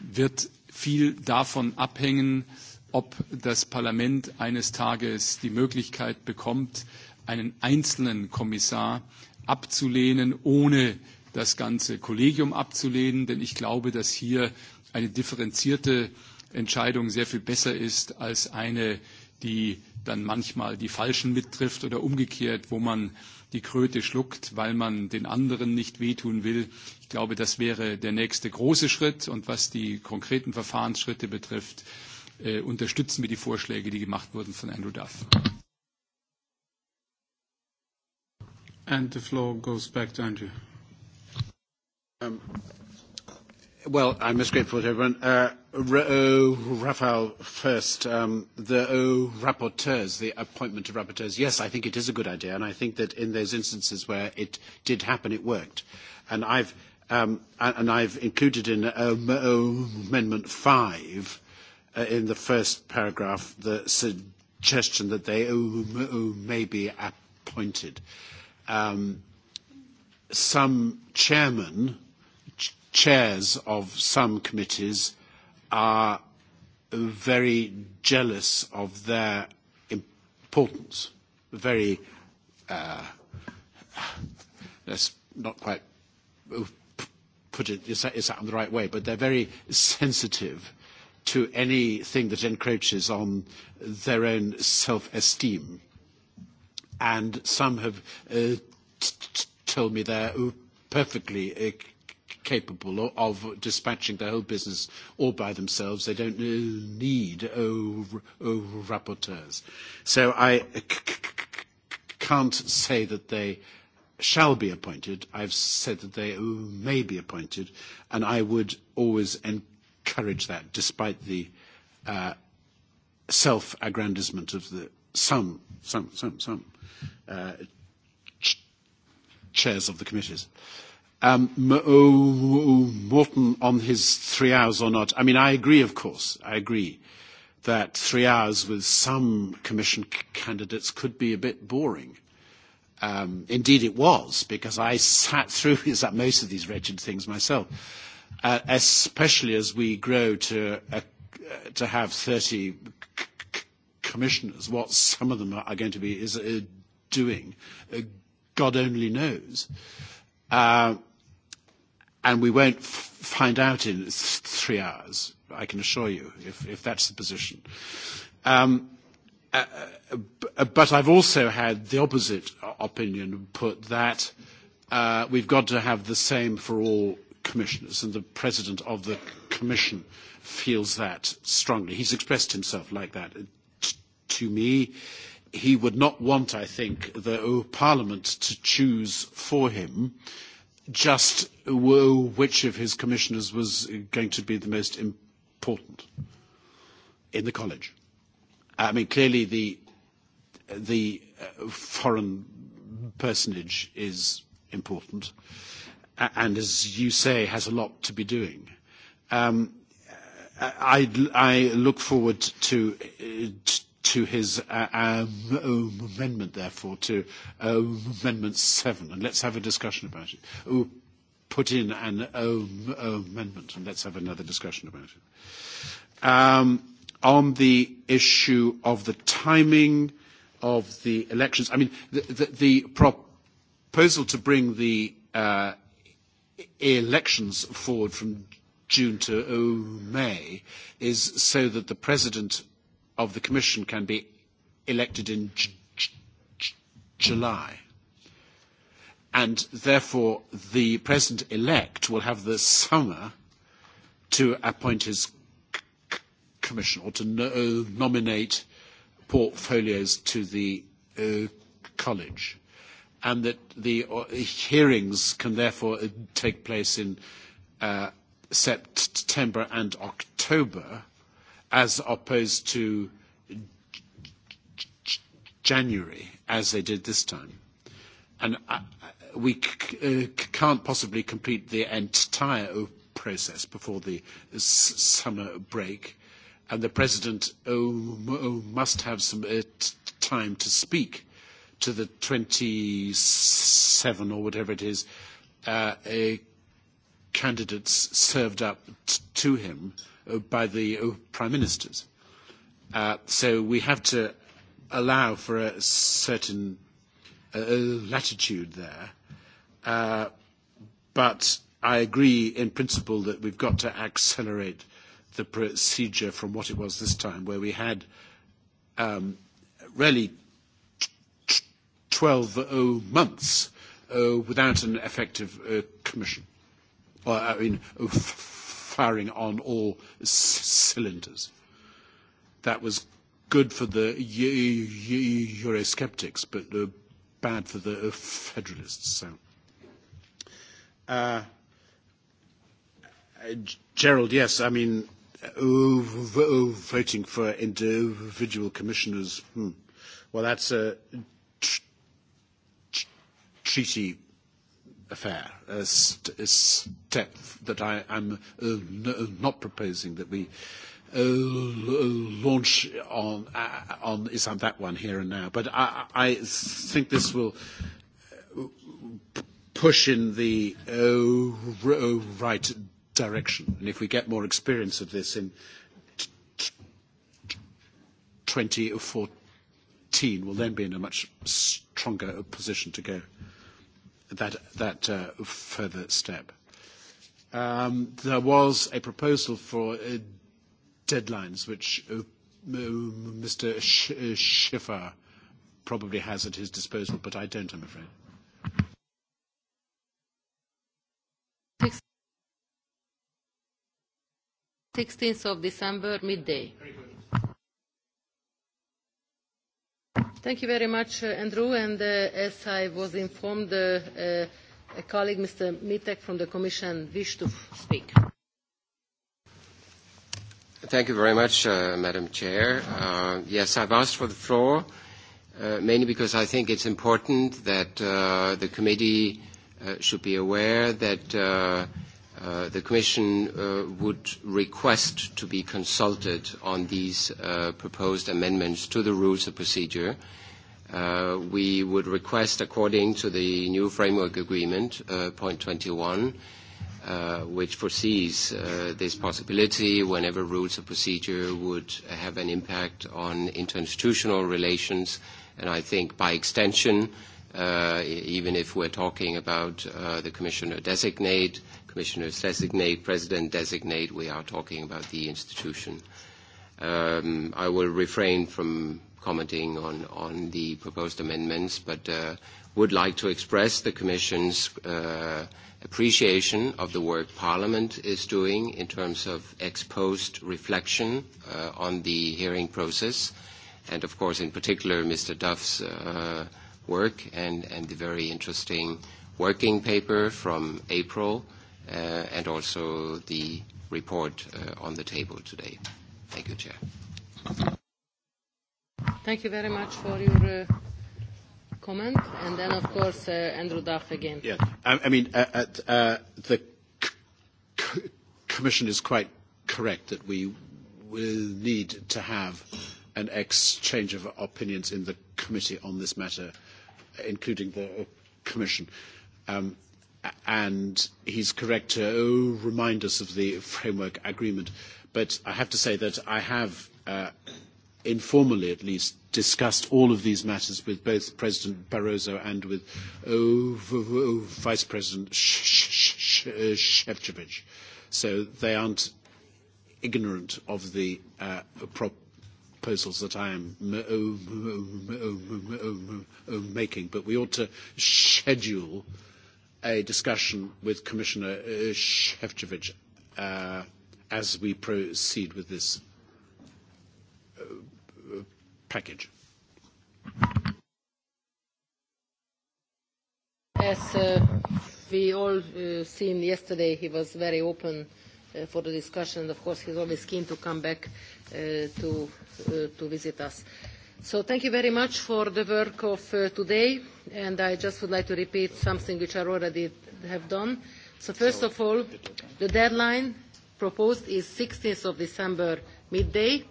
wird viel davon abhängen, ob das Parlament eines Tages die Möglichkeit bekommt, einen einzelnen Kommissar abzulehnen, ohne das ganze Kollegium abzulehnen, denn ich glaube, dass hier eine differenzierte Entscheidung sehr viel besser ist als eine, die dann manchmal die Falschen mittrifft oder umgekehrt, wo man die Kröte schluckt, weil man den anderen nicht wehtun will. Ich glaube, das wäre der nächste große Schritt. Und was die konkreten Verfahrensschritte betrifft, äh, unterstützen wir die Vorschläge, die gemacht wurden von Andrew Duff. And the floor goes back to Andrew. Um, well, I'm most grateful to everyone. Uh, Ra- oh, Raphael, first, um, the oh, rapporteurs, the appointment of rapporteurs. Yes, I think it is a good idea, and I think that in those instances where it did happen, it worked. And I've, um, and I've included in um, oh, Amendment 5, uh, in the first paragraph, the suggestion that they oh, oh, may be appointed. Uh, um, some chairmen, ch- chairs of some committees are very jealous of their importance, very, uh, let's not quite put it, is that, is that in the right way, but they're very sensitive to anything that encroaches on their own self-esteem and some have uh, told me they're perfectly uh, capable of dispatching their whole business all by themselves. They don't uh, need oh, oh, rapporteurs. So I c- c- can't say that they shall be appointed. I've said that they uh, may be appointed, and I would always encourage that, despite the uh, self-aggrandizement of the some, some, some, some uh, ch- chairs of the committees. Um, oh, Morton on his three hours or not. I mean, I agree, of course. I agree that three hours with some commission candidates could be a bit boring. Um, indeed, it was, because I sat through most of these wretched things myself, uh, especially as we grow to, uh, to have 30 commissioners. What some of them are going to be is a uh, doing, uh, God only knows. Uh, and we won't f- find out in th- three hours, I can assure you, if, if that's the position. Um, uh, uh but I've also had the opposite opinion put that uh, we've got to have the same for all commissioners, and the president of the commission feels that strongly. He's expressed himself like that to me. Uh, he would not want, I think, the Parliament to choose for him just which of his commissioners was going to be the most important in the college. I mean, clearly the, the uh, foreign personage is important and, as you say, has a lot to be doing. Um, I, I look forward to, uh, to his uh, um, amendment, therefore, to um, Amendment 7, and let's have a discussion about it. Ooh, put in an um, amendment, and let's have another discussion about it. Um, on the issue of the timing of the elections, I mean, the, the, the proposal to bring the uh, e-, elections forward from June to oh, May is so that the president of the Commission can be elected in July. And therefore, the President-elect will have the summer to appoint his commission or to no nominate portfolios to the uh, college. And that the uh, hearings can therefore uh, take place in uh, September and October as opposed to January, as they did this time. And we uh, can't possibly complete the entire process before the summer break, and the President oh, oh, must have some uh, time to speak to the 27 or whatever it is uh, candidates served up to him Uh, by the uh, prime ministers. Uh, so we have to allow for a certain uh, uh, latitude there. Uh, but I agree in principle that we've got to accelerate the procedure from what it was this time, where we had um, really 12 oh, months uh, without an effective uh, commission, or I mean, oh, firing on all cylinders. That was good for the Eurosceptics, but uh, bad for the uh, Federalists. So. Uh, Gerald, yes, I mean, oh, oh, voting for individual commissioners, hmm. well, that's a tr- tr- treaty affair, a, st- step that I am uh, no, uh, not proposing that we uh, launch on, uh, on is on that one here and now. But I, I think this will uh, push in the uh, uh, right direction. And if we get more experience of this in 2014, we'll then be in a much stronger position to go that, uh, further step. Um, there was a proposal for uh, deadlines, which uh, Mr. Schäfer Schiffer probably has at his disposal, but I don't, I'm afraid. Sixteenth of December, midday. Very Thank you very much, uh, Andrew. And uh, as I was informed, uh, uh, a colleague, Mr. Mitek from the Commission, wished to speak. Thank you very much, uh, Madam Chair. Uh, yes, I've asked for the floor, uh, mainly because I think it's important that uh, the committee uh, should be aware that uh, Uh, the Commission uh, would request to be consulted on these uh, proposed amendments to the rules of procedure. Uh, we would request, according to the new framework agreement, uh, point 21, uh, which foresees uh, this possibility whenever rules of procedure would have an impact on interinstitutional relations, and I think by extension, uh, Uh, e-, even if we're talking about uh, the commissioner designate, commissioners designate, president designate, we are talking about the institution. Um, I will refrain from commenting on, on the proposed amendments, but uh, would like to express the Commission's uh, appreciation of the work Parliament is doing in terms of ex post reflection uh, on the hearing process, and of course, in particular, Mr. Duff's uh, work and, and the very interesting working paper from April uh, and also the report uh, on the table today. Thank you, Chair. Thank you very much for your uh, comment. And then, of course, uh, Andrew Duff again. Yeah, I, I mean, uh, at, uh, the c- Commission is quite correct that we will need to have an exchange of opinions in the committee on this matter uh, including the uh, Commission. Um, and he's correct to oh, remind us of the framework agreement. But I have to say that I have, uh, informally at least, discussed all of these matters with both President Barroso and with oh, oh, Vice President Shevchevich. So they aren't ignorant of the uh, pro proposals that I am making, but we ought to schedule a discussion with Commissioner Shevchevich uh, as we proceed with this uh, package. As uh, we all uh, seen yesterday, he was very open uh, Uh, for the discussion. And of course, he's always keen to come back uh, to, uh, to visit us. So thank you very much for the work of uh, today. And I just would like to repeat something which I already have done. So first of all, the deadline proposed is 16th of December midday,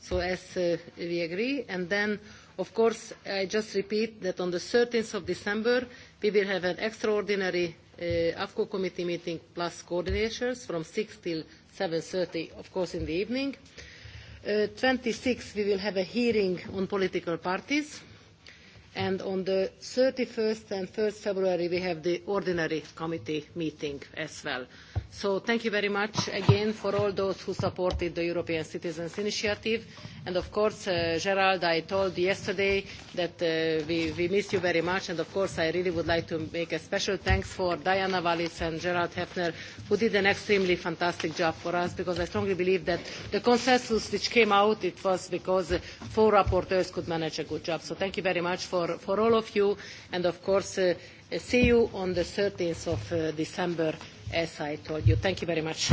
so as uh, we agree. And then, of course, I just repeat that on the 13th of December, we will have an extraordinary Uh, AFCO committee meeting plus coordinators from 6 till 7.30, of course, in the evening. Uh, 26, we will have a hearing on political parties. And on the 31st and 1st February, we have the ordinary committee meeting as well. So thank you very much again for all those who supported the European Citizens Initiative. And of course, uh, Gerald, I told yesterday that uh, we, we miss you very much. And of course, I really would like to make a special thanks for Diana Wallis and Gerald Hefner, who did an extremely fantastic job for us, because I strongly believe that the consensus which came out, it was because four rapporteurs could manage a good job. So thank you very much for, for all of you. And of course, uh, see you on the 13th of uh, December side told you. Thank you very much.